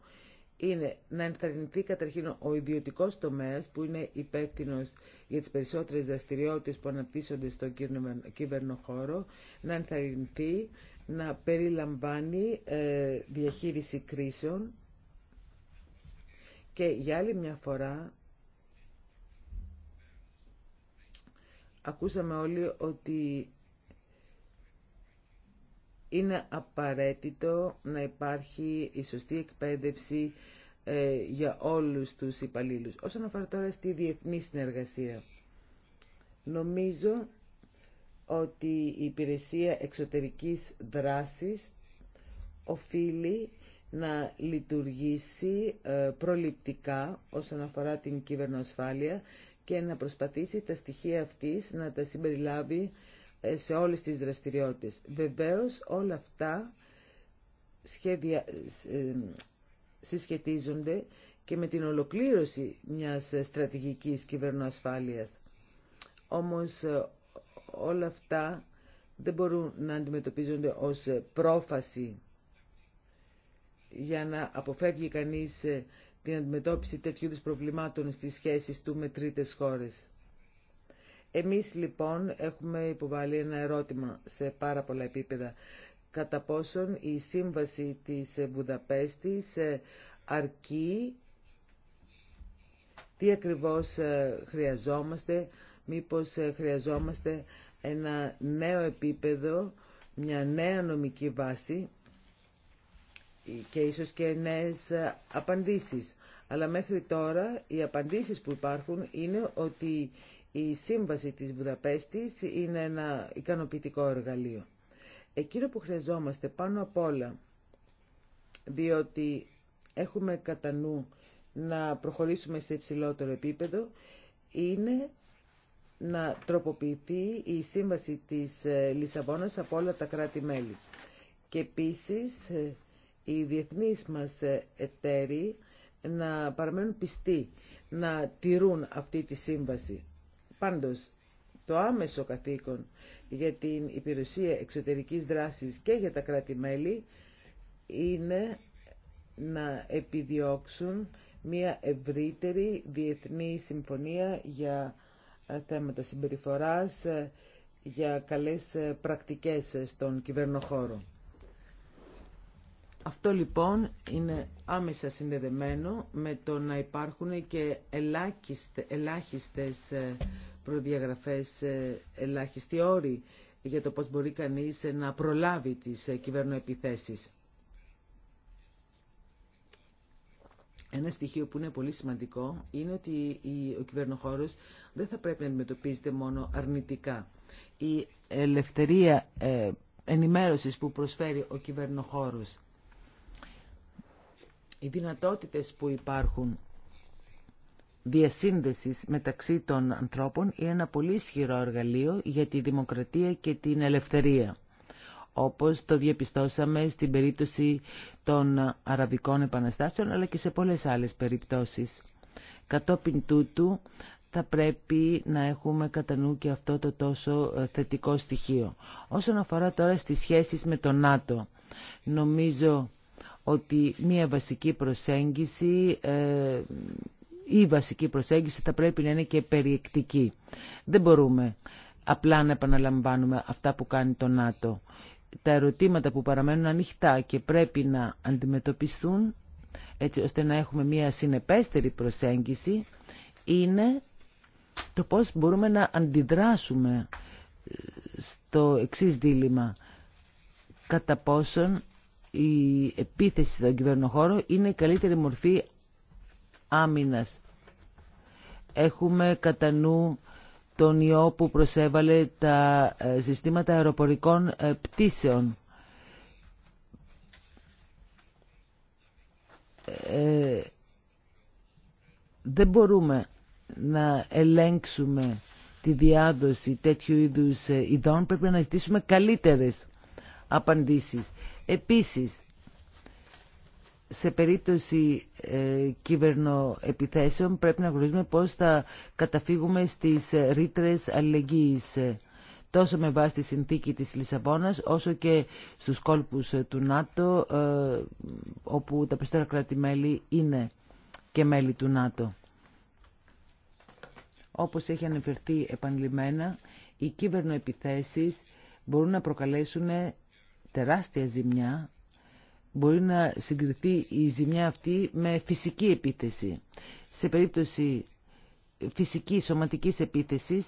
είναι να ενθαρρυνθεί καταρχήν ο ιδιωτικό τομέα που είναι υπεύθυνο για τι περισσότερε δραστηριότητε που αναπτύσσονται στον χώρο, να ενθαρρυνθεί να περιλαμβάνει ε, διαχείριση κρίσεων και για άλλη μια φορά ακούσαμε όλοι ότι είναι απαραίτητο να υπάρχει η σωστή εκπαίδευση ε, για όλους τους υπαλλήλους. Όσον αφορά τώρα στη διεθνή συνεργασία, νομίζω ότι η υπηρεσία εξωτερικής δράσης οφείλει να λειτουργήσει ε, προληπτικά όσον αφορά την κυβερνοασφάλεια και να προσπαθήσει τα στοιχεία αυτής να τα συμπεριλάβει σε όλες τις δραστηριότητες. Βεβαίως όλα αυτά σχέδια, ε, συσχετίζονται και με την ολοκλήρωση μιας στρατηγικής κυβερνοασφάλειας. Όμως ε, όλα αυτά δεν μπορούν να αντιμετωπίζονται ως πρόφαση για να αποφεύγει κανείς ε, την αντιμετώπιση τέτοιου προβλημάτων στις σχέσεις του με τρίτες χώρες. Εμείς λοιπόν έχουμε υποβάλει ένα ερώτημα σε πάρα πολλά επίπεδα κατά πόσον η σύμβαση της Βουδαπέστης ε, αρκεί τι ακριβώς ε, χρειαζόμαστε, μήπως ε, χρειαζόμαστε ένα νέο επίπεδο, μια νέα νομική βάση και ίσως και νέες απαντήσεις. Αλλά μέχρι τώρα οι απαντήσεις που υπάρχουν είναι ότι η σύμβαση της Βουδαπέστης είναι ένα ικανοποιητικό εργαλείο. Εκείνο που χρειαζόμαστε πάνω απ' όλα, διότι έχουμε κατά νου να προχωρήσουμε σε υψηλότερο επίπεδο, είναι να τροποποιηθεί η σύμβαση της ε, Λισαβόνας από όλα τα κράτη-μέλη. Και επίσης ε, οι διεθνείς μας ε, εταίροι να παραμένουν πιστοί να τηρούν αυτή τη σύμβαση. Πάντως, το άμεσο καθήκον για την υπηρεσία εξωτερικής δράσης και για τα κράτη-μέλη είναι να επιδιώξουν μια ευρύτερη διεθνή συμφωνία για ε, θέματα συμπεριφοράς, ε, για καλές ε, πρακτικές στον κυβερνοχώρο. Αυτό λοιπόν είναι άμεσα συνδεδεμένο με το να υπάρχουν και ελάχιστες προδιαγραφές, ε, ελάχιστοι όροι για το πώς μπορεί κανείς ε, να προλάβει τις ε, κυβερνοεπιθέσεις. Ένα στοιχείο που είναι πολύ σημαντικό είναι ότι ο κυβερνοχώρος δεν θα πρέπει να αντιμετωπίζεται μόνο αρνητικά. Η ελευθερία ενημέρωσης που προσφέρει ο κυβερνοχώρος, οι δυνατότητες που υπάρχουν διασύνδεσης μεταξύ των ανθρώπων είναι ένα πολύ ισχυρό εργαλείο για τη δημοκρατία και την ελευθερία όπως το διαπιστώσαμε στην περίπτωση των αραβικών επαναστάσεων αλλά και σε πολλές άλλες περιπτώσεις. Κατόπιν τούτου θα πρέπει να έχουμε κατά νου και αυτό το τόσο ε, θετικό στοιχείο. Όσον αφορά τώρα στις σχέσεις με το ΝΑΤΟ, νομίζω ότι μία βασική προσέγγιση ε, η βασική προσέγγιση θα πρέπει να είναι και περιεκτική. Δεν μπορούμε απλά να επαναλαμβάνουμε αυτά που κάνει το ΝΑΤΟ. Τα ερωτήματα που παραμένουν ανοιχτά και πρέπει να αντιμετωπιστούν έτσι ώστε να έχουμε μια συνεπέστερη προσέγγιση είναι το πώς μπορούμε να αντιδράσουμε στο εξής δίλημα κατά πόσον η επίθεση στον κυβερνοχώρο είναι η καλύτερη μορφή άμυνας. Έχουμε κατά νου τον ιό που προσέβαλε τα ε, συστήματα αεροπορικών ε, πτήσεων. Ε, δεν μπορούμε να ελέγξουμε τη διάδοση τέτοιου είδους ειδών. Πρέπει να ζητήσουμε καλύτερες απαντήσεις. Επίσης, σε περίπτωση ε, κυβερνοεπιθέσεων πρέπει να γνωρίζουμε πώς θα καταφύγουμε στις ρήτρε αλληλεγγύης ε, τόσο με βάση τη συνθήκη της Λισαβόνας όσο και στους κόλπους ε, του ΝΑΤΟ όπου τα περισσότερα κράτη-μέλη είναι και μέλη του ΝΑΤΟ. Όπως έχει αναφερθεί επανειλημμένα, οι κυβερνοεπιθέσεις μπορούν να προκαλέσουν τεράστια ζημιά μπορεί να συγκριθεί η ζημιά αυτή με φυσική επίθεση. Σε περίπτωση φυσική σωματικής επίθεσης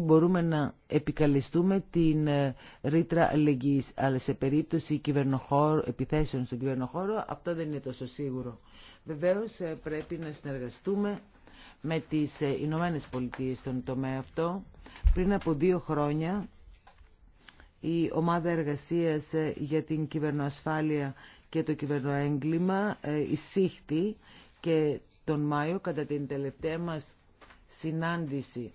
μπορούμε να επικαλεστούμε την ε, ρήτρα αλληλεγγύης. Αλλά σε περίπτωση επιθέσεων στον κυβερνοχώρο αυτό δεν είναι τόσο σίγουρο. Βεβαίως ε, πρέπει να συνεργαστούμε με τις ε, Ηνωμένε Πολιτείες στον τομέα αυτό. Πριν από δύο χρόνια η ομάδα εργασίας ε, για την κυβερνοασφάλεια και το κυβερνοέγκλημα ε, εισήχθη και τον Μάιο κατά την τελευταία μας συνάντηση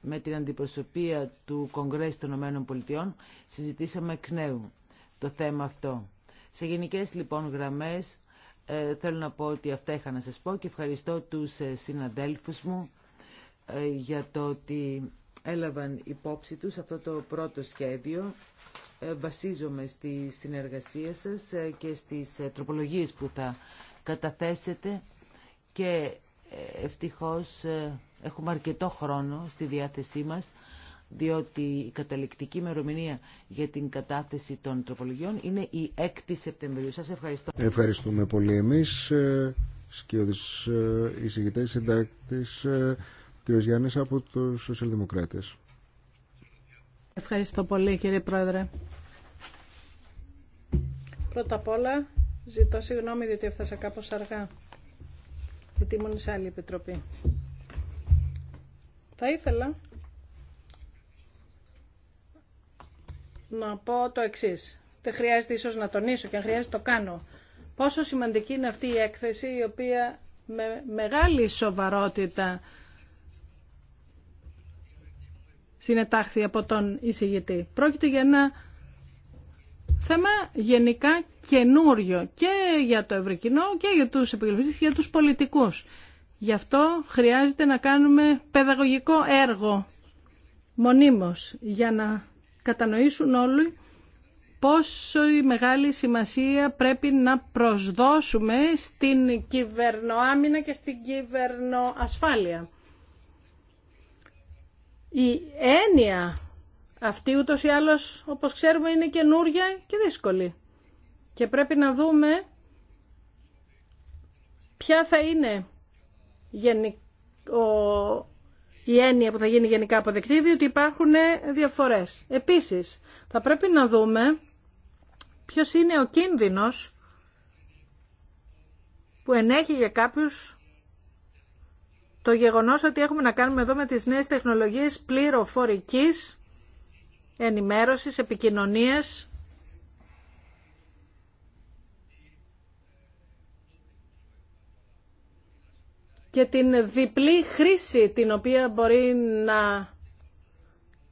με την αντιπροσωπεία του Κογκρέσου των Πολιτειών, συζητήσαμε εκ νέου το θέμα αυτό. Σε γενικές λοιπόν γραμμές ε, θέλω να πω ότι αυτά είχα να σας πω και ευχαριστώ τους συναδέλφους μου για το ότι έλαβαν υπόψη τους αυτό το πρώτο σχέδιο. Ε, βασίζομαι στη συνεργασία σας ε, και στις ε, τροπολογίες που θα καταθέσετε και ευτυχώς έχουμε αρκετό χρόνο στη διάθεσή μας διότι η καταληκτική μερομηνία για την κατάθεση των τροπολογιών είναι η 6η Σεπτεμβρίου. Σας ευχαριστώ. Ευχαριστούμε πολύ εμείς, σκιώδης εισηγητές, συντάκτης. Κύριο Γιάννη από του Σοσιαλδημοκράτε. Ευχαριστώ πολύ κύριε Πρόεδρε. Πρώτα απ' όλα ζητώ συγγνώμη διότι έφτασα κάπως αργά. Γιατί ήμουν σε άλλη επιτροπή. Θα ήθελα να πω το εξή. Δεν χρειάζεται ίσως να τονίσω και αν χρειάζεται το κάνω. Πόσο σημαντική είναι αυτή η έκθεση η οποία με μεγάλη σοβαρότητα συνετάχθη από τον εισηγητή. Πρόκειται για ένα θέμα γενικά καινούριο και για το ευρύ και για τους επαγγελματίες και για τους πολιτικούς. Γι' αυτό χρειάζεται να κάνουμε παιδαγωγικό έργο μονίμως για να κατανοήσουν όλοι πόσο η μεγάλη σημασία πρέπει να προσδώσουμε στην κυβερνοάμυνα και στην κυβερνοασφάλεια η έννοια αυτή ούτως ή άλλως όπως ξέρουμε είναι καινούρια και δύσκολη. Και πρέπει να δούμε ποια θα είναι η έννοια που θα γίνει γενικά αποδεκτή, διότι υπάρχουν διαφορές. Επίσης, θα πρέπει να δούμε ποιος είναι ο κίνδυνος που ενέχει για κάποιους το γεγονός ότι έχουμε να κάνουμε εδώ με τις νέες τεχνολογίες πληροφορικής, ενημέρωσης, επικοινωνίας. και την διπλή χρήση την οποία μπορεί να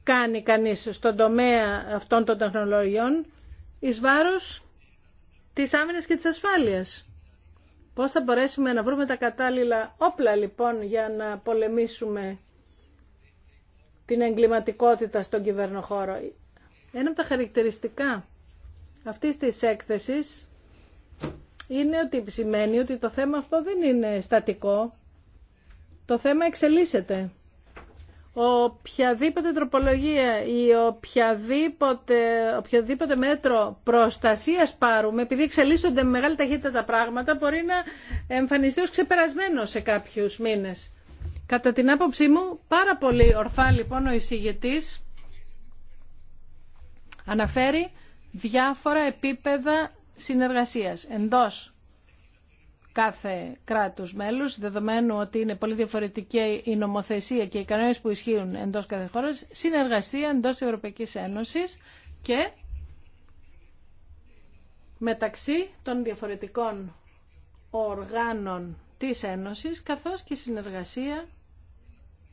κάνει κανείς στον τομέα αυτών των τεχνολογιών εις βάρος της άμυνας και της ασφάλειας. Πώς θα μπορέσουμε να βρούμε τα κατάλληλα όπλα λοιπόν για να πολεμήσουμε την εγκληματικότητα στον κυβερνοχώρο. Ένα από τα χαρακτηριστικά αυτή της έκθεσης είναι ότι σημαίνει ότι το θέμα αυτό δεν είναι στατικό. Το θέμα εξελίσσεται οποιαδήποτε τροπολογία ή οποιαδήποτε, οποιοδήποτε μέτρο προστασίας πάρουμε, επειδή εξελίσσονται με μεγάλη ταχύτητα τα πράγματα, μπορεί να εμφανιστεί ως ξεπερασμένο σε κάποιους μήνες. Κατά την άποψή μου, πάρα πολύ ορθά λοιπόν ο εισηγητής αναφέρει διάφορα επίπεδα συνεργασίας εντός κάθε κράτος μέλους, δεδομένου ότι είναι πολύ διαφορετική η νομοθεσία και οι κανόνες που ισχύουν εντός κάθε χώρας, συνεργαστεί εντός Ευρωπαϊκής Ένωσης και μεταξύ των διαφορετικών οργάνων της Ένωσης, καθώς και συνεργασία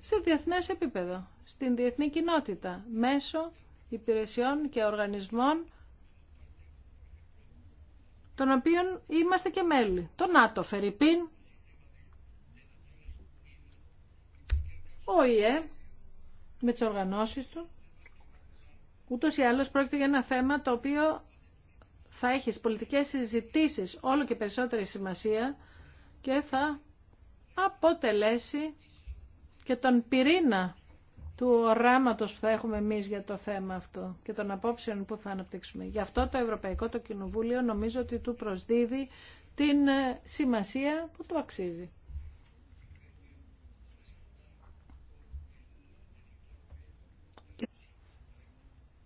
σε διεθνές επίπεδο, στην διεθνή κοινότητα, μέσω υπηρεσιών και οργανισμών των οποίων είμαστε και μέλη. Το ΝΑΤΟ, Φερρυπίν, ο ΙΕ, με τις οργανώσεις του. Ούτως ή άλλως πρόκειται για ένα θέμα το οποίο θα έχει στις πολιτικές συζητήσεις όλο και περισσότερη σημασία και θα αποτελέσει και τον πυρήνα του οράματος που θα έχουμε εμείς για το θέμα αυτό και των απόψεων που θα αναπτύξουμε. Γι' αυτό το Ευρωπαϊκό το Κοινοβούλιο νομίζω ότι του προσδίδει την ε, σημασία που του αξίζει.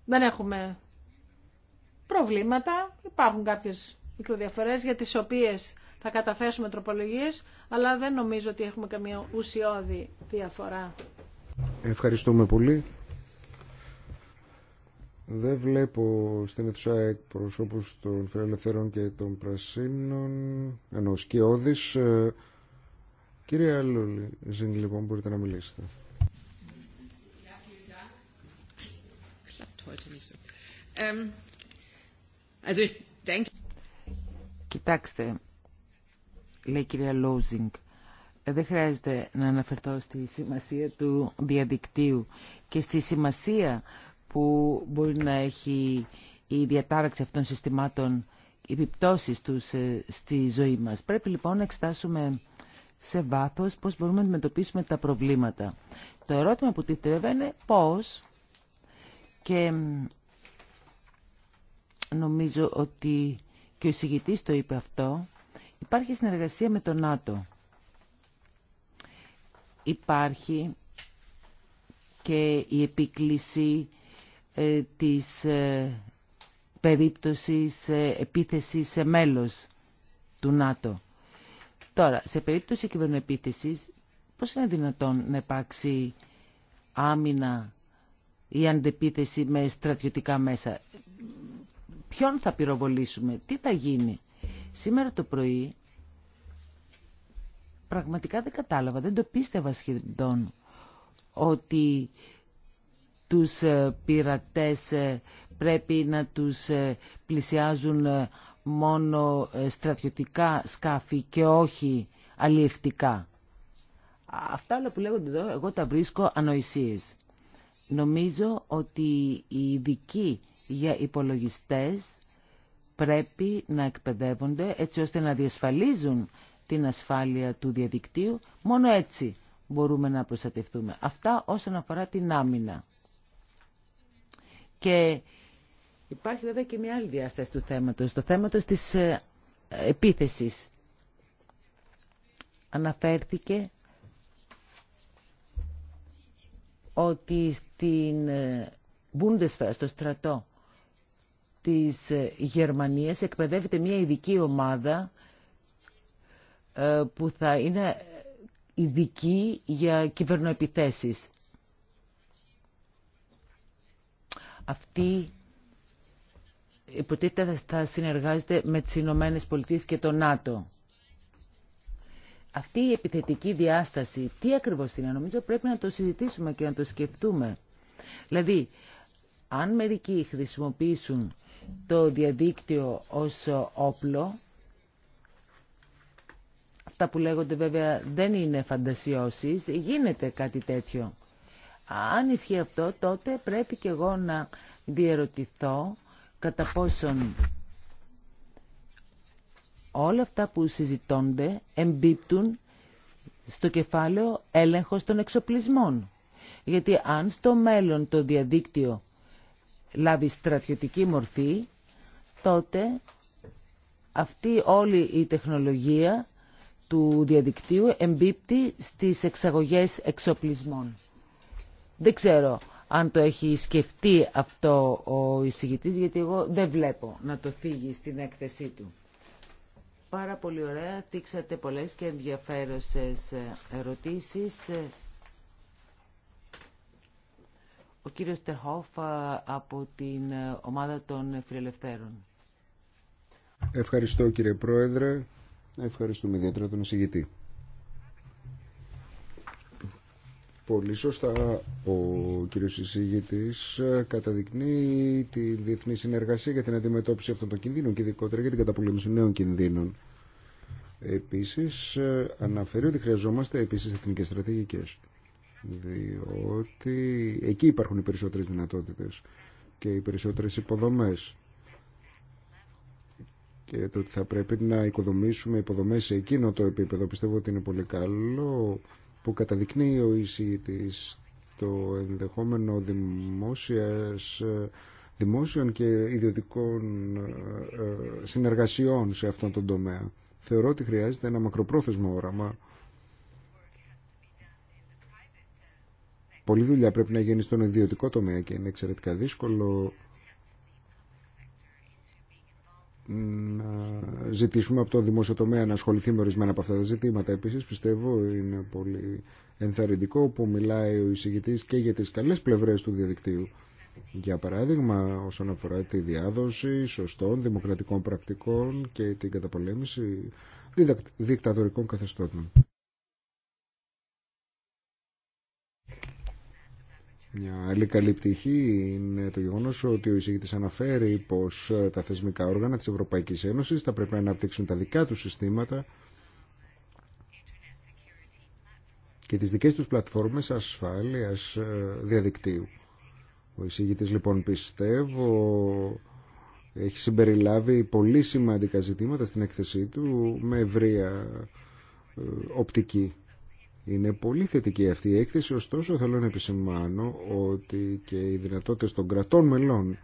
Δεν έχουμε προβλήματα, υπάρχουν κάποιες μικροδιαφορές για τις οποίες θα καταθέσουμε τροπολογίες, αλλά δεν νομίζω ότι έχουμε καμία ουσιώδη διαφορά Ευχαριστούμε πολύ. Δεν βλέπω στην αίθουσα εκπροσώπους των Φιλελευθέρων και των Πρασίνων, ενώ σκιώδης. Ε, κύριε Λόζινγκ, λοιπόν, μπορείτε να μιλήσετε. Κοιτάξτε, λέει η κυρία Λόζινγκ, δεν χρειάζεται να αναφερθώ στη σημασία του διαδικτύου και στη σημασία που μπορεί να έχει η διατάραξη αυτών των συστημάτων επιπτώσεις τους ε, στη ζωή μας. Πρέπει λοιπόν να εξετάσουμε σε βάθος πώς μπορούμε να αντιμετωπίσουμε τα προβλήματα. Το ερώτημα που τίθεται είναι πώς και νομίζω ότι και ο εισηγητής το είπε αυτό, υπάρχει συνεργασία με τον ΝΑΤΟ υπάρχει και η επίκληση ε, της ε, περίπτωσης ε, επίθεσης σε μέλος του ΝΑΤΟ. Τώρα, σε περίπτωση κυβερνοεπίθεσης, πώς είναι δυνατόν να υπάρξει άμυνα ή αντεπίθεση με στρατιωτικά μέσα. Ποιον θα πυροβολήσουμε, τι θα γίνει. Σήμερα το πρωί Πραγματικά δεν κατάλαβα, δεν το πίστευα σχεδόν ότι τους ε, πειρατές ε, πρέπει να τους ε, πλησιάζουν μόνο στρατιωτικά σκάφη και όχι αλλιευτικά. Αυτά όλα που λέγονται εδώ, εγώ τα βρίσκω ανοησίες. Νομίζω ότι οι ειδικοί για υπολογιστές πρέπει να εκπαιδεύονται έτσι ώστε να διασφαλίζουν την ασφάλεια του διαδικτύου. Μόνο έτσι μπορούμε να προστατευτούμε. Αυτά όσον αφορά την άμυνα. Και υπάρχει βέβαια και μια άλλη διάσταση του θέματος, το θέμα της ε, επίθεσης. Αναφέρθηκε ότι στην ε, Bundeswehr, στο στρατό της ε, Γερμανίας, εκπαιδεύεται μια ειδική ομάδα ε, που θα είναι ειδική για κυβερνοεπιθέσεις. Αυτή υποτίθεται θα συνεργάζεται με τις Ηνωμένε Πολιτείε και το ΝΑΤΟ. Αυτή η επιθετική διάσταση, τι ακριβώς είναι, νομίζω πρέπει να το συζητήσουμε και να το σκεφτούμε. Δηλαδή, αν μερικοί χρησιμοποιήσουν το διαδίκτυο ως όπλο, Αυτά που λέγονται βέβαια δεν είναι φαντασιώσεις, γίνεται κάτι τέτοιο. Αν ισχύει αυτό, τότε πρέπει και εγώ να διερωτηθώ κατά πόσον όλα αυτά που συζητώνται εμπίπτουν στο κεφάλαιο έλεγχος των εξοπλισμών. Γιατί αν στο μέλλον το διαδίκτυο λάβει στρατιωτική μορφή, τότε αυτή όλη η τεχνολογία του διαδικτύου εμπίπτει στις εξαγωγές εξοπλισμών. Δεν ξέρω αν το έχει σκεφτεί αυτό ο εισηγητής, γιατί εγώ δεν βλέπω να το θίγει στην έκθεσή του. Πάρα πολύ ωραία, τιξατε πολλές και ενδιαφέρουσες ερωτήσεις. Ο κύριος Τερχόφ από την ομάδα των Φιλελευθέρων. Ευχαριστώ κύριε Πρόεδρε. Ευχαριστούμε ιδιαίτερα τον εισηγητή. Πολύ σωστά ο κύριος εισηγητής ε, καταδεικνύει τη διεθνή συνεργασία για την αντιμετώπιση αυτών των κινδύνων και ειδικότερα για την καταπολέμηση νέων κινδύνων. Επίσης ε, αναφέρει ότι χρειαζόμαστε επίσης εθνικές στρατηγικές διότι εκεί υπάρχουν οι περισσότερες δυνατότητες και οι περισσότερες υποδομές και το ότι θα πρέπει να οικοδομήσουμε υποδομές σε εκείνο το επίπεδο πιστεύω ότι είναι πολύ καλό που καταδεικνύει ο εισηγητής το ενδεχόμενο δημόσιας, ε, δημόσιων και ιδιωτικών ε, ε, συνεργασιών σε αυτόν τον τομέα. Θεωρώ ότι χρειάζεται ένα μακροπρόθεσμο όραμα. Πολύ δουλειά πρέπει να γίνει στον ιδιωτικό τομέα και είναι εξαιρετικά δύσκολο να ζητήσουμε από το δημόσιο τομέα να ασχοληθεί με ορισμένα από αυτά τα ζητήματα. Επίση, πιστεύω είναι πολύ ενθαρρυντικό που μιλάει ο εισηγητή και για τις καλέ πλευρές του διαδικτύου. Για παράδειγμα, όσον αφορά τη διάδοση σωστών δημοκρατικών πρακτικών και την καταπολέμηση δικτατορικών καθεστώτων. Μια άλλη καλή πτυχή είναι το γεγονό ότι ο εισηγητή αναφέρει πω ε, τα θεσμικά όργανα τη Ευρωπαϊκή Ένωση θα πρέπει να αναπτύξουν τα δικά του συστήματα και τις δικές τους πλατφόρμες ασφάλειας ε, διαδικτύου. Ο εισηγητής λοιπόν πιστεύω έχει συμπεριλάβει πολύ σημαντικά ζητήματα στην έκθεσή του με ευρεία ε, οπτική. Είναι πολύ θετική αυτή η έκθεση, ωστόσο θέλω να επισημάνω ότι και οι δυνατότητες των κρατών μελών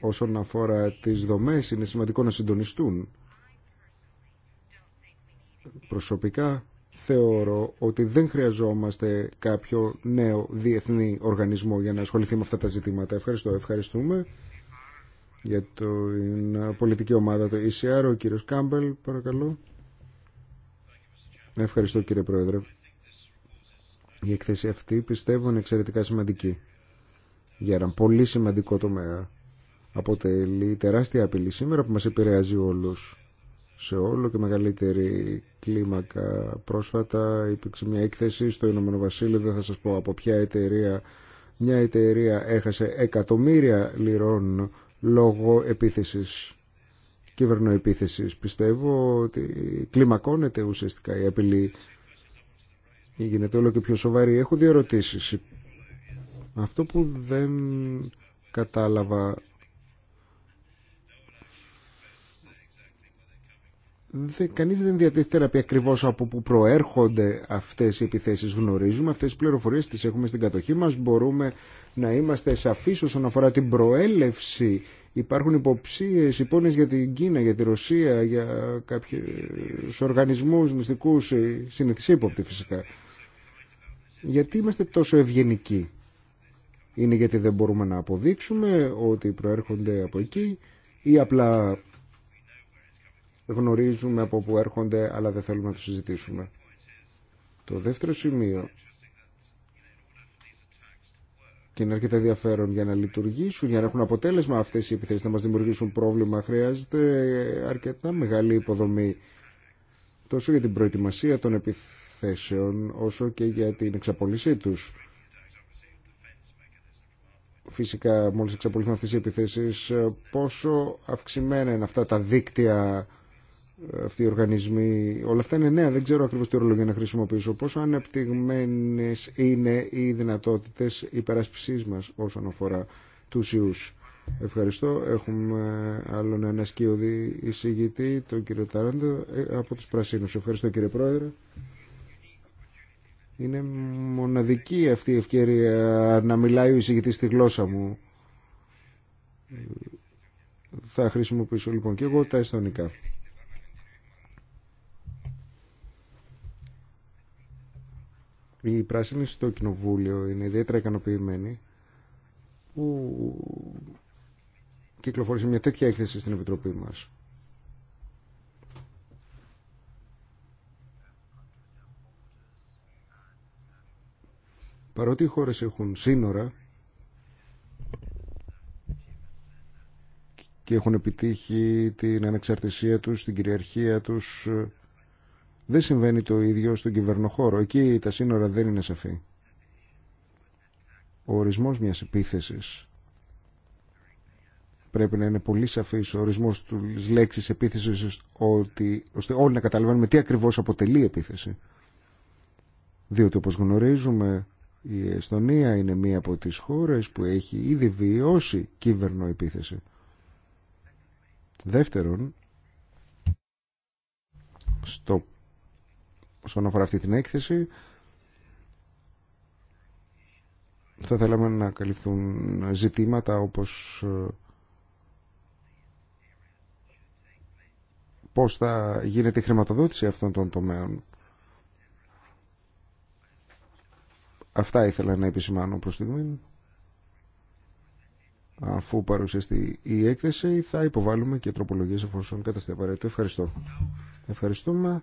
όσον αφορά τις δομές είναι σημαντικό να συντονιστούν. Προσωπικά θεωρώ ότι δεν χρειαζόμαστε κάποιο νέο διεθνή οργανισμό για να ασχοληθεί με αυτά τα ζητήματα. Ευχαριστώ. Ευχαριστούμε για την πολιτική ομάδα του ECR. Ο κύριος Κάμπελ, παρακαλώ. Ευχαριστώ κύριε Πρόεδρε. Η εκθέση αυτή πιστεύω είναι εξαιρετικά σημαντική για ένα πολύ σημαντικό τομέα. Αποτελεί τεράστια απειλή σήμερα που μας επηρεάζει όλους σε όλο και μεγαλύτερη κλίμακα. Πρόσφατα υπήρξε μια έκθεση στο Ηνωμένο Βασίλειο, δεν θα σας πω από ποια εταιρεία. Μια εταιρεία έχασε εκατομμύρια λιρών λόγω επίθεσης κυβερνοεπίθεσης. Πιστεύω ότι κλιμακώνεται ουσιαστικά η απειλή. Γίνεται όλο και πιο σοβαρή. Έχω δύο ερωτήσει. Αυτό που δεν κατάλαβα δεν, κανείς δεν διατίθεται θεραπεία ακριβώ από που προέρχονται αυτές οι επιθέσεις. Γνωρίζουμε αυτές τις πληροφορίες, τις έχουμε στην κατοχή μας, μπορούμε να είμαστε σαφείς όσον αφορά την προέλευση Υπάρχουν υποψίες, υπόνοιες για την Κίνα, για τη Ρωσία, για κάποιους οργανισμούς μυστικούς, ε, συνηθισή ύποπτη φυσικά. Γιατί είμαστε τόσο ευγενικοί. Είναι γιατί δεν μπορούμε να αποδείξουμε ότι προέρχονται από εκεί ή απλά γνωρίζουμε από πού έρχονται αλλά δεν θέλουμε να το συζητήσουμε. Το δεύτερο σημείο και είναι αρκετά ενδιαφέρον για να λειτουργήσουν, για να έχουν αποτέλεσμα αυτέ οι επιθέσει να μα δημιουργήσουν πρόβλημα, χρειάζεται αρκετά μεγάλη υποδομή τόσο για την προετοιμασία των επιθέσεων όσο και για την εξαπολύσή του. Φυσικά, μόλι εξαπολύθουν αυτέ οι επιθέσει, πόσο αυξημένα είναι αυτά τα δίκτυα αυτοί οι οργανισμοί. Όλα αυτά είναι νέα, δεν ξέρω ακριβώς τι ορολογία να χρησιμοποιήσω. Πόσο ανεπτυγμένες είναι οι δυνατότητες υπεράσπιση μας όσον αφορά τους ιούς. Ευχαριστώ. Έχουμε άλλον ένα σκιωδή εισηγητή, τον κύριο Τάραντο, ε, από τους Πρασίνους. Ευχαριστώ κύριε Πρόεδρε. Είναι μοναδική αυτή η ευκαιρία να μιλάει ο εισηγητής στη γλώσσα μου. Θα χρησιμοποιήσω λοιπόν και εγώ τα αισθονικά. Οι πράσινοι στο κοινοβούλιο είναι ιδιαίτερα ικανοποιημένοι που κυκλοφόρησε μια τέτοια έκθεση στην Επιτροπή μας. Παρότι οι χώρες έχουν σύνορα και έχουν επιτύχει την ανεξαρτησία τους, την κυριαρχία τους δεν συμβαίνει το ίδιο στον κυβερνοχώρο. Εκεί τα σύνορα δεν είναι σαφή. Ο ορισμός μιας επίθεσης πρέπει να είναι πολύ σαφής ο ορισμός της λέξης επίθεσης ότι, ώστε όλοι να καταλαβαίνουμε τι ακριβώς αποτελεί επίθεση. Διότι όπως γνωρίζουμε η Εστονία είναι μία από τις χώρες που έχει ήδη βιώσει κύβερνο επίθεση. Δεύτερον, στο όσον αφορά αυτή την έκθεση. Θα θέλαμε να καλυφθούν ζητήματα όπως ε, πώς θα γίνεται η χρηματοδότηση αυτών των τομέων. Αυτά ήθελα να επισημάνω προς τη στιγμή. Αφού παρουσιαστεί η έκθεση θα υποβάλουμε και τροπολογίες εφόσον καταστεί απαραίτητο. Ευχαριστώ. Ευχαριστούμε.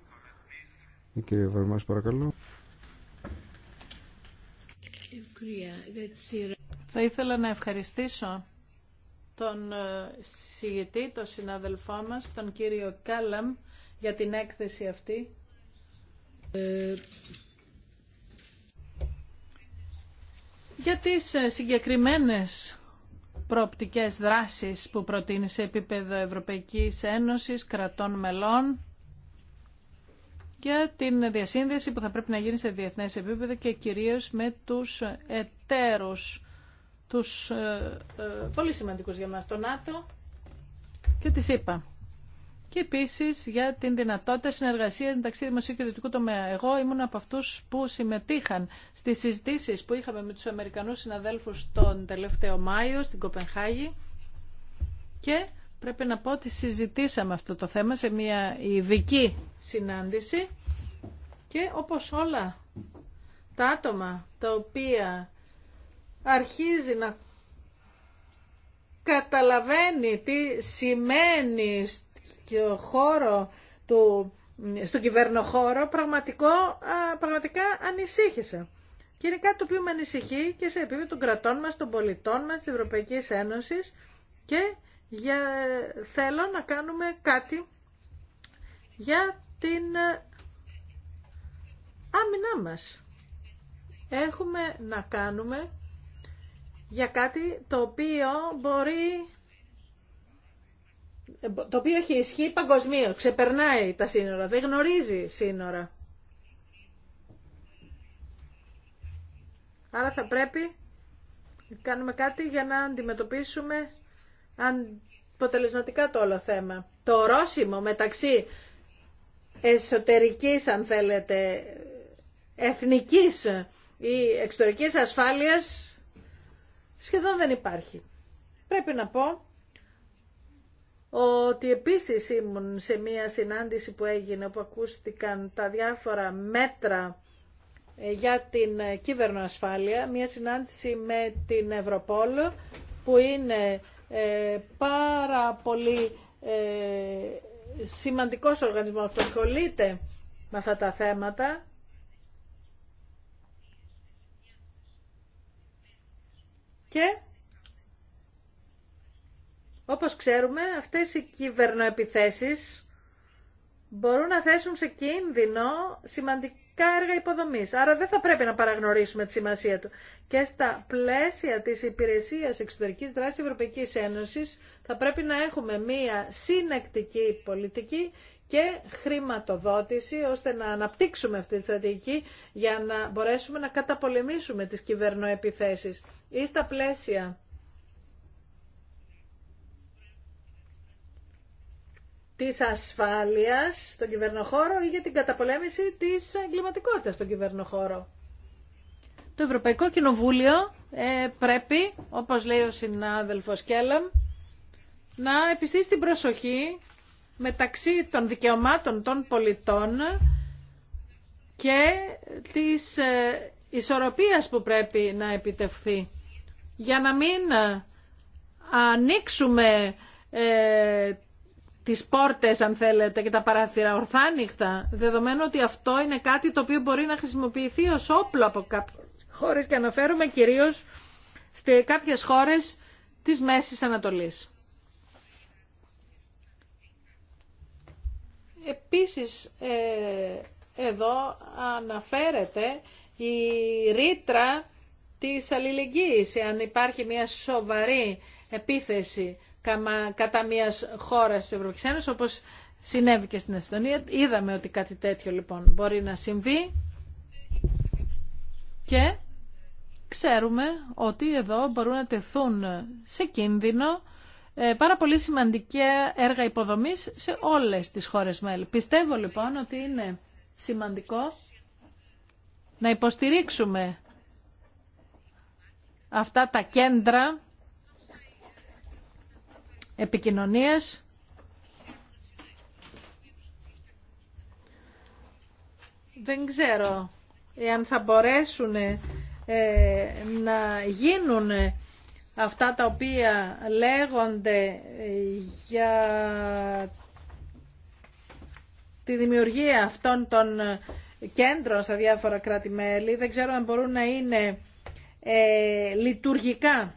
Η κυρία παρακαλώ. Θα ήθελα να ευχαριστήσω τον ε, συγητή, τον συναδελφό μας, τον κύριο Κάλαμ, για την έκθεση αυτή. Για τις ε, συγκεκριμένες προοπτικές δράσεις που προτείνει σε επίπεδο Ευρωπαϊκής Ένωσης, κρατών μελών, για την διασύνδεση που θα πρέπει να γίνει σε διεθνές επίπεδο και κυρίως με τους εταίρους, τους ε, ε, πολύ σημαντικούς για μας, το ΝΑΤΟ και τη ΕΠΑ. Και επίση για την δυνατότητα συνεργασία μεταξύ δημοσίου και ιδιωτικού τομέα. Εγώ ήμουν από αυτούς που συμμετείχαν στις συζητήσεις που είχαμε με τους Αμερικανούς συναδέλφου τον τελευταίο Μάιο στην Κοπενχάγη και Πρέπει να πω ότι συζητήσαμε αυτό το θέμα σε μια ειδική συνάντηση και όπως όλα τα άτομα τα οποία αρχίζει να καταλαβαίνει τι σημαίνει στο χώρο του, στο κυβερνοχώρο, πραγματικό, πραγματικά ανησύχησα. Και είναι κάτι το οποίο με ανησυχεί και σε επίπεδο των κρατών μας, των πολιτών μας, της Ευρωπαϊκής Ένωσης και για, θέλω να κάνουμε κάτι για την ε, άμυνά μας. Έχουμε να κάνουμε για κάτι το οποίο μπορεί ε, το οποίο έχει ισχύει παγκοσμίω, ξεπερνάει τα σύνορα, δεν γνωρίζει σύνορα. Άρα θα πρέπει να κάνουμε κάτι για να αντιμετωπίσουμε αν αποτελεσματικά το όλο θέμα. Το ορόσημο μεταξύ εσωτερικής, αν θέλετε, εθνικής ή εξωτερικής ασφάλειας σχεδόν δεν υπάρχει. Πρέπει να πω ότι επίσης ήμουν σε μία συνάντηση που έγινε όπου ακούστηκαν τα διάφορα μέτρα για την κύβερνοασφάλεια, μία συνάντηση με την Ευρωπόλο, που είναι ε, πάρα πολύ ε, σημαντικός οργανισμός που ασχολείται με αυτά τα θέματα και όπως ξέρουμε αυτές οι κυβερνοεπιθέσεις μπορούν να θέσουν σε κίνδυνο σημαντικό έργα υποδομής. Άρα δεν θα πρέπει να παραγνωρίσουμε τη σημασία του. Και στα πλαίσια της υπηρεσίας εξωτερικής δράσης Ευρωπαϊκή Ένωσης θα πρέπει να έχουμε μία συνεκτική πολιτική και χρηματοδότηση ώστε να αναπτύξουμε αυτή τη στρατηγική για να μπορέσουμε να καταπολεμήσουμε τις κυβερνοεπιθέσεις. Ή στα πλαίσια της ασφάλειας στον κυβερνοχώρο ή για την καταπολέμηση της εγκληματικότητα στον κυβερνοχώρο. Το Ευρωπαϊκό Κοινοβούλιο ε, πρέπει, όπως λέει ο συνάδελφος Κέλλαμ, να επιστήσει την προσοχή μεταξύ των δικαιωμάτων των πολιτών και της ε, ισορροπίας που πρέπει να επιτευχθεί. Για να μην ε, ανοίξουμε ε, τις πόρτες αν θέλετε και τα παράθυρα ορθάνυχτα, δεδομένου ότι αυτό είναι κάτι το οποίο μπορεί να χρησιμοποιηθεί ως όπλο από κάποιες χώρες και αναφέρομαι κυρίως σε κάποιες χώρες της Μέσης Ανατολής. Επίσης, ε, εδώ αναφέρεται η ρήτρα της αλληλεγγύης, αν υπάρχει μια σοβαρή επίθεση κατά μιας χώρας τη Ευρωπαϊκή Ένωση. όπως συνέβη και στην Εστονία. Είδαμε ότι κάτι τέτοιο λοιπόν μπορεί να συμβεί και ξέρουμε ότι εδώ μπορούν να τεθούν σε κίνδυνο ε, πάρα πολύ σημαντικά έργα υποδομής σε όλες τις χώρες μέλη. Πιστεύω λοιπόν ότι είναι σημαντικό να υποστηρίξουμε αυτά τα κέντρα Επικοινωνίες. Δεν ξέρω εάν θα μπορέσουν ε, να γίνουν αυτά τα οποία λέγονται ε, για τη δημιουργία αυτών των κέντρων στα διάφορα κράτη-μέλη. Δεν ξέρω αν μπορούν να είναι ε, λειτουργικά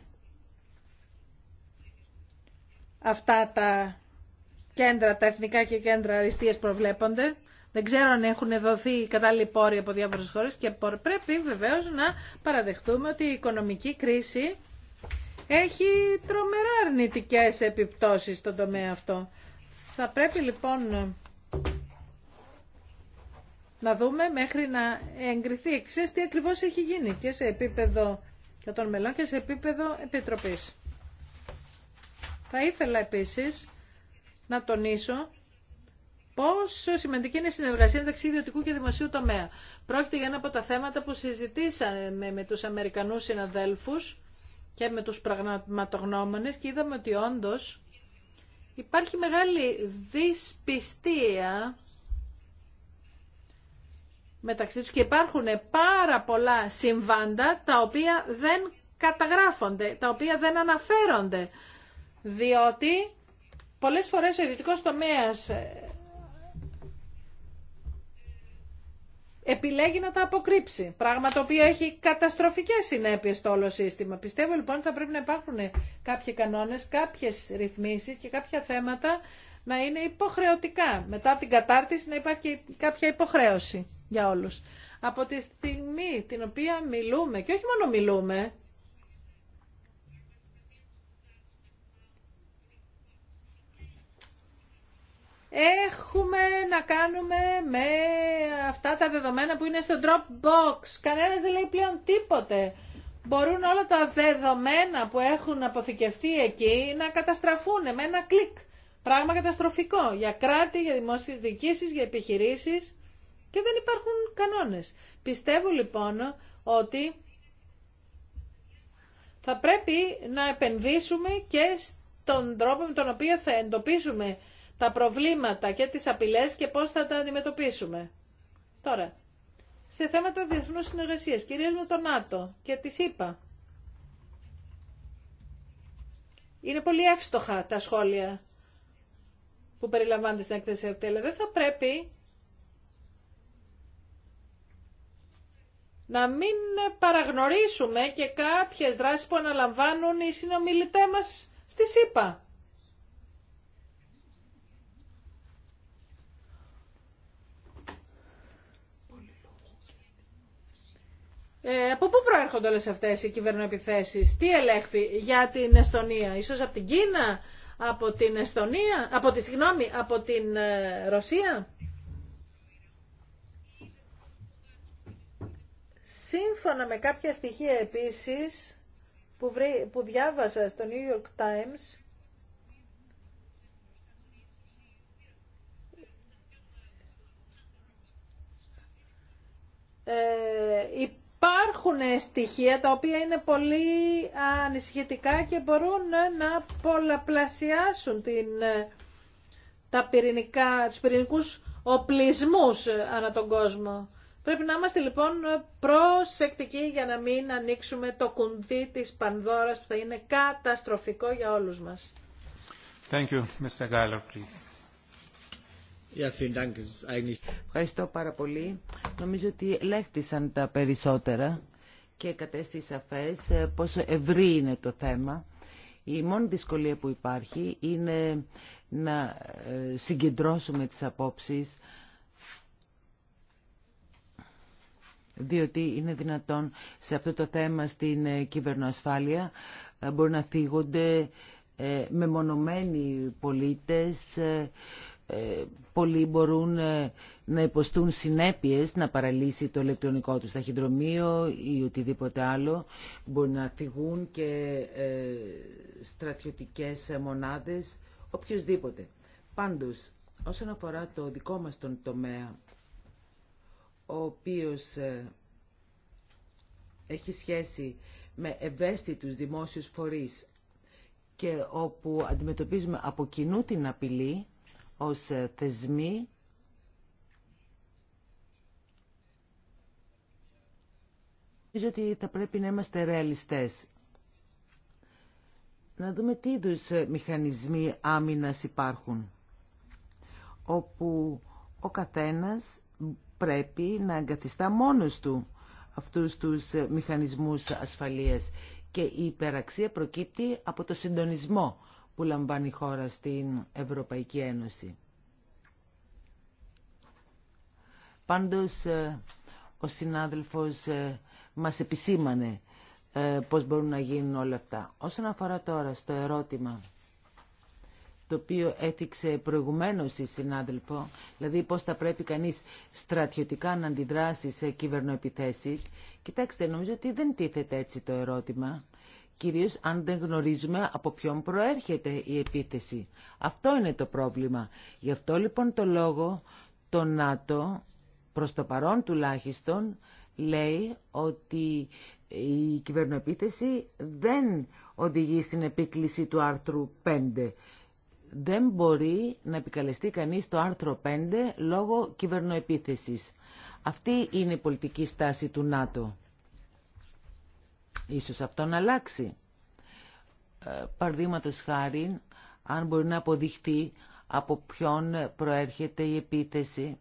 αυτά τα κέντρα, τα εθνικά και κέντρα αριστείας προβλέπονται. Δεν ξέρω αν έχουν δοθεί κατάλληλοι πόροι από διάφορε χώρε και πρέπει βεβαίω να παραδεχτούμε ότι η οικονομική κρίση έχει τρομερά αρνητικέ επιπτώσεις στον τομέα αυτό. Θα πρέπει λοιπόν να δούμε μέχρι να εγκριθεί εξής τι ακριβώς έχει γίνει και σε επίπεδο και των μελών και σε επίπεδο επιτροπής. Θα ήθελα επίσης να τονίσω πόσο σημαντική είναι η συνεργασία μεταξύ ιδιωτικού και δημοσίου τομέα. Πρόκειται για ένα από τα θέματα που συζητήσαμε με τους Αμερικανούς συναδέλφους και με τους πραγματογνώμονες και είδαμε ότι όντως υπάρχει μεγάλη δυσπιστία μεταξύ τους και υπάρχουν πάρα πολλά συμβάντα τα οποία δεν καταγράφονται, τα οποία δεν αναφέρονται διότι πολλές φορές ο ιδιωτικός τομέας ε, επιλέγει να τα αποκρύψει, πράγμα το οποίο έχει καταστροφικές συνέπειες στο όλο σύστημα. Πιστεύω λοιπόν ότι θα πρέπει να υπάρχουν κάποιοι κανόνες, κάποιες ρυθμίσεις και κάποια θέματα να είναι υποχρεωτικά. Μετά την κατάρτιση να υπάρχει κάποια υποχρέωση για όλους. Από τη στιγμή την οποία μιλούμε, και όχι μόνο μιλούμε, έχουμε να κάνουμε με αυτά τα δεδομένα που είναι στο Dropbox. Κανένας δεν λέει πλέον τίποτε. Μπορούν όλα τα δεδομένα που έχουν αποθηκευτεί εκεί να καταστραφούν με ένα κλικ. Πράγμα καταστροφικό για κράτη, για δημόσιες διοικήσεις, για επιχειρήσεις και δεν υπάρχουν κανόνες. Πιστεύω λοιπόν ότι θα πρέπει να επενδύσουμε και στον τρόπο με τον οποίο θα εντοπίσουμε τα προβλήματα και τις απειλές και πώς θα τα αντιμετωπίσουμε. Τώρα, σε θέματα διεθνούς συνεργασίας, κυρίως με το ΝΑΤΟ και τη ΣΥΠΑ. Είναι πολύ εύστοχα τα σχόλια που περιλαμβάνονται στην έκθεση αυτή, αλλά δεν θα πρέπει να μην παραγνωρίσουμε και κάποιες δράσεις που αναλαμβάνουν οι συνομιλητές μας στη ΣΥΠΑ. Ε, από πού προέρχονται όλες αυτές οι κυβερνοεπιθέσεις, τι ελέγχθη για την Εστονία, ίσως από την Κίνα, από την Εστονία, από τη, συγγνώμη, από την ε, Ρωσία. Σύμφωνα με κάποια στοιχεία επίσης που, που διάβασα στο New York Times, ε, υπάρχουν στοιχεία τα οποία είναι πολύ ανησυχητικά και μπορούν να πολλαπλασιάσουν την, ε, τα πυρηνικά, τους πυρηνικούς οπλισμούς ε, ανά τον κόσμο. Πρέπει να είμαστε λοιπόν προσεκτικοί για να μην ανοίξουμε το κουνδί της πανδώρας που θα είναι καταστροφικό για όλους μας. Thank you, Mr. Ευχαριστώ πάρα πολύ. Νομίζω ότι λέχτησαν τα περισσότερα και κατέστη σαφές ε, πόσο ευρύ είναι το θέμα. Η μόνη δυσκολία που υπάρχει είναι να ε, συγκεντρώσουμε τις απόψεις διότι είναι δυνατόν σε αυτό το θέμα στην ε, κυβερνοασφάλεια μπορεί να θίγονται μεμονωμένοι πολίτες ε, πολλοί μπορούν ε, να υποστούν συνέπειες να παραλύσει το ηλεκτρονικό τους ταχυδρομείο ή οτιδήποτε άλλο. Μπορεί να θυγούν και ε, στρατιωτικές μονάδες, οποιοδήποτε. Πάντως, όσον αφορά το δικό μας τον τομέα, ο οποίος έχει σχέση με ευαίσθητους δημόσιους φορείς και όπου αντιμετωπίζουμε από κοινού την απειλή, ως ε, θεσμοί Νομίζω ότι θα πρέπει να είμαστε ρεαλιστές. Να δούμε τι είδου ε, μηχανισμοί άμυνας υπάρχουν, όπου ο καθένας πρέπει να εγκαθιστά μόνος του αυτούς τους ε, μηχανισμούς ασφαλείας και η υπεραξία προκύπτει από το συντονισμό που λαμβάνει η χώρα στην Ευρωπαϊκή Ένωση. Πάντως, ε, ο συνάδελφος ε, μας επισήμανε ε, πώς μπορούν να γίνουν όλα αυτά. Όσον αφορά τώρα στο ερώτημα το οποίο έθιξε προηγουμένως η συνάδελφο, δηλαδή πώς θα πρέπει κανείς στρατιωτικά να αντιδράσει σε κυβερνοεπιθέσεις. Κοιτάξτε, νομίζω ότι δεν τίθεται έτσι το ερώτημα κυρίως αν δεν γνωρίζουμε από ποιον προέρχεται η επίθεση. Αυτό είναι το πρόβλημα. Γι' αυτό λοιπόν το λόγο το ΝΑΤΟ, προς το παρόν τουλάχιστον, λέει ότι η κυβερνοεπίθεση δεν οδηγεί στην επίκληση του άρθρου 5. Δεν μπορεί να επικαλεστεί κανείς το άρθρο 5 λόγω κυβερνοεπίθεσης. Αυτή είναι η πολιτική στάση του ΝΑΤΟ. Ίσως αυτό να αλλάξει. Ε, Παραδείγματο χάρη, αν μπορεί να αποδειχτεί από ποιον προέρχεται η επίθεση.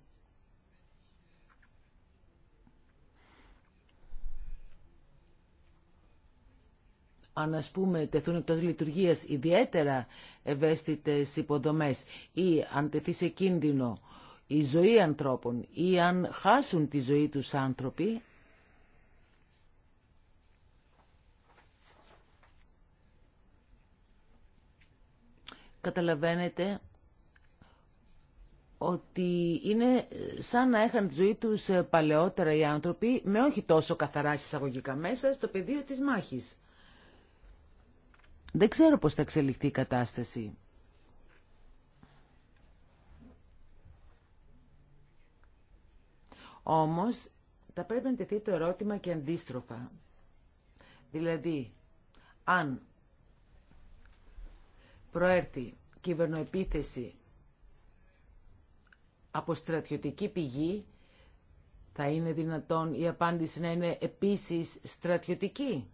αν ας πούμε τεθούν εκτός λειτουργίας ιδιαίτερα ευαίσθητες υποδομές ή αν τεθεί σε κίνδυνο η ζωή ανθρώπων ή αν χάσουν τη ζωή τους άνθρωποι, καταλαβαίνετε ότι είναι σαν να έχαν τη ζωή τους ε, παλαιότερα οι άνθρωποι με όχι τόσο καθαρά εισαγωγικά μέσα στο πεδίο της μάχης. Δεν ξέρω πώς θα εξελιχθεί η κατάσταση. Όμως, θα πρέπει να τεθεί το ερώτημα και αντίστροφα. Δηλαδή, αν προέρθει κυβερνοεπίθεση από στρατιωτική πηγή, θα είναι δυνατόν η απάντηση να είναι επίσης στρατιωτική.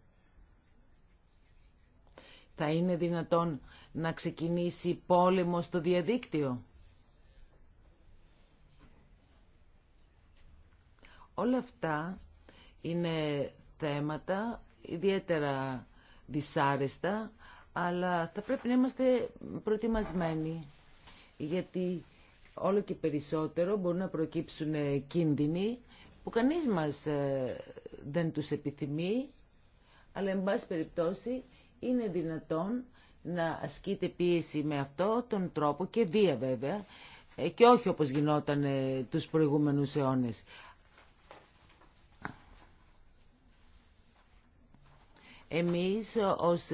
Θα είναι δυνατόν να ξεκινήσει πόλεμο στο διαδίκτυο. Όλα αυτά είναι θέματα ιδιαίτερα δυσάρεστα αλλά θα πρέπει να είμαστε προετοιμασμένοι γιατί όλο και περισσότερο μπορούν να προκύψουν κίνδυνοι που κανείς μας ε, δεν τους επιθυμεί αλλά εν πάση περιπτώσει είναι δυνατόν να ασκείται πίεση με αυτό τον τρόπο και βία βέβαια ε, και όχι όπως γινόταν ε, τους προηγούμενους αιώνες. Εμείς ως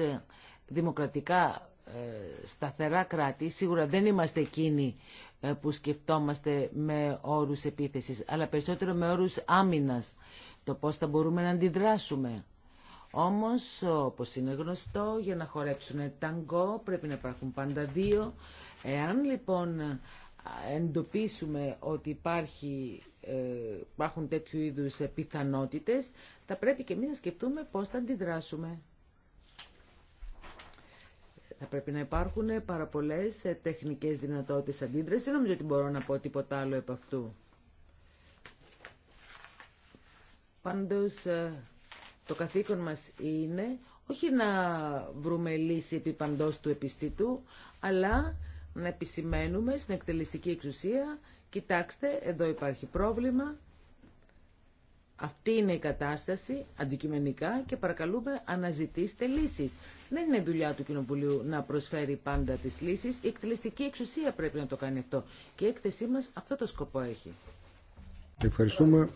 δημοκρατικά ε, σταθερά κράτη, σίγουρα δεν είμαστε εκείνοι ε, που σκεφτόμαστε με όρους επίθεσης, αλλά περισσότερο με όρους άμυνας, το πώς θα μπορούμε να αντιδράσουμε. Όμως, όπως είναι γνωστό, για να χορέψουν ταγκό πρέπει να υπάρχουν πάντα δύο. Εάν λοιπόν εντοπίσουμε ότι υπάρχει, ε, υπάρχουν τέτοιου είδους πιθανότητες, θα πρέπει και εμείς να σκεφτούμε πώς θα αντιδράσουμε. Θα πρέπει να υπάρχουν πάρα πολλέ ε, τεχνικές δυνατότητε αντίδραση. Δεν νομίζω ότι μπορώ να πω τίποτα άλλο επ' αυτού. Ε, το καθήκον μας είναι όχι να βρούμε λύση επί παντός του επιστήτου, αλλά να επισημαίνουμε στην εκτελεστική εξουσία, κοιτάξτε, εδώ υπάρχει πρόβλημα, αυτή είναι η κατάσταση αντικειμενικά και παρακαλούμε αναζητήστε λύσεις. Δεν είναι δουλειά του Κοινοβουλίου να προσφέρει πάντα τις λύσεις. Η εκτελεστική εξουσία πρέπει να το κάνει αυτό. Και η έκθεσή μας αυτό το σκοπό έχει. Ευχαριστούμε.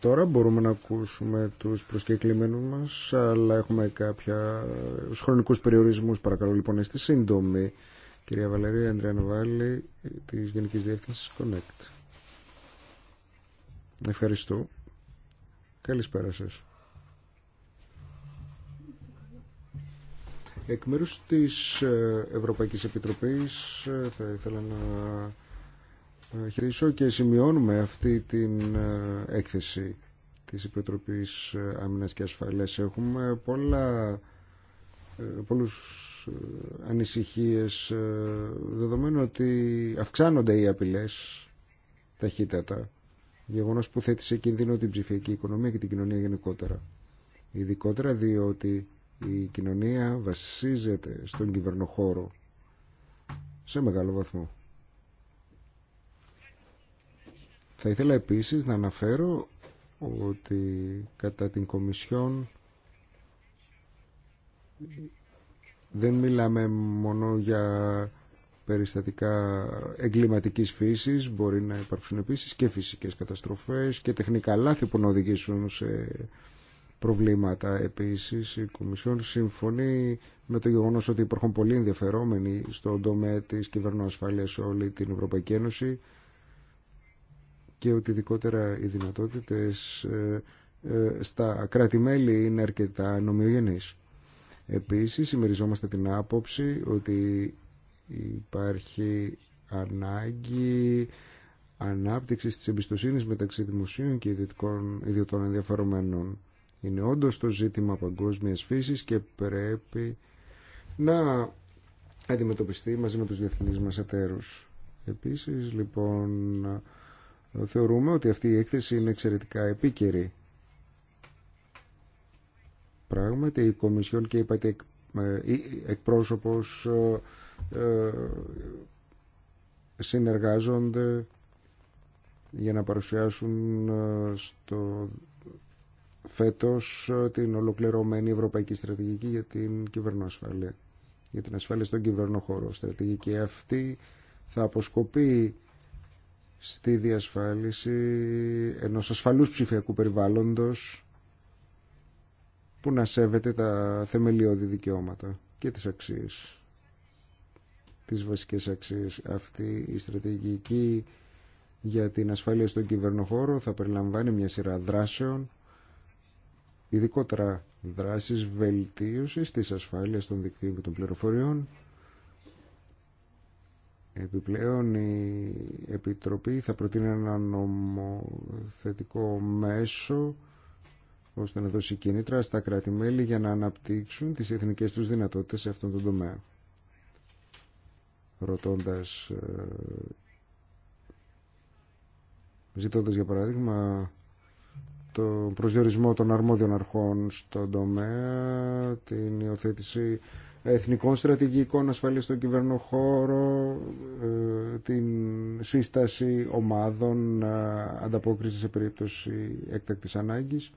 Τώρα μπορούμε να ακούσουμε τους προσκεκλημένους μας, αλλά έχουμε κάποια χρονικούς περιορισμούς. Παρακαλώ λοιπόν είστε σύντομοι. Κυρία Βαλερία Νοβάλη, της Γενικής Διεύθυνσης Connect. Ευχαριστώ. Καλησπέρα σας. Εκ μέρου τη ε, Ευρωπαϊκή Επιτροπή ε, θα ήθελα να χειρισώ και σημειώνουμε αυτή την ε, έκθεση της Επιτροπής Άμυνας και Ασφαλές. Έχουμε πολλά, πολλούς ανησυχίες δεδομένου ότι αυξάνονται οι απειλές ταχύτατα γεγονό που θέτει σε κίνδυνο την ψηφιακή οικονομία και την κοινωνία γενικότερα. Ειδικότερα διότι η κοινωνία βασίζεται στον κυβερνοχώρο σε μεγάλο βαθμό. Θα ήθελα επίσης να αναφέρω ότι κατά την Κομισιόν δεν μιλάμε μόνο για περιστατικά εγκληματικής φύσης, μπορεί να υπάρξουν επίσης και φυσικές καταστροφές και τεχνικά λάθη που να οδηγήσουν σε προβλήματα. Επίσης, η Κομισιόν συμφωνεί με το γεγονός ότι υπάρχουν πολύ ενδιαφερόμενοι στον τομέα της κυβερνοασφάλειας σε όλη την Ευρωπαϊκή Ένωση και ότι ειδικότερα οι δυνατότητες ε, ε, στα κράτη-μέλη είναι αρκετά νομιογενείς. Επίσης, συμμεριζόμαστε την άποψη ότι Υπάρχει ανάγκη ανάπτυξη της εμπιστοσύνης μεταξύ δημοσίων και ιδιωτικών, ιδιωτών ενδιαφερομένων. Είναι όντω το ζήτημα παγκόσμιας φύσης και πρέπει να αντιμετωπιστεί μαζί με τους διεθνείς μα εταίρους. Επίσης, λοιπόν, θεωρούμε ότι αυτή η έκθεση είναι εξαιρετικά επίκαιρη. Πράγματι, η Κομισιόν και η ΠΑΤΕΚ εκπρόσωπος ε, ε, συνεργάζονται για να παρουσιάσουν ε, στο φέτος την ολοκληρωμένη ευρωπαϊκή στρατηγική για την κυβερνοασφάλεια για την ασφάλεια στον κυβερνοχώρο στρατηγική αυτή θα αποσκοπεί στη διασφάλιση ενός ασφαλούς ψηφιακού περιβάλλοντος που να σέβεται τα θεμελιώδη δικαιώματα και τις αξίες, τις βασικές αξίες. Αυτή η στρατηγική για την ασφάλεια στον κυβερνοχώρο θα περιλαμβάνει μια σειρά δράσεων, ειδικότερα δράσεις βελτίωσης της ασφάλειας των δικτύων και των πληροφοριών. Επιπλέον η Επιτροπή θα προτείνει ένα νομοθετικό μέσο ώστε να δώσει κίνητρα στα κράτη-μέλη για να αναπτύξουν τις εθνικές τους δυνατότητες σε αυτόν τον τομέα. Ρωτώντας, ε, ζητώντας για παράδειγμα το προσδιορισμό των αρμόδιων αρχών στον τομέα, την υιοθέτηση εθνικών στρατηγικών ασφαλείας στον κυβερνοχώρο, ε, την σύσταση ομάδων ε, ανταπόκρισης σε περίπτωση έκτακτης ανάγκης.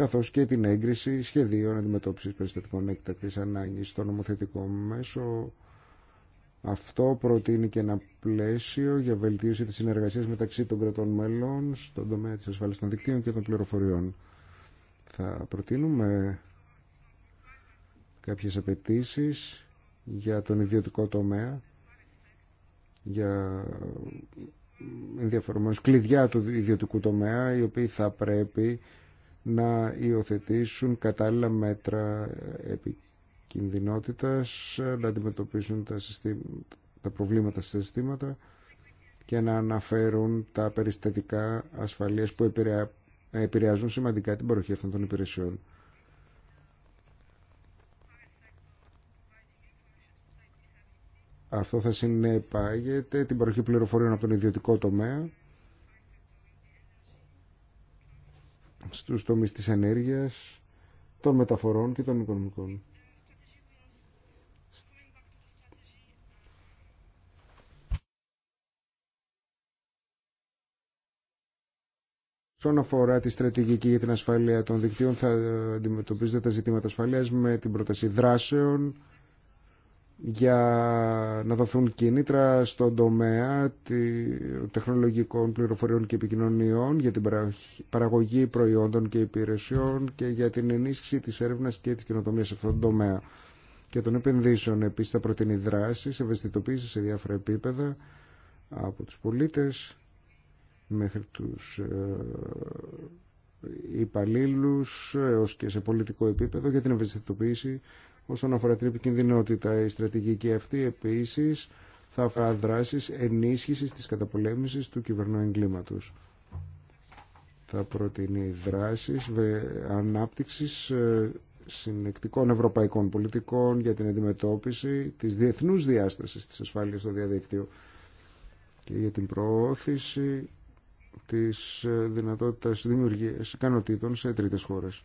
καθώς και την έγκριση σχεδίων αντιμετώπισης περιστατικών έκτακτης ανάγκης στο νομοθετικό μέσο. Αυτό προτείνει και ένα πλαίσιο για βελτίωση της συνεργασίας μεταξύ των κρατών μέλων στον τομέα της ασφάλειας των δικτύων και των πληροφοριών. Θα προτείνουμε κάποιες απαιτήσει για τον ιδιωτικό τομέα, για ενδιαφορμένους κλειδιά του ιδιωτικού τομέα, οι οποίοι θα πρέπει να υιοθετήσουν κατάλληλα μέτρα επικινδυνότητας, να αντιμετωπίσουν τα, συστήματα, τα προβλήματα στα συστήματα και να αναφέρουν τα περιστατικά ασφαλείας που επηρεάζουν σημαντικά την παροχή αυτών των υπηρεσιών. Αυτό θα συνεπάγεται την παροχή πληροφοριών από τον ιδιωτικό τομέα στους τομείς της ενέργειας, των μεταφορών και των οικονομικών. Στον αφορά τη στρατηγική για την ασφαλεία των δικτύων, θα αντιμετωπίζετε τα ζητήματα ασφαλείας με την πρόταση δράσεων, για να δοθούν κίνητρα στον τομέα τεχνολογικών πληροφοριών και επικοινωνιών για την παραγωγή προϊόντων και υπηρεσιών και για την ενίσχυση της έρευνας και της καινοτομίας σε αυτόν τον τομέα και των επενδύσεων. Επίσης θα προτείνει δράσεις, ευαισθητοποίηση σε διάφορα επίπεδα από τους πολίτες μέχρι τους ε, υπαλλήλου έως και σε πολιτικό επίπεδο για την ευαισθητοποίηση Όσον αφορά την επικινδυνότητα, η στρατηγική αυτή επίσης θα αφορά δράσεις ενίσχυσης της καταπολέμησης του κυβερνού εγκλήματο. Θα προτείνει δράσεις ανάπτυξης ε, συνεκτικών ευρωπαϊκών πολιτικών για την αντιμετώπιση της διεθνούς διάσταση της ασφάλειας στο διαδίκτυο και για την προώθηση της ε, δυνατότητας δημιουργίας ικανοτήτων σε τρίτες χώρες.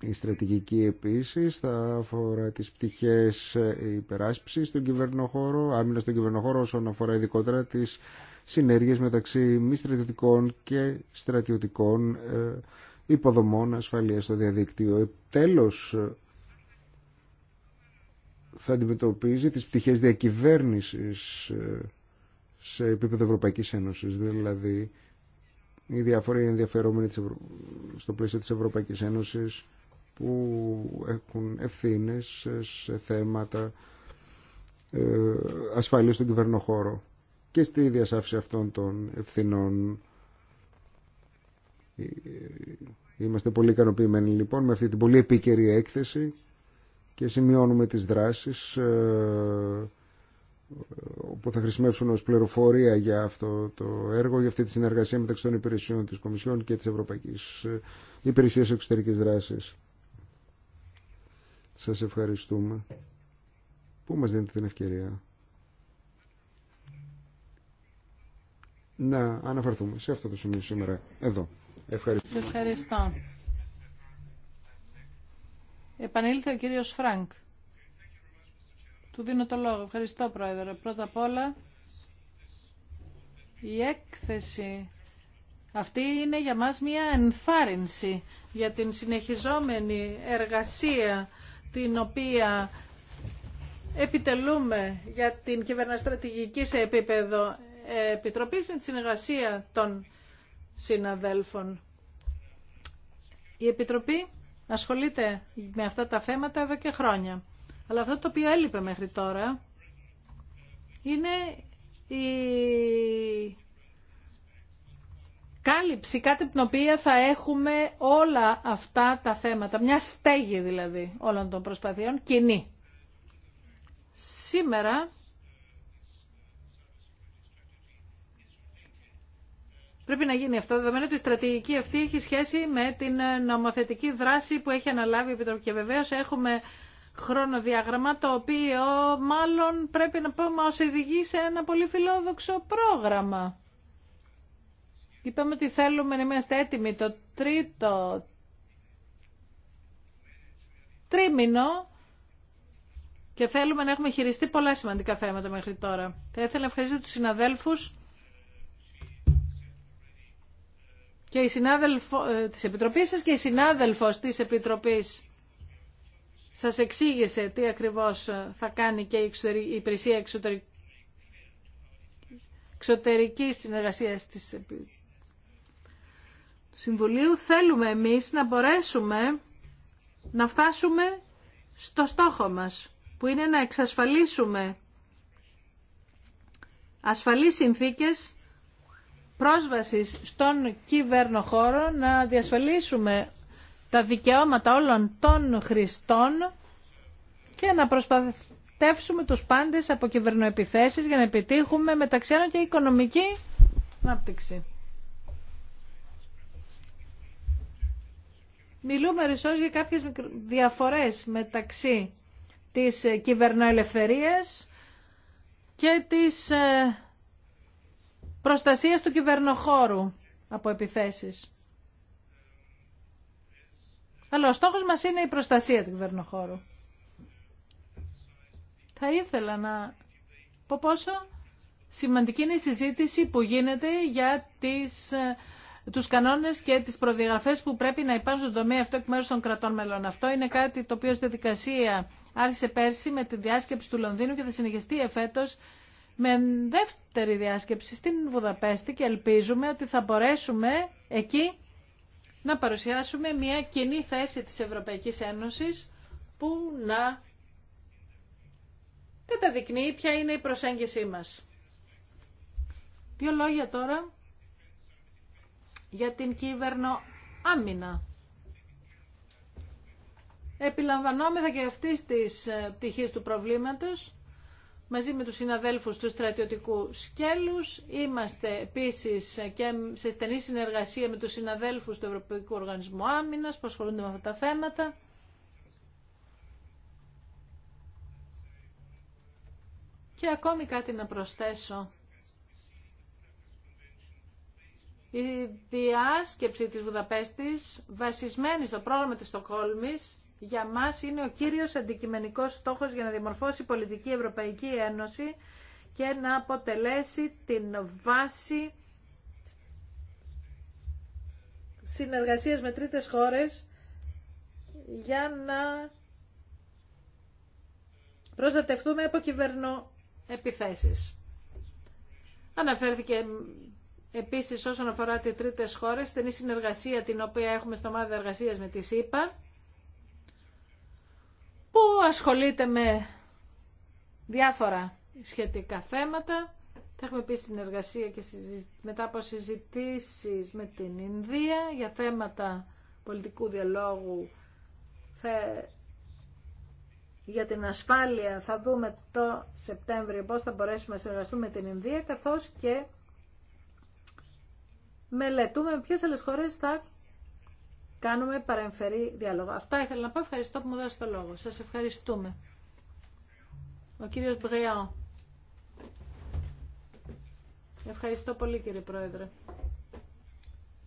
Η στρατηγική επίσης θα αφορά τις πτυχές υπεράσπισης στον κυβερνοχώρο, άμυνα στον κυβερνοχώρο όσον αφορά ειδικότερα τις συνέργειες μεταξύ μη στρατιωτικών και στρατιωτικών ε, υποδομών ασφαλείας στο διαδίκτυο. Ε, τέλος, ε, θα αντιμετωπίζει τις πτυχές διακυβέρνησης σε επίπεδο Ευρωπαϊκής Ένωσης, δηλαδή οι διάφοροι ενδιαφερόμενοι στο πλαίσιο της Ευρωπαϊκής Ένωσης που έχουν ευθύνες σε θέματα ε, ασφαλείας στον κυβερνοχώρο και στη διασάφηση αυτών των ευθυνών. Ε, είμαστε πολύ ικανοποιημένοι λοιπόν με αυτή την πολύ επίκαιρη έκθεση και σημειώνουμε τις δράσεις ε, που θα χρησιμεύσουν ως πληροφορία για αυτό το έργο, για αυτή τη συνεργασία μεταξύ των υπηρεσιών της Κομισιόν και της Ευρωπαϊκής Υπηρεσίας Εξωτερικής Δράσης. Σας ευχαριστούμε που μας δίνετε την ευκαιρία να αναφερθούμε σε αυτό το σημείο σήμερα εδώ. Ευχαριστώ. ευχαριστώ. Επανήλθε ο κύριος Φρανκ. Του δίνω το λόγο. Ευχαριστώ, Πρόεδρε. Πρώτα απ' όλα, η έκθεση αυτή είναι για μας μια ενθάρρυνση για την συνεχιζόμενη εργασία την οποία επιτελούμε για την κυβερνοστρατηγική σε επίπεδο επιτροπής με τη συνεργασία των συναδέλφων. Η Επιτροπή ασχολείται με αυτά τα θέματα εδώ και χρόνια. Αλλά αυτό το οποίο έλειπε μέχρι τώρα είναι η κάλυψη, κάτι από την οποία θα έχουμε όλα αυτά τα θέματα, μια στέγη δηλαδή όλων των προσπαθειών κοινή. Σήμερα πρέπει να γίνει αυτό, δεδομένου ότι η στρατηγική αυτή έχει σχέση με την νομοθετική δράση που έχει αναλάβει η Επιτροπή. Και βεβαίω έχουμε χρονοδιάγραμμα το οποίο μάλλον πρέπει να πούμε ως σε ένα πολύ φιλόδοξο πρόγραμμα. Είπαμε ότι θέλουμε να είμαστε έτοιμοι το τρίτο τρίμηνο και θέλουμε να έχουμε χειριστεί πολλά σημαντικά θέματα μέχρι τώρα. Θα ήθελα να ευχαριστήσω τους συναδέλφους και η συνάδελφο, ε, της Επιτροπής σας και η συνάδελφος της Επιτροπής σας εξήγησε τι ακριβώς θα κάνει και η, υπηρεσία εξωτερική, εξωτερικής συνεργασίας της Επιτροπής Συμβουλίου θέλουμε εμείς να μπορέσουμε να φτάσουμε στο στόχο μας, που είναι να εξασφαλίσουμε ασφαλείς συνθήκες πρόσβασης στον κυβέρνο χώρο, να διασφαλίσουμε τα δικαιώματα όλων των χρηστών και να προσπαθεύσουμε τους πάντες από κυβερνοεπιθέσεις για να επιτύχουμε μεταξύ άλλων και οικονομική ανάπτυξη. μιλούμε ρησό για κάποιες διαφορές μεταξύ της ε, κυβερνοελευθερίας και της ε, προστασίας του κυβερνοχώρου από επιθέσεις. Αλλά ο στόχος μας είναι η προστασία του κυβερνοχώρου. Θα ήθελα να πω πόσο σημαντική είναι η συζήτηση που γίνεται για τις ε, τους κανόνες και τις προδιαγραφές που πρέπει να υπάρχουν στον τομέα αυτό εκ μέρου των κρατών μελών. Αυτό είναι κάτι το οποίο στη δικασία άρχισε πέρσι με τη διάσκεψη του Λονδίνου και θα συνεχιστεί εφέτος με δεύτερη διάσκεψη στην Βουδαπέστη και ελπίζουμε ότι θα μπορέσουμε εκεί να παρουσιάσουμε μια κοινή θέση της Ευρωπαϊκής Ένωσης που να καταδεικνύει ποια είναι η προσέγγιση μας. Δύο λόγια τώρα για την κύβερνο άμυνα. Επιλαμβανόμεθα και αυτή της ε, πτυχής του προβλήματος μαζί με τους συναδέλφους του στρατιωτικού σκέλους. Είμαστε επίσης ε, και σε στενή συνεργασία με τους συναδέλφους του Ευρωπαϊκού Οργανισμού Άμυνας που ασχολούνται με αυτά τα θέματα. Και ακόμη κάτι να προσθέσω Η διάσκεψη της Βουδαπέστης, βασισμένη στο πρόγραμμα της Στοκχόλμης, για μας είναι ο κύριος αντικειμενικός στόχος για να δημορφώσει πολιτική Ευρωπαϊκή Ένωση και να αποτελέσει την βάση συνεργασίας με τρίτες χώρες για να προστατευτούμε από κυβερνοεπιθέσεις. Αναφέρθηκε Επίσης όσον αφορά τις τρίτες χώρες, στενή συνεργασία την οποία έχουμε στο ομάδα εργασίας με τη ΣΥΠΑ, που ασχολείται με διάφορα σχετικά θέματα. Θα έχουμε επίσης συνεργασία και μετά από συζητήσει με την Ινδία για θέματα πολιτικού διαλόγου για την ασφάλεια θα δούμε το Σεπτέμβριο πώς θα μπορέσουμε να συνεργαστούμε με την Ινδία καθώς και μελετούμε με ποιες άλλες χώρες θα κάνουμε παρεμφερή διάλογο. Αυτά ήθελα να πω. Ευχαριστώ που μου δώσετε το λόγο. Σας ευχαριστούμε. Ο κύριος Μπριά. Ευχαριστώ πολύ κύριε Πρόεδρε.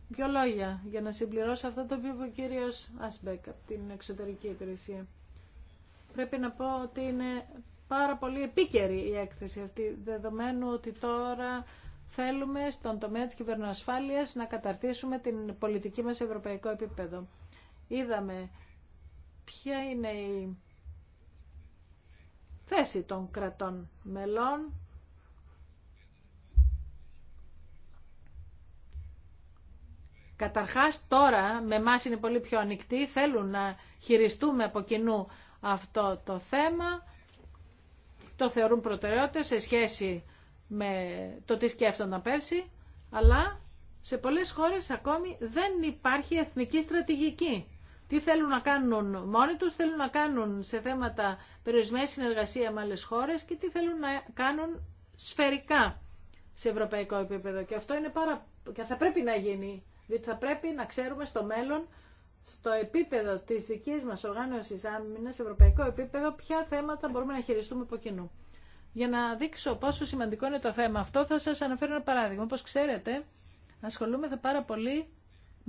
Δυο λόγια για να συμπληρώσω αυτό το οποίο είπε ο κύριος Ασμπέκ από την εξωτερική υπηρεσία. Πρέπει να πω ότι είναι πάρα πολύ επίκαιρη η έκθεση αυτή, δεδομένου ότι τώρα θέλουμε στον τομέα της κυβερνοασφάλειας να καταρτήσουμε την πολιτική μας ευρωπαϊκό επίπεδο. Είδαμε ποια είναι η θέση των κρατών μελών Καταρχάς τώρα με εμά είναι πολύ πιο ανοιχτοί, θέλουν να χειριστούμε από κοινού αυτό το θέμα. Το θεωρούν προτεραιότητα σε σχέση με το τι σκέφτονταν πέρσι, αλλά σε πολλές χώρες ακόμη δεν υπάρχει εθνική στρατηγική. Τι θέλουν να κάνουν μόνοι τους, θέλουν να κάνουν σε θέματα περιορισμένη συνεργασία με άλλες χώρες και τι θέλουν να κάνουν σφαιρικά σε ευρωπαϊκό επίπεδο. Και αυτό είναι πάρα... και θα πρέπει να γίνει, διότι θα πρέπει να ξέρουμε στο μέλλον στο επίπεδο της δικής μας οργάνωσης άμυνας, σε ευρωπαϊκό επίπεδο, ποια θέματα μπορούμε να χειριστούμε από κοινού. Για να δείξω πόσο σημαντικό είναι το θέμα αυτό, θα σας αναφέρω ένα παράδειγμα. Όπως ξέρετε, ασχολούμαι πάρα πολύ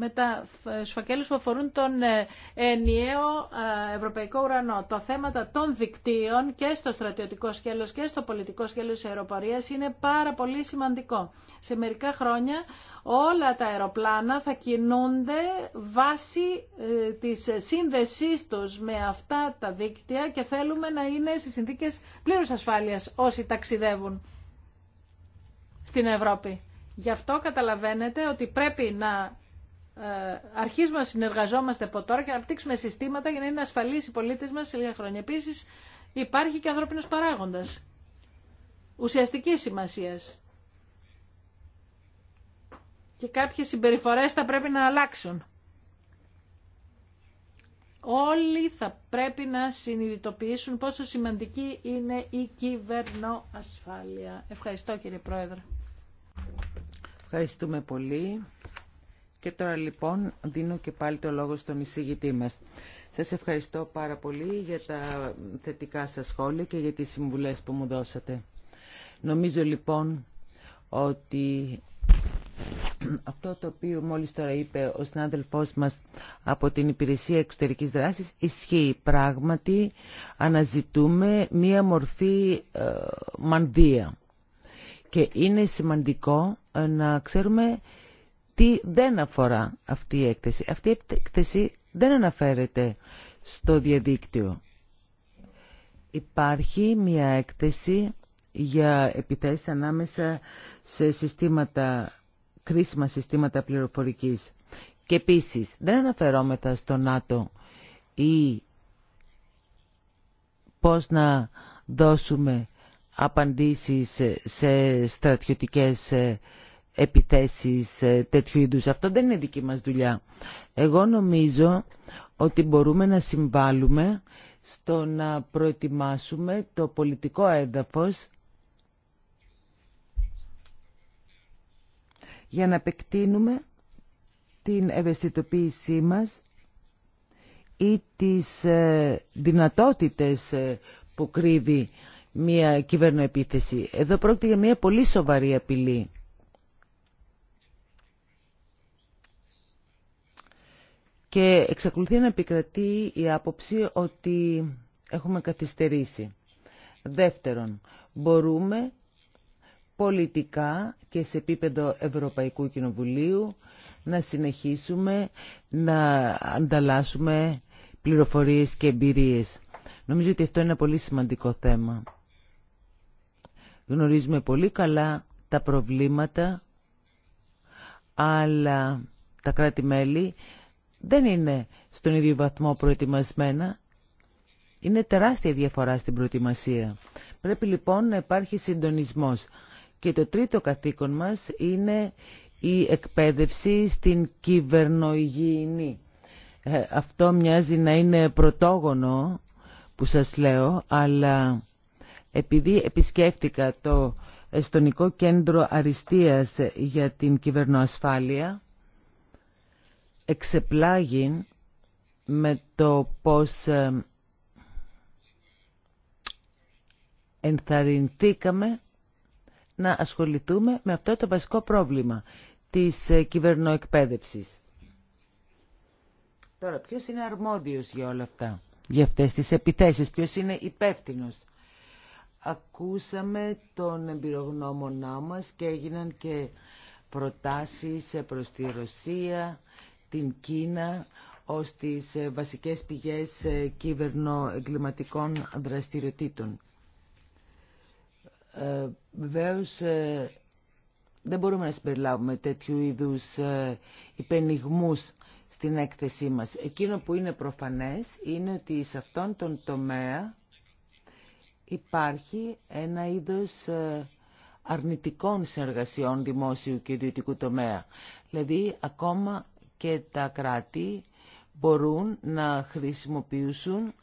με τα σφακέλους που αφορούν τον ε, ενιαίο ε, ευρωπαϊκό ουρανό. Τα θέματα των δικτύων και στο στρατιωτικό σκέλος και στο πολιτικό σκέλος της αεροπορίας είναι πάρα πολύ σημαντικό. Σε μερικά χρόνια όλα τα αεροπλάνα θα κινούνται βάσει ε, της σύνδεσής τους με αυτά τα δίκτυα και θέλουμε να είναι σε συνθήκες πλήρους ασφάλειας όσοι ταξιδεύουν στην Ευρώπη. Γι' αυτό καταλαβαίνετε ότι πρέπει να ε, αρχίζουμε να συνεργαζόμαστε από τώρα και να απτύξουμε συστήματα για να είναι ασφαλείς οι πολίτες μας σε λίγα χρόνια. Επίση υπάρχει και ανθρώπινος παράγοντας ουσιαστικής σημασίας. Και κάποιες συμπεριφορές θα πρέπει να αλλάξουν. Όλοι θα πρέπει να συνειδητοποιήσουν πόσο σημαντική είναι η κυβερνοασφάλεια. Ευχαριστώ κύριε Πρόεδρε. Ευχαριστούμε πολύ. Και τώρα λοιπόν δίνω και πάλι το λόγο στον εισηγητή μας. Σας ευχαριστώ πάρα πολύ για τα θετικά σας σχόλια και για τις συμβουλές που μου δώσατε. Νομίζω λοιπόν ότι αυτό το οποίο μόλις τώρα είπε ο συνάδελφός μας από την Υπηρεσία Εξωτερικής Δράσης ισχύει πράγματι αναζητούμε μία μορφή ε, και είναι σημαντικό ε, να ξέρουμε τι δεν αφορά αυτή η έκθεση. Αυτή η έκθεση δεν αναφέρεται στο διαδίκτυο. Υπάρχει μια έκθεση για επιθέσεις ανάμεσα σε συστήματα, κρίσιμα συστήματα πληροφορικής. Και επίσης δεν αναφερόμεθα στο ΝΑΤΟ ή πώς να δώσουμε απαντήσεις σε στρατιωτικές επιθέσεις ε, τέτοιου είδους. Αυτό δεν είναι δική μας δουλειά. Εγώ νομίζω ότι μπορούμε να συμβάλλουμε στο να προετοιμάσουμε το πολιτικό έδαφος για να επεκτείνουμε την ευαισθητοποίησή μας ή τις ε, δυνατότητες ε, που κρύβει μια κυβερνοεπίθεση. Εδώ πρόκειται για μια πολύ σοβαρή απειλή. και εξακολουθεί να επικρατεί η άποψη ότι έχουμε καθυστερήσει. Δεύτερον, μπορούμε πολιτικά και σε επίπεδο Ευρωπαϊκού Κοινοβουλίου να συνεχίσουμε να ανταλλάσσουμε πληροφορίες και εμπειρίες. Νομίζω ότι αυτό είναι ένα πολύ σημαντικό θέμα. Γνωρίζουμε πολύ καλά τα προβλήματα, αλλά τα κράτη-μέλη δεν είναι στον ίδιο βαθμό προετοιμασμένα. Είναι τεράστια διαφορά στην προετοιμασία. Πρέπει λοιπόν να υπάρχει συντονισμός. Και το τρίτο καθήκον μας είναι η εκπαίδευση στην κυβερνοϊγιεινή. Ε, αυτό μοιάζει να είναι πρωτόγονο που σας λέω, αλλά επειδή επισκέφτηκα το Εστονικό Κέντρο Αριστείας για την Κυβερνοασφάλεια, εξεπλάγει με το πώς ε, ενθαρρυνθήκαμε να ασχοληθούμε με αυτό το βασικό πρόβλημα της ε, κυβερνοεκπαίδευσης. Τώρα, ποιος είναι αρμόδιος για όλα αυτά, για αυτές τις επιθέσεις, ποιος είναι υπεύθυνο. Ακούσαμε τον εμπειρογνώμονά μας και έγιναν και προτάσεις ε, προς τη Ρωσία την Κίνα ως τις ε, βασικές πηγές ε, κυβερνοεγκληματικών δραστηριοτήτων. Ε, Βεβαίω ε, δεν μπορούμε να συμπεριλάβουμε τέτοιου είδους υπενιγμούς στην έκθεσή μας. Εκείνο που είναι προφανές είναι ότι σε αυτόν τον τομέα υπάρχει ένα είδος αρνητικών συνεργασιών δημόσιου και ιδιωτικού τομέα. Δηλαδή ακόμα και τα κράτη μπορούν να χρησιμοποιήσουν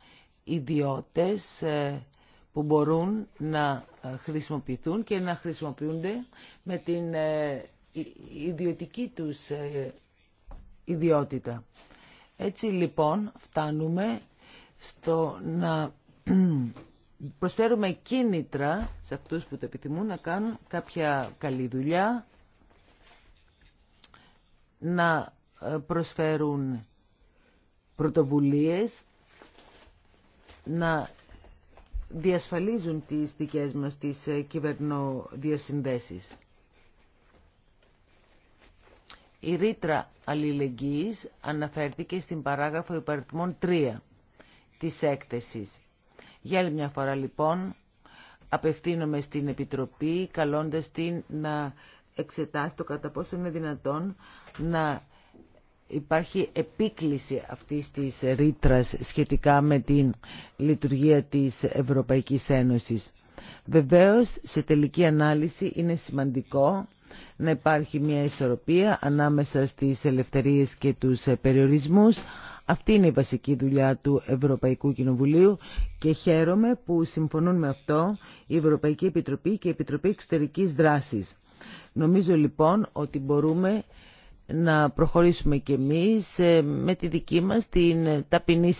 ιδιώτες ε, που μπορούν να ε, χρησιμοποιηθούν και να χρησιμοποιούνται με την ε, ιδιωτική τους ιδιότητα. Έτσι λοιπόν φτάνουμε στο να προσφέρουμε κίνητρα σε αυτούς που το επιθυμούν να κάνουν κάποια καλή δουλειά, να ε, προσφέρουν πρωτοβουλίες να διασφαλίζουν τις δικές μας τις ε, κυβερνοδιασυνδέσεις. Η ρήτρα αλληλεγγύης αναφέρθηκε στην παράγραφο υπαριθμών 3 της έκθεσης. Για άλλη μια φορά λοιπόν απευθύνομαι στην Επιτροπή καλώντας την να εξετάσει το κατά πόσο είναι δυνατόν να υπάρχει επίκληση αυτής της ρήτρα σχετικά με την λειτουργία της Ευρωπαϊκής Ένωσης. Βεβαίως, σε τελική ανάλυση είναι σημαντικό να υπάρχει μια ισορροπία ανάμεσα στις ελευθερίες και τους περιορισμούς. Αυτή είναι η βασική δουλειά του Ευρωπαϊκού Κοινοβουλίου και χαίρομαι που συμφωνούν με αυτό η Ευρωπαϊκή Επιτροπή και η Επιτροπή Εξωτερικής Δράσης. Νομίζω λοιπόν ότι μπορούμε να προχωρήσουμε κι εμείς ε, με τη δική μας την ταπεινή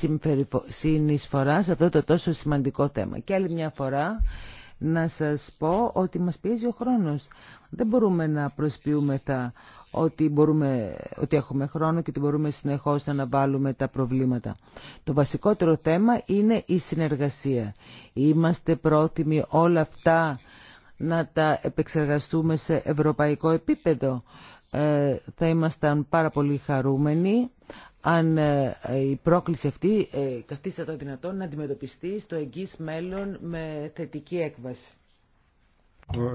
συνεισφορά σε αυτό το τόσο σημαντικό θέμα. Και άλλη μια φορά να σας πω ότι μας πιέζει ο χρόνος. Δεν μπορούμε να τα ότι, μπορούμε, ότι έχουμε χρόνο και ότι μπορούμε συνεχώς να αναβάλουμε τα προβλήματα. Το βασικότερο θέμα είναι η συνεργασία. Είμαστε πρόθυμοι όλα αυτά να τα επεξεργαστούμε σε ευρωπαϊκό επίπεδο. Ε, θα ήμασταν πάρα πολύ χαρούμενοι αν ε, η πρόκληση αυτή ε, το δυνατόν να αντιμετωπιστεί στο εγγύς μέλλον με θετική έκβαση.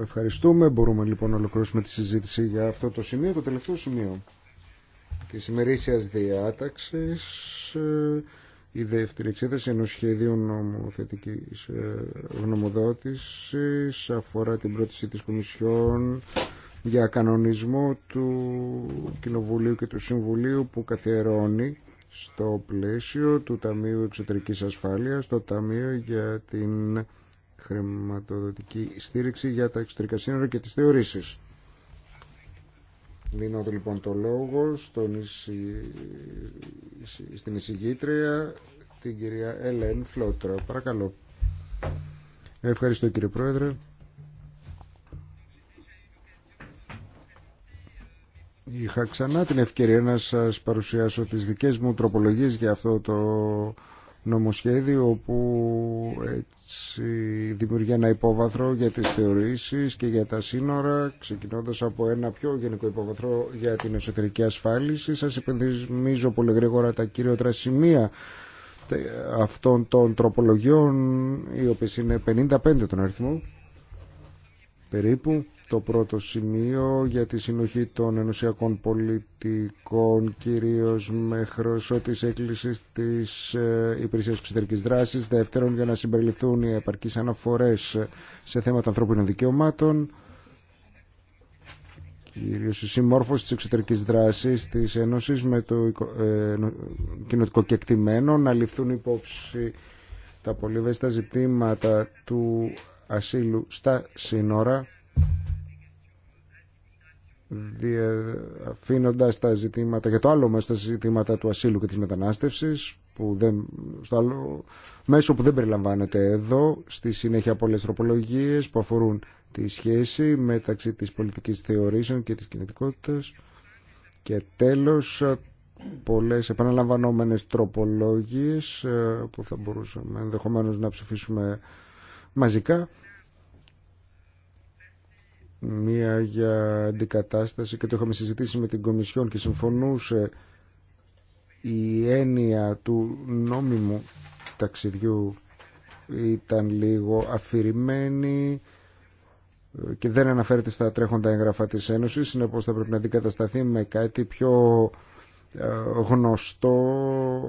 Ευχαριστούμε. Μπορούμε λοιπόν να ολοκληρώσουμε τη συζήτηση για αυτό το σημείο, το τελευταίο σημείο της ημερήσιας διάταξης η δεύτερη εξέταση ενό σχεδίου νομοθετικής γνωμοδότησης αφορά την πρόταση της Κομισιόν για κανονισμό του Κοινοβουλίου και του Συμβουλίου που καθιερώνει στο πλαίσιο του Ταμείου Εξωτερικής Ασφάλειας, το Ταμείο για την χρηματοδοτική στήριξη για τα εξωτερικά σύνορα και τις θεωρήσεις. Δίνω λοιπόν το λόγο στον στην εισηγήτρια, την κυρία Ελέν Φλότρα. Παρακαλώ. Ευχαριστώ κύριε Πρόεδρε. Είχα ξανά την ευκαιρία να σας παρουσιάσω τις δικές μου τροπολογίες για αυτό το νομοσχέδιο που έτσι δημιουργεί ένα υπόβαθρο για τις θεωρήσεις και για τα σύνορα ξεκινώντας από ένα πιο γενικό υπόβαθρο για την εσωτερική ασφάλιση σας υπενθυμίζω πολύ γρήγορα τα κυριότερα σημεία αυτών των τροπολογιών οι οποίες είναι 55 τον αριθμό περίπου το πρώτο σημείο για τη συνοχή των ενωσιακών πολιτικών κυρίως με χρωσό της έκκλησης της ε, υπηρεσίας εξωτερικής δράσης δεύτερον για να συμπεριληφθούν οι επαρκείς αναφορές σε θέματα ανθρώπινων δικαιωμάτων κυρίως η συμμόρφωση της εξωτερικής δράσης της Ένωσης με το ε, κοινωτικό κεκτημένο να ληφθούν υπόψη τα πολυβέστα ζητήματα του ασύλου στα σύνορα αφήνοντα τα ζητήματα για το άλλο μέσο τα ζητήματα του ασύλου και της μετανάστευσης που δεν, στο άλλο μέσο που δεν περιλαμβάνεται εδώ στη συνέχεια πολλές τροπολογίες που αφορούν τη σχέση μεταξύ της πολιτικής θεωρήσεων και της κινητικότητας και τέλος πολλές επαναλαμβανόμενες τροπολογίες ε, που θα μπορούσαμε ενδεχομένως να ψηφίσουμε μαζικά μία για αντικατάσταση και το είχαμε συζητήσει με την Κομισιόν και συμφωνούσε η έννοια του νόμιμου ταξιδιού ήταν λίγο αφηρημένη και δεν αναφέρεται στα τρέχοντα έγγραφα της Ένωσης, συνεπώς θα πρέπει να αντικατασταθεί με κάτι πιο ε, γνωστό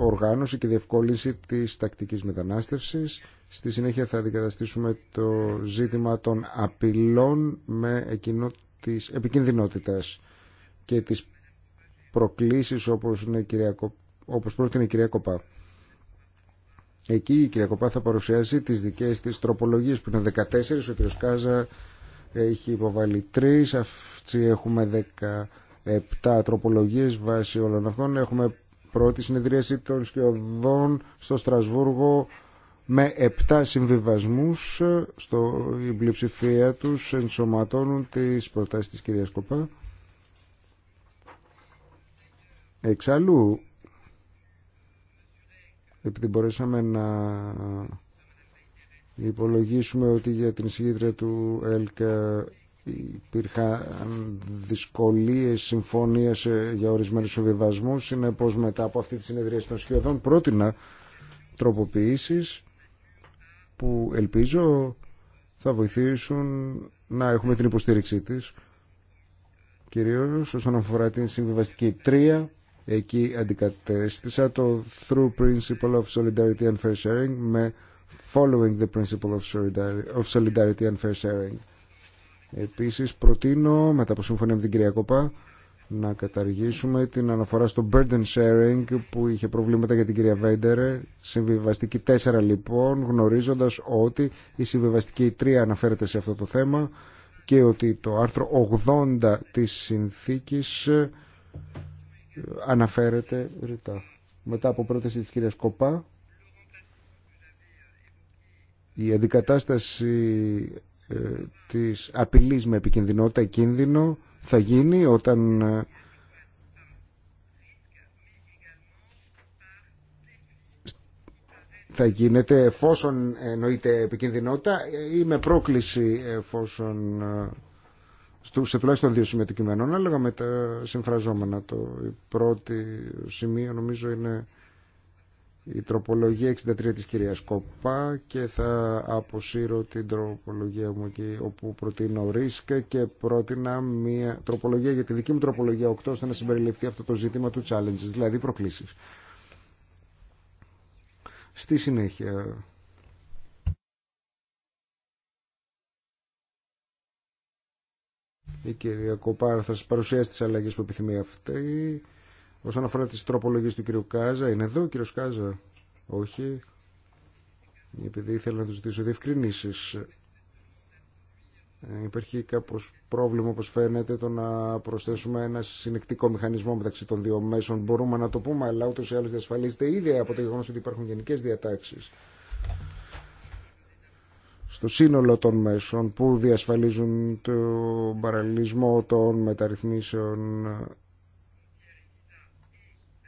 οργάνωση και διευκόλυνση της τακτικής μετανάστευσης. Στη συνέχεια θα αντικαταστήσουμε το ζήτημα των απειλών με εκείνο της επικινδυνότητας και τις προκλήσεις όπως, είναι όπως πρότεινε η κυρία Κοπά. Εκεί η κυρία Κοπά θα παρουσιάσει τις δικές της τροπολογίες που είναι 14, ο κ. Κάζα έχει υποβάλει 3, αυτοί έχουμε 10 Επτά τροπολογίε βάσει όλων αυτών. Έχουμε πρώτη συνεδρίαση των σκιωδών στο Στρασβούργο με επτά συμβιβασμούς στο, η πλειοψηφία τους ενσωματώνουν τις προτάσεις της κυρίας Κοπά εξαλλού επειδή μπορέσαμε να υπολογίσουμε ότι για την συγκίτρια του ΕΛΚΑ υπήρχαν δυσκολίες, συμφωνίες ε, για ορισμένους συμβιβασμούς. Είναι πως μετά από αυτή τη συνεδρία των σχεδόν πρότεινα τροποποιήσεις που ελπίζω θα βοηθήσουν να έχουμε την υποστήριξή της. Κυρίως όσον αφορά την συμβιβαστική τρία εκεί αντικατέστησα το Through Principle of Solidarity and Fair Sharing με Following the Principle of Solidarity and Fair Sharing Επίσης προτείνω, μετά από συμφωνία με την κυρία Κοπά, να καταργήσουμε την αναφορά στο burden sharing που είχε προβλήματα για την κυρία Βέντερε. Συμβιβαστική 4 λοιπόν, γνωρίζοντας ότι η συμβιβαστική 3 αναφέρεται σε αυτό το θέμα και ότι το άρθρο 80 της συνθήκης ε, αναφέρεται ρητά. Μετά από πρόταση της κυρίας Κοπά, η αντικατάσταση ε, της απειλής με επικινδυνότητα κίνδυνο θα γίνει όταν ε, θα γίνεται εφόσον εννοείται επικινδυνότητα ή με πρόκληση εφόσον ε, σε τουλάχιστον δύο σημεία του κειμένου, ανάλογα με τα συμφραζόμενα. Το πρώτο σημείο νομίζω είναι η τροπολογία 63 της κυρίας Κόπα και θα αποσύρω την τροπολογία μου εκεί όπου προτείνω ρίσκα και πρότεινα μια τροπολογία για τη δική μου τροπολογία 8 ώστε να συμπεριληφθεί αυτό το ζήτημα του challenges, δηλαδή προκλήσεις. Στη συνέχεια... Η κυρία Κοπάρα θα σας παρουσιάσει τις αλλαγές που επιθυμεί αυτή. Όσον αφορά τις τροπολογίες του κύριου Κάζα, είναι εδώ ο κύριος Κάζα. Όχι, επειδή ήθελα να του ζητήσω διευκρινήσεις. Ε, υπάρχει κάπως πρόβλημα, όπως φαίνεται, το να προσθέσουμε ένα συνεκτικό μηχανισμό μεταξύ των δύο μέσων. Μπορούμε να το πούμε, αλλά ούτως ή άλλως διασφαλίζεται ήδη από το γεγονός ότι υπάρχουν γενικές διατάξεις στο σύνολο των μέσων που διασφαλίζουν τον παραλληλισμό των μεταρρυθμίσεων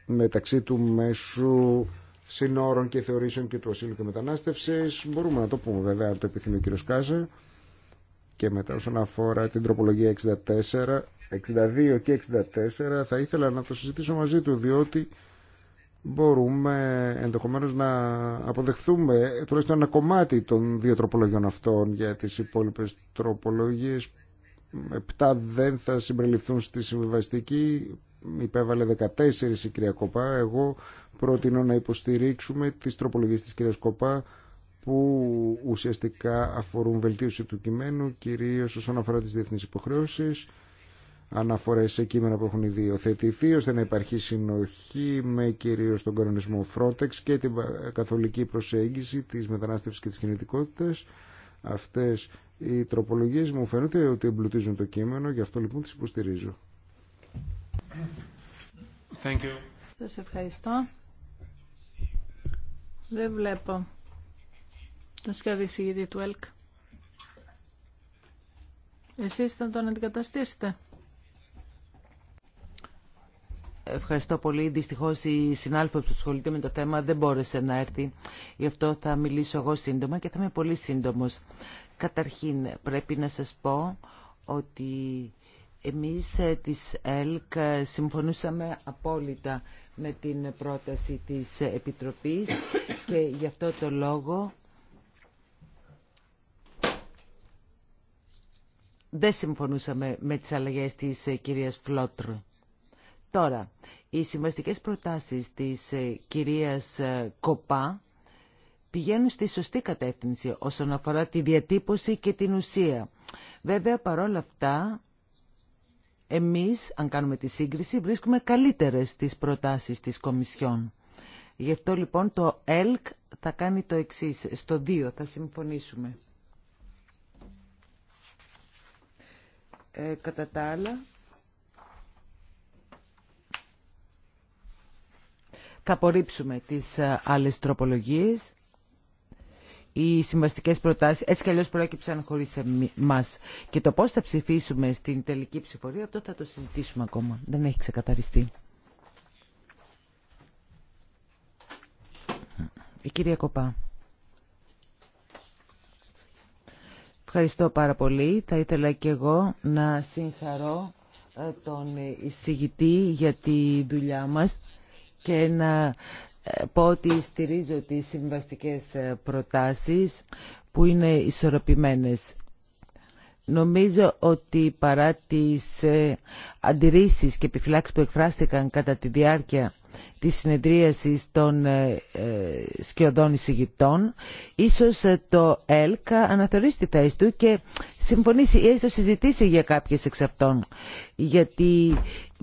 μεταξύ του μέσου συνόρων και θεωρήσεων και του ασύλου και μετανάστευση. Μπορούμε να το πούμε βέβαια αν το επιθυμεί ο κύριος Κάζα. Και μετά όσον αφορά την τροπολογία 64, 62 και 64 θα ήθελα να το συζητήσω μαζί του διότι μπορούμε ενδεχομένως να αποδεχθούμε τουλάχιστον ένα κομμάτι των δύο τροπολογιών αυτών για τις υπόλοιπε τροπολογίες επτά δεν θα συμπεριληφθούν στη συμβιβαστική υπέβαλε 14 η κυρία Κοπά. Εγώ προτείνω να υποστηρίξουμε τι τροπολογίες τη κυρία Κοπά που ουσιαστικά αφορούν βελτίωση του κειμένου, κυρίως όσον αφορά τις διεθνείς υποχρεώσεις, αναφορές σε κείμενα που έχουν ήδη υιοθετηθεί, ώστε να υπάρχει συνοχή με κυρίως τον κανονισμό Frontex και την καθολική προσέγγιση της μετανάστευσης και της κινητικότητας. Αυτές οι τροπολογίες μου φαίνεται ότι εμπλουτίζουν το κείμενο, γι' αυτό λοιπόν τι υποστηρίζω. Thank you. ευχαριστώ. Δεν βλέπω τον του ΕΛΚ. Εσείς θα τον αντικαταστήσετε. Ευχαριστώ πολύ. Δυστυχώ η συνάλφο που ασχολείται με το θέμα δεν μπόρεσε να έρθει. Γι' αυτό θα μιλήσω εγώ σύντομα και θα είμαι πολύ σύντομο. Καταρχήν πρέπει να σας πω ότι εμείς ε, της ΕΛΚ ε, συμφωνούσαμε απόλυτα με την πρόταση της Επιτροπής και γι' αυτό το λόγο δεν συμφωνούσαμε με τις αλλαγές της ε, κυρίας Φλότρ. Τώρα, οι συμβαστικές προτάσεις της κυρίας Κοπά πηγαίνουν στη σωστή κατεύθυνση όσον αφορά τη διατύπωση και την ουσία. Βέβαια, παρόλα αυτά, εμείς, αν κάνουμε τη σύγκριση, βρίσκουμε καλύτερες τις προτάσεις της Κομισιόν. Γι' αυτό λοιπόν το ΕΛΚ θα κάνει το εξής. Στο 2 θα συμφωνήσουμε. Ε, κατά τα άλλα, θα απορρίψουμε τις ε, άλλες τροπολογίες οι συμβαστικέ προτάσει. έτσι κι αλλιώ προέκυψαν χωρί εμά. Και το πώς θα ψηφίσουμε στην τελική ψηφορία, αυτό θα το συζητήσουμε ακόμα. Δεν έχει ξεκαθαριστεί. Η κυρία Κοπά. Ευχαριστώ πάρα πολύ. Θα ήθελα κι εγώ να συγχαρώ ε, τον εισηγητή για τη δουλειά μας και να πω ότι στηρίζω τις συμβαστικές ε, προτάσεις που είναι ισορροπημένες. Νομίζω ότι παρά τις ε, αντιρρήσεις και επιφυλάξεις που εκφράστηκαν κατά τη διάρκεια της συνεδρίασης των ε, ε, σκιωδών εισηγητών, ίσως ε, το ΕΛΚΑ αναθεωρήσει τη θέση του και συμφωνήσει ή έστω συζητήσει για κάποιες εξ αυτών. Γιατί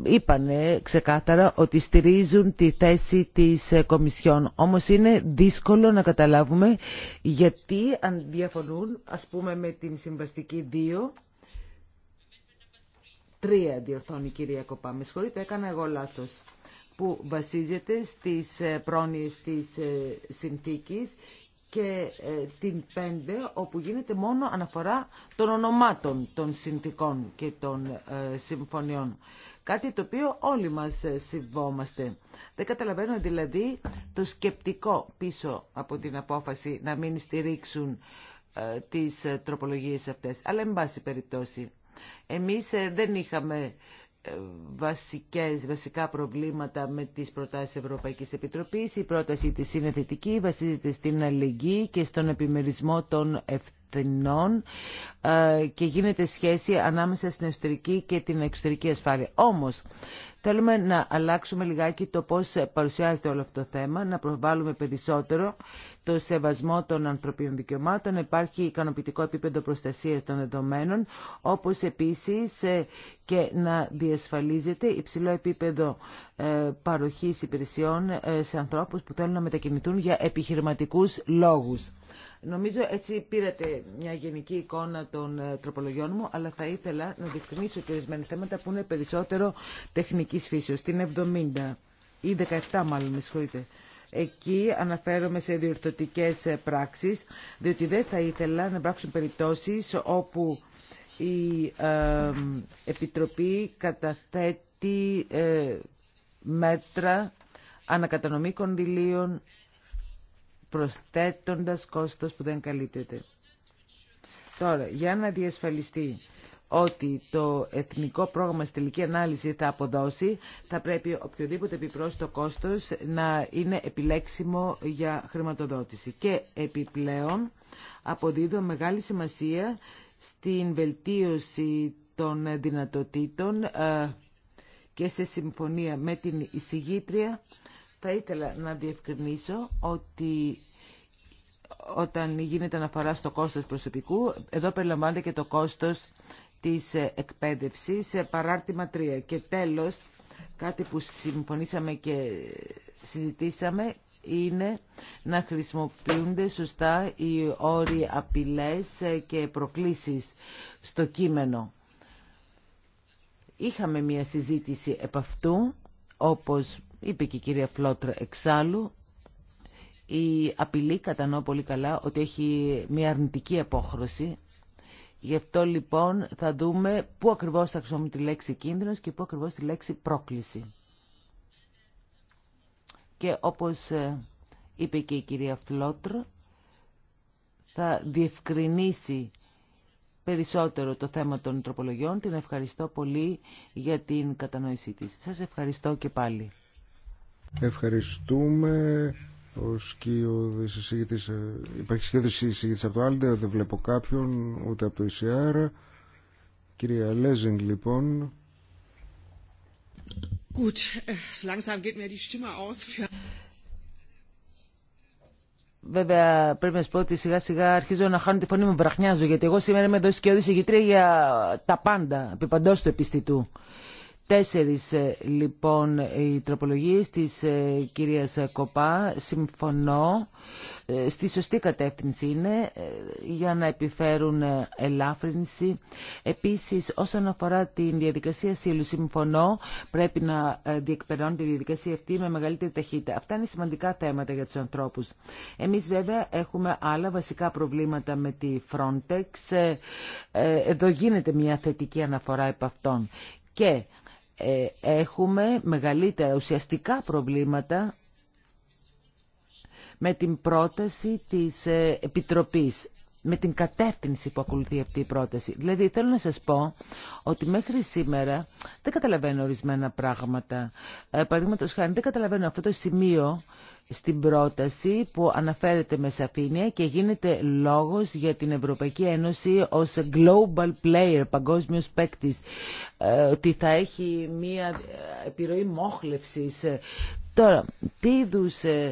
είπανε ξεκάθαρα ότι στηρίζουν τη θέση της Κομισιόν. Όμως είναι δύσκολο να καταλάβουμε γιατί αν διαφωνούν, ας πούμε, με την συμβαστική 2, Τρία διορθώνει η κυρία Κοπά. Με συγχωρείτε, έκανα εγώ λάθος που βασίζεται στις ε, πρόνοιες της ε, συνθήκης και ε, την πέντε, όπου γίνεται μόνο αναφορά των ονομάτων των συνθήκων και των συμφωνιών. Κάτι το οποίο όλοι μας συμβόμαστε. Δεν καταλαβαίνω δηλαδή το σκεπτικό πίσω από την απόφαση να μην στηρίξουν τις τροπολογίες αυτές. Αλλά εν πάση περιπτώσει. Εμείς δεν είχαμε βασικές, βασικά προβλήματα με τις προτάσεις Ευρωπαϊκής Επιτροπής. Η πρόταση της είναι θετική, βασίζεται στην αλληλεγγύη και στον επιμερισμό των ευθυνών ε, και γίνεται σχέση ανάμεσα στην εσωτερική και την εξωτερική ασφάλεια. Όμως, Θέλουμε να αλλάξουμε λιγάκι το πώς παρουσιάζεται όλο αυτό το θέμα, να προβάλλουμε περισσότερο το σεβασμό των ανθρωπίνων δικαιωμάτων, να υπάρχει ικανοποιητικό επίπεδο προστασίας των δεδομένων, όπως επίσης ε, και να διασφαλίζεται υψηλό επίπεδο ε, παροχής υπηρεσιών ε, σε ανθρώπους που θέλουν να μετακινηθούν για επιχειρηματικούς λόγους. Νομίζω έτσι πήρατε μια γενική εικόνα των ε, τροπολογιών μου, αλλά θα ήθελα να διευκρινίσω και ορισμένα θέματα που είναι περισσότερο τεχνική φύσεω. Την 70 ή 17 μάλλον, με συγχωρείτε. Εκεί αναφέρομαι σε διορθωτικέ ε, πράξει, διότι δεν θα ήθελα να υπάρξουν περιπτώσει όπου η ε, Επιτροπή καταθέτει ε, μέτρα ανακατανομή κονδυλίων προσθέτοντας κόστος που δεν καλύπτεται. Τώρα, για να διασφαλιστεί ότι το εθνικό πρόγραμμα στη τελική ανάλυση θα αποδώσει, θα πρέπει οποιοδήποτε επιπρόσθετο κόστος να είναι επιλέξιμο για χρηματοδότηση. Και επιπλέον αποδίδω μεγάλη σημασία στην βελτίωση των δυνατοτήτων ε, και σε συμφωνία με την εισηγήτρια θα ήθελα να διευκρινίσω ότι όταν γίνεται αναφορά στο κόστος προσωπικού, εδώ περιλαμβάνεται και το κόστος της εκπαίδευσης, παράρτημα 3. Και τέλος, κάτι που συμφωνήσαμε και συζητήσαμε, είναι να χρησιμοποιούνται σωστά οι όροι απειλές και προκλήσεις στο κείμενο. Είχαμε μια συζήτηση επ' αυτού, όπως είπε και η κυρία Φλότρ εξάλλου, η απειλή κατανοώ πολύ καλά ότι έχει μια αρνητική απόχρωση. Γι' αυτό λοιπόν θα δούμε πού ακριβώς θα χρησιμοποιούμε τη λέξη κίνδυνος και πού ακριβώς τη λέξη πρόκληση. Και όπως ε, είπε και η κυρία Φλότρ, θα διευκρινίσει περισσότερο το θέμα των τροπολογιών. Την ευχαριστώ πολύ για την κατανόησή της. Σας ευχαριστώ και πάλι. Ευχαριστούμε. Ο υπάρχει σχέδιο εισηγητής από το Άλντε, δεν βλέπω κάποιον, ούτε από το ΙΣΕΑΡ. Κυρία Λέζινγκ, λοιπόν. Gut, langsam geht mir die Stimme aus für... Βέβαια, πρέπει να σα πω ότι σιγά σιγά αρχίζω να χάνω τη φωνή μου, βραχνιάζω, γιατί εγώ σήμερα είμαι εδώ σκιώδη ηγητρία για τα πάντα, επί παντό του επιστητού. Τέσσερις ε, λοιπόν οι τροπολογίες της ε, κυρίας Κοπά συμφωνώ ε, στη σωστή κατεύθυνση είναι για να επιφέρουν ελάφρυνση. Επίσης όσον αφορά την διαδικασία σύλλου συμφωνώ πρέπει να διεκπαιρώνει τη διαδικασία αυτή με μεγαλύτερη ταχύτητα. Αυτά είναι σημαντικά θέματα για τους ανθρώπους. Εμείς βέβαια έχουμε άλλα βασικά προβλήματα με τη Frontex. Εδώ γίνεται μια θετική αναφορά επ' αυτών. Και ε, έχουμε μεγαλύτερα ουσιαστικά προβλήματα με την πρόταση της ε, Επιτροπής με την κατεύθυνση που ακολουθεί αυτή η πρόταση. Δηλαδή θέλω να σας πω ότι μέχρι σήμερα δεν καταλαβαίνω ορισμένα πράγματα. Ε, Παραδείγματο χάρη δεν καταλαβαίνω αυτό το σημείο στην πρόταση που αναφέρεται με σαφήνεια και γίνεται λόγος για την Ευρωπαϊκή Ένωση ως global player, παγκόσμιος παίκτη, ε, ότι θα έχει μία επιρροή μόχλευσης. Τώρα, τι είδου ε,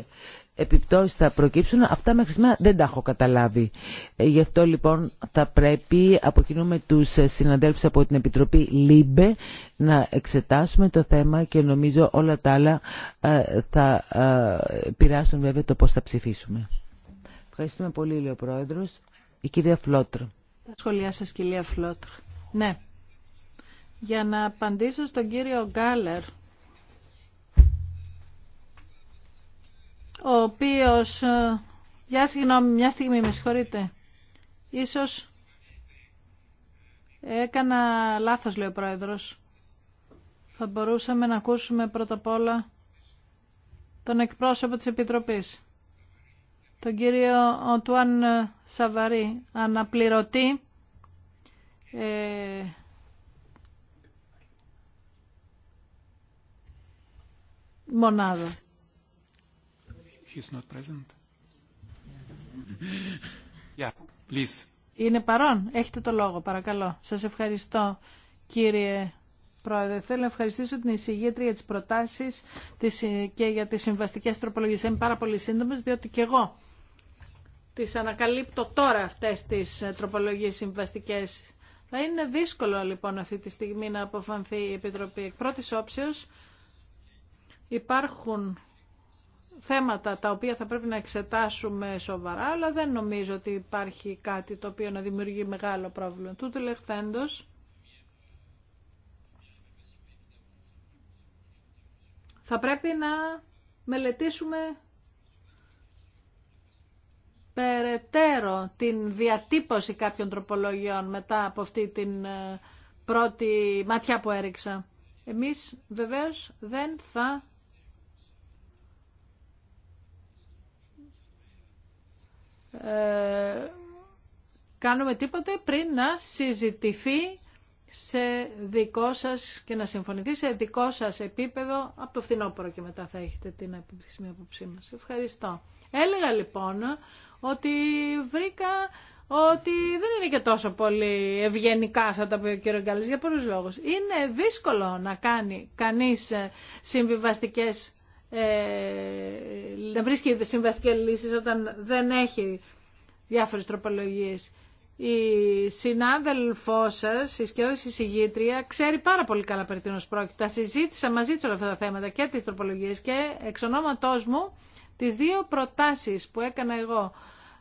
επιπτώσεις θα προκύψουν, αυτά μέχρι σήμερα δεν τα έχω καταλάβει. Ε, γι' αυτό λοιπόν θα πρέπει από τους ε, συναδέλφους από την Επιτροπή ΛΥΜΠΕ να εξετάσουμε το θέμα και νομίζω όλα τα άλλα ε, θα πειράσουν βέβαια το πώς θα ψηφίσουμε. Ευχαριστούμε πολύ, λέει Πρόεδρος. Η κυρία Φλότρ. Τα σχολιά σας, κυρία Φλότρ. Ναι. Για να απαντήσω στον κύριο Γκάλερ, ο οποίος... Ε, για συγγνώμη, μια στιγμή, με συγχωρείτε. Ίσως έκανα λάθος, λέει ο Πρόεδρος. Θα μπορούσαμε να ακούσουμε πρώτα απ' όλα τον εκπρόσωπο της Επιτροπής, τον κύριο Οντουάν Σαβαρή, αναπληρωτή ε, μονάδα. Είναι παρόν. Έχετε το λόγο, παρακαλώ. Σας ευχαριστώ, κύριε Πρόεδρε. Θέλω να ευχαριστήσω την εισηγήτρια για τις προτάσεις και για τις συμβαστικές τροπολογίες. Είμαι πάρα πολύ σύντομες, διότι και εγώ τις ανακαλύπτω τώρα αυτές τις ε, τροπολογίες συμβαστικές. Θα είναι δύσκολο, λοιπόν, αυτή τη στιγμή να αποφανθεί η Επιτροπή. Εκ πρώτης όψεως υπάρχουν θέματα τα οποία θα πρέπει να εξετάσουμε σοβαρά, αλλά δεν νομίζω ότι υπάρχει κάτι το οποίο να δημιουργεί μεγάλο πρόβλημα. Τούτο λεχθέντος, θα πρέπει να μελετήσουμε περαιτέρω την διατύπωση κάποιων τροπολογιών μετά από αυτή την ε, πρώτη ματιά που έριξα. Εμείς βεβαίως δεν θα Ε, κάνουμε τίποτε πριν να συζητηθεί σε δικό σας και να συμφωνηθεί σε δικό σας επίπεδο από το φθινόπωρο και μετά θα έχετε την επίσημη απόψή μας. Ευχαριστώ. Έλεγα λοιπόν ότι βρήκα ότι δεν είναι και τόσο πολύ ευγενικά σαν τα πει ο κύριο Γκάλης για πολλούς λόγους. Είναι δύσκολο να κάνει κανείς συμβιβαστικές ε, να βρίσκει συμβαστικές λύσεις όταν δεν έχει διάφορες τροπολογίες. Η συνάδελφό σα, η σκέδωση συγγήτρια, ξέρει πάρα πολύ καλά περί τίνος πρόκειται. Συζήτησα μαζί της όλα αυτά τα θέματα και τις τροπολογίες και εξ ονόματός μου τις δύο προτάσεις που έκανα εγώ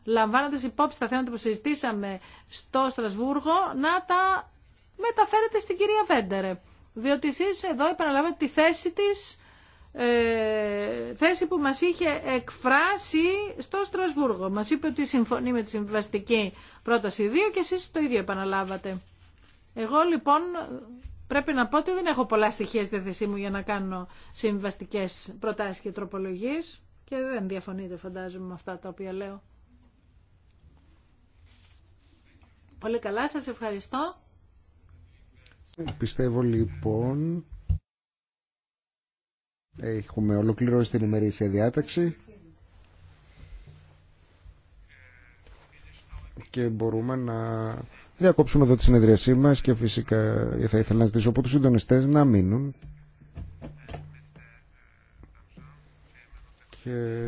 λαμβάνοντας υπόψη τα θέματα που συζητήσαμε στο Στρασβούργο να τα μεταφέρετε στην κυρία Βέντερε. Διότι εσείς εδώ επαναλάβετε τη θέση της ε, θέση που μας είχε εκφράσει στο Στρασβούργο. Μας είπε ότι συμφωνεί με τη συμβαστική πρόταση 2 και εσείς το ίδιο επαναλάβατε. Εγώ λοιπόν πρέπει να πω ότι δεν έχω πολλά στοιχεία στη θέση μου για να κάνω συμβαστικές προτάσεις και τροπολογίες και δεν διαφωνείτε φαντάζομαι με αυτά τα οποία λέω. Πολύ καλά, σας ευχαριστώ. Πιστεύω λοιπόν Έχουμε ολοκληρώσει την ημερήσια διάταξη και μπορούμε να διακόψουμε εδώ τη συνεδρίασή μας και φυσικά θα ήθελα να ζητήσω από τους συντονιστές να μείνουν και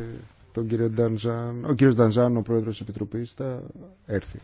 τον κύριο Ντανζάν, ο κύριος τη ο πρόεδρος της Επιτροπής, θα έρθει.